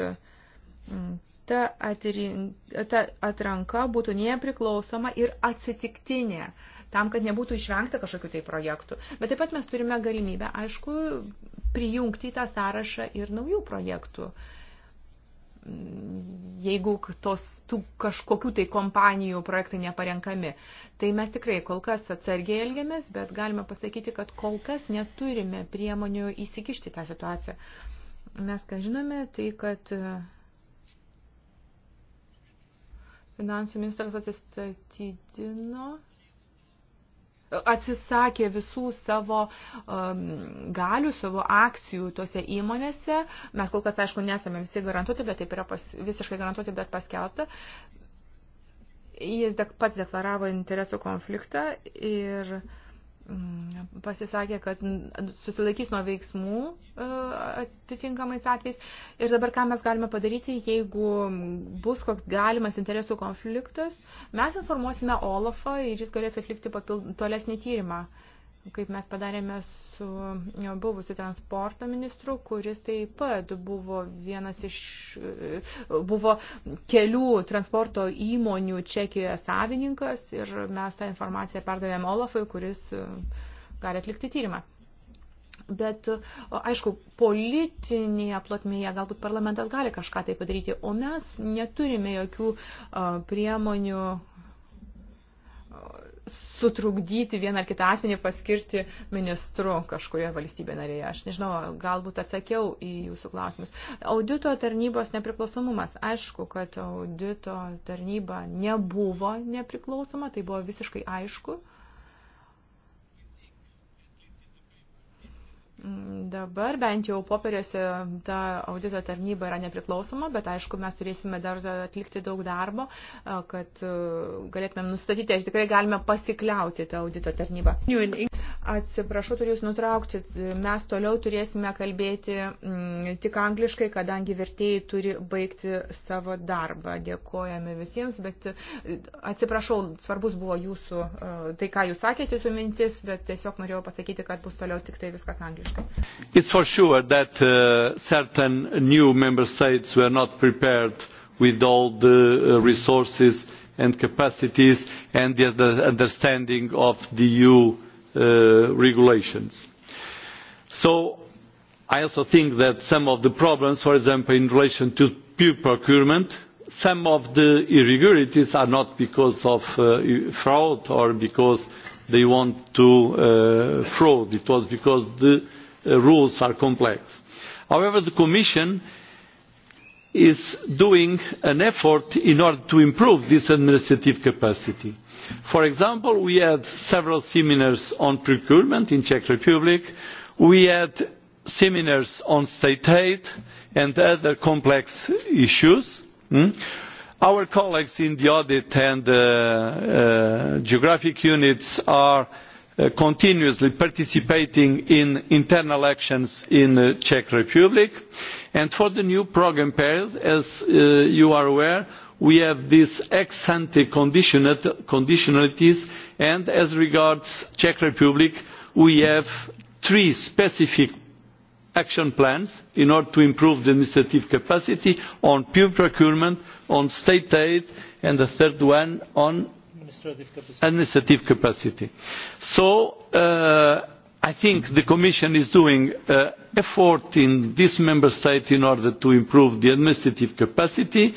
ta, atrink, ta atranka būtų nepriklausoma ir atsitiktinė. Uh, tam, kad nebūtų išvengta kažkokių tai projektų. Bet taip pat mes turime galimybę, aišku, prijungti į tą sąrašą ir naujų projektų. Jeigu tos, tų kažkokių tai kompanijų projektai neparenkami, tai mes tikrai kol kas atsargiai elgiamės, bet galime pasakyti, kad kol kas neturime priemonių įsikišti tą situaciją. Mes ką žinome, tai kad e, finansų ministras atsistatydino atsisakė visų savo um, galių, savo akcijų tose įmonėse. Mes kol kas, aišku, nesame visi garantuoti, bet taip yra pas, visiškai garantuoti, bet paskelbta. Jis dek, pats deklaravo interesų konfliktą ir uh, Mm, pasisakė, kad susilaikys nuo veiksmų e, atitinkamais atvejais. Ir dabar ką mes galime padaryti, jeigu bus koks galimas interesų konfliktas, mes informuosime Olafą ir jis galės atlikti papild... tolesnį tyrimą. Uh, kaip mes padarėme su buvusiu transporto ministru, kuris taip pat buvo vienas iš, buvo kelių transporto įmonių Čekijoje savininkas ir mes tą informaciją perdavėme Olafui, kuris e, gali atlikti tyrimą. Bet, e, aišku, politinėje plotmėje galbūt parlamentas gali kažką tai padaryti, o mes neturime jokių e, priemonių sutrukdyti vieną ar kitą asmenį paskirti ministru kažkurioje valstybė narėje. Aš nežinau, galbūt atsakiau į jūsų klausimus. Audito tarnybos nepriklausomumas. Aišku, kad audito tarnyba nebuvo nepriklausoma, tai buvo visiškai aišku. Uh, Dabar bent jau popieriuose ta audito tarnyba yra nepriklausoma, bet aišku, mes turėsime dar atlikti daug darbo, kad galėtumėm nustatyti, ar tikrai galime pasikliauti tą audito tarnybą. Atsiprašau, turiu Jūs nutraukti. Mes toliau turėsime kalbėti m, tik angliškai, kadangi vertėjai turi baigti savo darbą. Dėkojame visiems, bet atsiprašau, svarbus buvo Jūsų, tai ką Jūs sakėte, Jūsų mintis, bet tiesiog norėjau pasakyti, kad bus toliau tik tai viskas angliškai. It's for sure that uh, certain new member states were not prepared with all the uh, resources and capacities and the understanding of the EU uh, regulations. So I also think that some of the problems, for example, in relation to pure procurement, some of the irregularities are not because of uh, fraud or because they want to uh, fraud. It was because the uh, Uh, rules are complex. however the commission is making an effort in order to improve this administrative capacity. for example we had several seminars on procurement in the czech republic we had seminars on state aid and other complex issues. Hmm? our colleagues in the audit and uh, uh, geographic units are Uh, continuously participating in internal actions in the uh, czech republic and for the new programme period as uh, you are aware we have these ex ante conditionalities and as regards the czech republic we have three specific action plans in order to improve the administrative capacity on pure procurement on state aid and the third one on administrative capacity. Administrative capacity. So uh, I think the Commission is doing uh, effort in this member state in order to improve the administrative capacity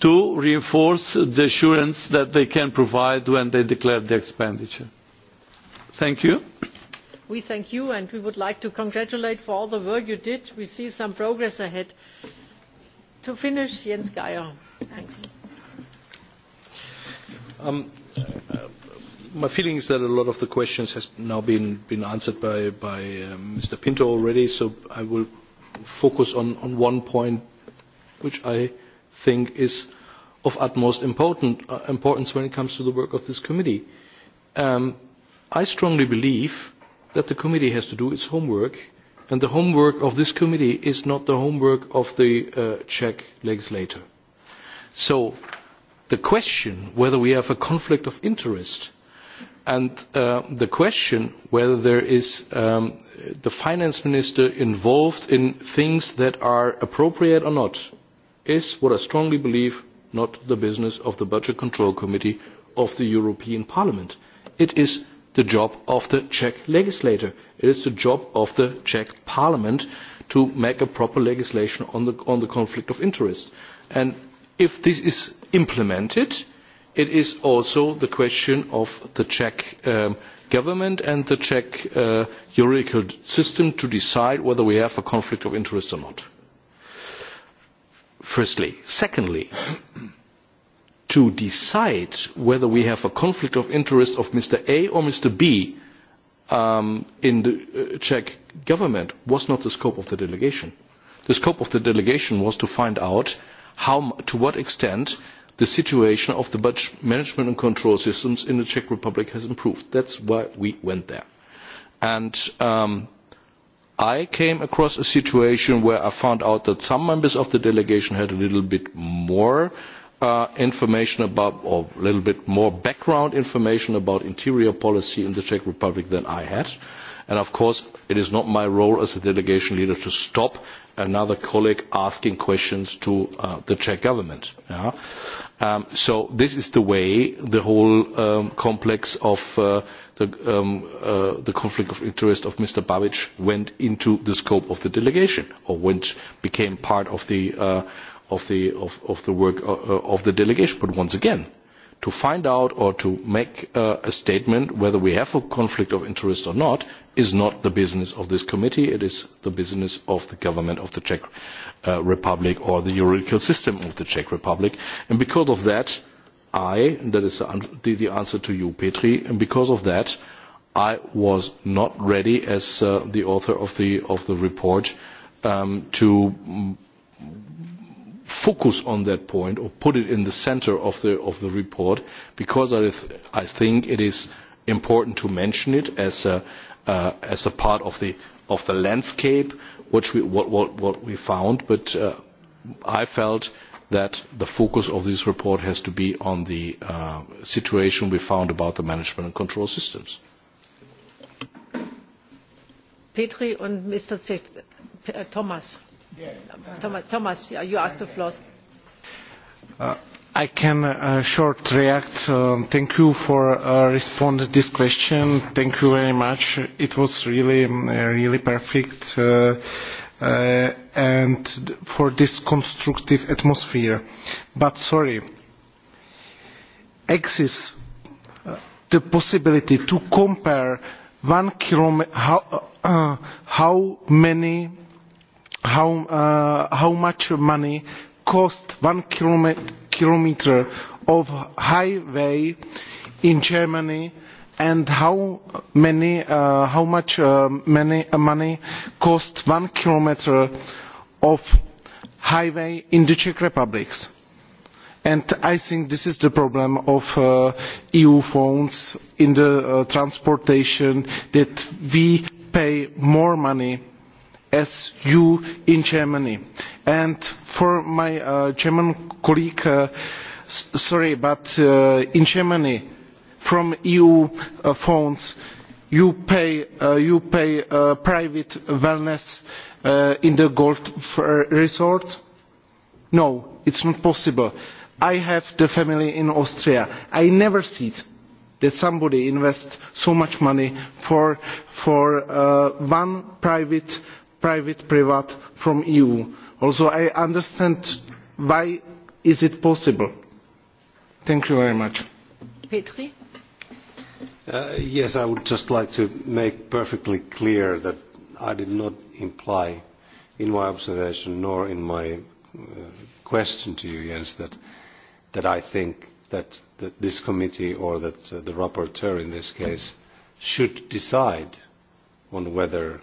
to reinforce the assurance that they can provide when they declare the expenditure. Thank you we thank you and we would like to congratulate you for all the work you did. we see some progress ahead. to finish jens geier. thanks. Um, uh, my feeling is that a lot of the questions has now been been answered by by uh, um, Mr. Pinto already. So I will focus on on one point, which I think is of utmost important, uh, importance when it comes to the work of this committee. Um, I strongly believe that the committee has to do its homework, and the homework of this committee is not the homework of the uh, Czech legislator. So the question whether we have a conflict of interest and uh, the question whether there is um, the finance minister involved in things that are appropriate or not is what I strongly believe not the business of the Budget Control Committee of the European Parliament. It is the job of the Czech legislator. It is the job of the Czech Parliament to make a proper legislation on the, on the conflict of interest. And if this is implemented it is also the question of the czech um, government and the czech uh, juridical system to decide whether we have a conflict of interest or not firstly. secondly to decide whether we have a conflict of interest of mr a or mr b um, in the uh, czech government was not the scope of the delegation. the scope of the delegation was to find out how, to what extent the situation of the budget management and control systems in the Czech Republic has improved. That's why we went there. And um, I came across a situation where I found out that some members of the delegation had a little bit more uh, information about, or a little bit more background information about interior policy in the Czech Republic than I had. And of course, it is not my role as a delegation leader to stop another colleague asking questions to uh, the Czech government. Yeah? Um, so this is the way the whole um, complex of uh, the, um, uh, the conflict of interest of Mr. Babic went into the scope of the delegation, or went became part of the uh, of the of, of the work uh, uh of the delegation. But once again, to find out or to make uh, a statement whether we have a conflict of interest or not is not the business of this committee. It is the business of the government of the Czech uh, Republic or the juridical system of the Czech Republic. And because of that, I, and that is the, the answer to you, Petri, and because of that, I was not ready as uh, the author of the, of the report um, to focus on that point or put it in the center of the, of the report because I, th I think it is important to mention it as a, uh, as a part of the, of the landscape which we, what, what, what we found. But uh, I felt that the focus of this report has to be on the uh, situation we found about the management and control systems. Petri und Mr. Z Thomas. Thomas, Thomas you asked the floor. Uh, I can uh, short react. Um, thank you for uh, respond to this question. Thank you very much. It was really, um, really perfect. Uh, uh, and for this constructive atmosphere. But sorry, exists uh, the possibility to compare one kilometer, how, uh, uh, how many how, uh, how much money cost one kilometre of highway in Germany and how many uh, how much uh, many, uh, money cost one kilometre of highway in the Czech Republic. And I think this is the problem of uh, EU funds in the uh, transportation that we pay more money as you in Germany. And for my uh, German colleague, uh, s sorry, but uh, in Germany, from EU uh, funds, you pay, uh, you pay uh, private wellness uh, in the gold uh, resort? No, it's not possible. I have the family in Austria. I never see it that somebody invests so much money for, for uh, one private private privat from eu. also i understand why is it possible. thank you very much. Petri? Uh, yes, I would just like to make perfectly clear that I did not imply in my observation nor in my uh, question to you, Jens, that, that I think that, that this committee or that uh, the rapporteur in this case should decide on whether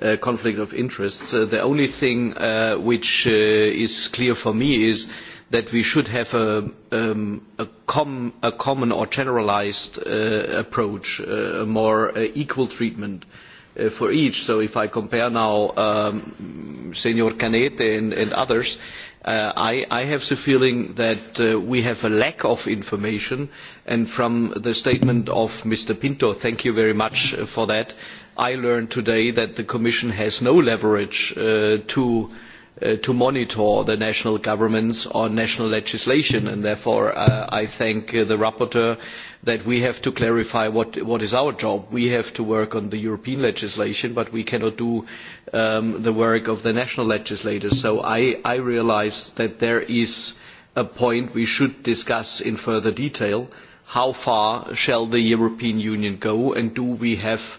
uh, conflict of interests. Uh, the only thing uh, which uh, is clear for me is that we should have a, um, a, com a common or generalized uh, approach, uh, a more uh, equal treatment uh, for each. So if I compare now um, Senor Canete and, and others, uh, I, I have the feeling that uh, we have a lack of information, and from the statement of Mr. Pinto, thank you very much uh, for that, uh, I learned today that the Commission has no leverage uh, to uh, to monitor the national governments on national legislation and therefore uh, I thank uh, the rapporteur that we have to clarify what, what is our job. We have to work on the European legislation, but we cannot do um, the work of the national legislators. So I, I realize that there is a point we should discuss in further detail. How far shall the European Union go and do we have uh,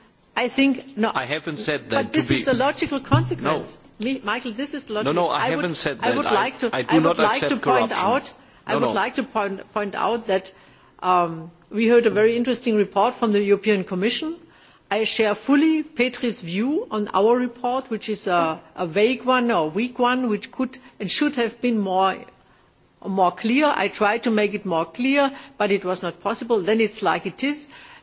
I think no. I haven't said that. But this be, is the logical consequence. No. Me, Michael, this is logical. No, no, I, I haven't would, said that. I would I, like to. I, do I would not like to corruption. point out. No, I would no. like to point, point out that um, we heard a very interesting report from the European Commission. I share fully Petri's view on our report, which is a, a vague one or a weak one, which could and should have been more more clear. I tried to make it more clear, but it was not possible. Then it's like it is. Uh,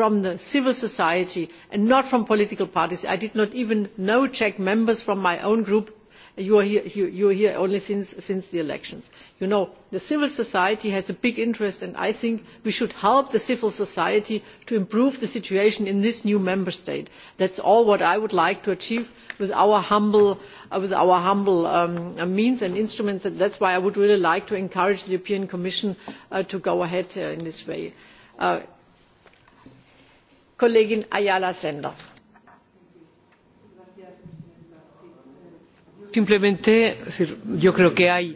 from civil society and not from political parties. i did not even know czech members from my own group you are here, you are here only since, since the elections. you know civil society has a big interest and i think we should help civil society to improve the situation in this new member state. that is all that i would like to achieve with our humble, uh, with our humble um, means and instruments and that is why i would really like to encourage the european commission uh, to go ahead uh, in this way. Uh, kollegin ayala sender. simplemente yo creo que hay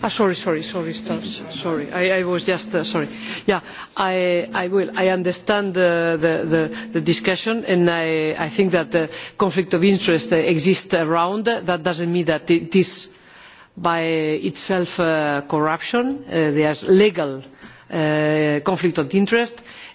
Ah, sorry, sorry, sorry, sorry. I, I was just uh, sorry. Yeah, I, I will. I understand the, the, the, the discussion, and I, I think that the conflict of interest exists around. That doesn't mean that it is by itself uh, corruption. Uh, there's legal uh, conflict of interest. Uh,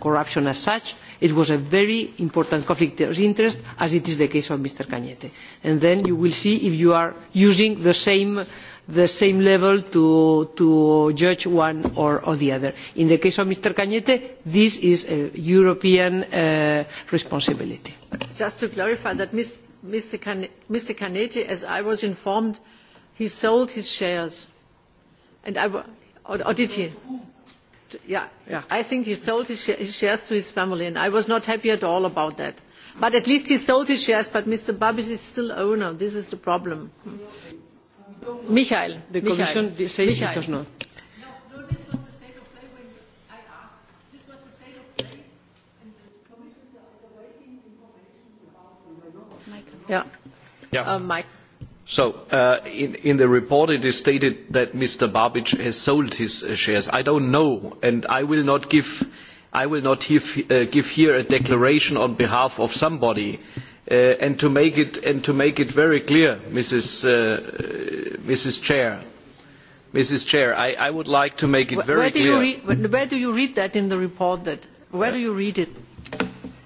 corruption as such it was a very important conflict of interest as is the case of mr caete and then you will see if you are using the same, the same level to, to judge one or, or the other. in the case of mr caete this is a european uh, responsibility. just to clarify that Ms, mr caete as i was informed he sold his shares and I, or, or did he? yeah, yeah. I think he sold his, sh his shares to his family, and I was not happy at all about that. But at least he sold his shares, but Mr. Babis is still owner. This is the problem. Michael. The Michael. Commission says Michael. it does not. Yeah. Yeah. Uh, Mike. So uh, in, in the report it is stated that Mr. Babic has sold his uh, shares. I don't know, and I will not give, I will not give, uh, give here a declaration on behalf of somebody. Uh, and to make it and to make it very clear, Mrs. Uh, uh Mrs. Chair, Mrs. Chair, I, I would like to make it where, very where do clear. You read, where do you read that in the report? That where uh, do you read it?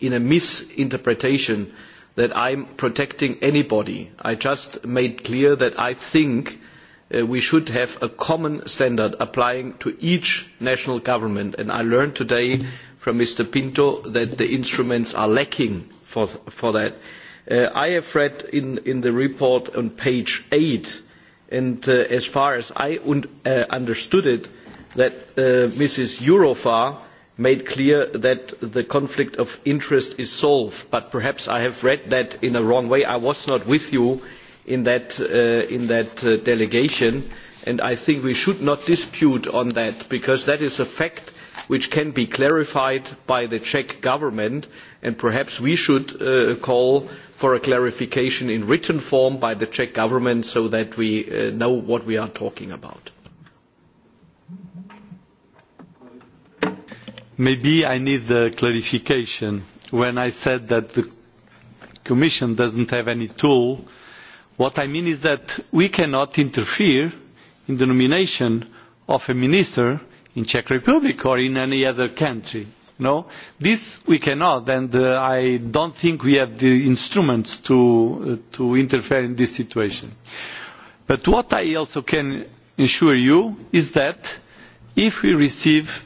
in a misinterpretation that I'm protecting anybody. I just made clear that I think uh, we should have a common standard applying to each national government. And I learned today from Mr. Pinto that the instruments are lacking for, for that. Uh, I have read in, in the report on page 8, and uh, as far as I un- uh, understood it, that uh, Mrs. Eurofar made clear that the conflict of interest is solved but perhaps i have read that in a wrong way. i was not with you in that, uh, in that uh, delegation and i think we should not dispute on that because that is a fact which can be clarified by the czech government and perhaps we should uh, call for a clarification in written form by the czech government so that we uh, know what we are talking about. maybe i need clarification when i said that the commission does not have any tool what i mean is that we cannot interfere in the nomination of a minister in the czech republic or in any other country. No, this we cannot and uh, i do not think we have the instruments to, uh, to interfere in this situation. but what i also can assure you is that if we receive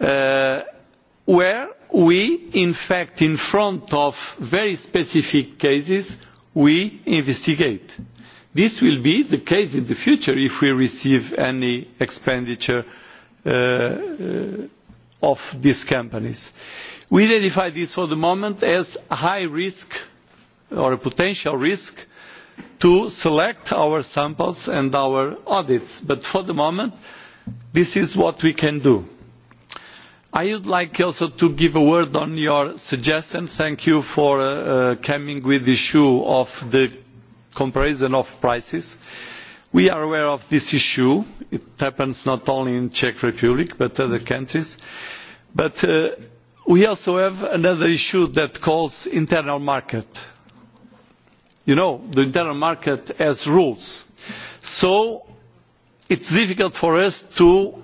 uh, where we in fact in front of very specific cases we investigate. This will be the case in the future if we receive any expenditure uh, uh, of these companies. We identify this for the moment as a high risk or a potential risk to select our samples and our audits. But for the moment, this is what we can do I would like also to give a word on your suggestion. Thank you for uh, uh, coming with the issue of the comparison of prices. We are aware of this issue. It happens not only in Czech Republic but other countries. But uh, we also have another issue that calls internal market. You know, the internal market has rules. So it's difficult for us to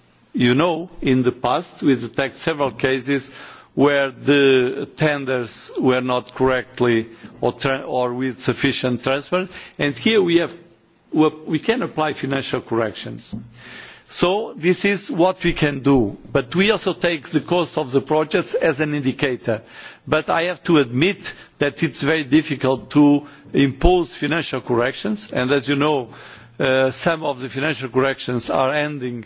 you know in the past we detect several cases where the tenders were not correctly or, or with sufficient transfer and here we, have, we can apply financial corrections. so this is what we can do but we also take the cost of the projects as an indicator but i have to admit that it is very difficult to impose financial corrections and as you know uh, some of the financial corrections are ending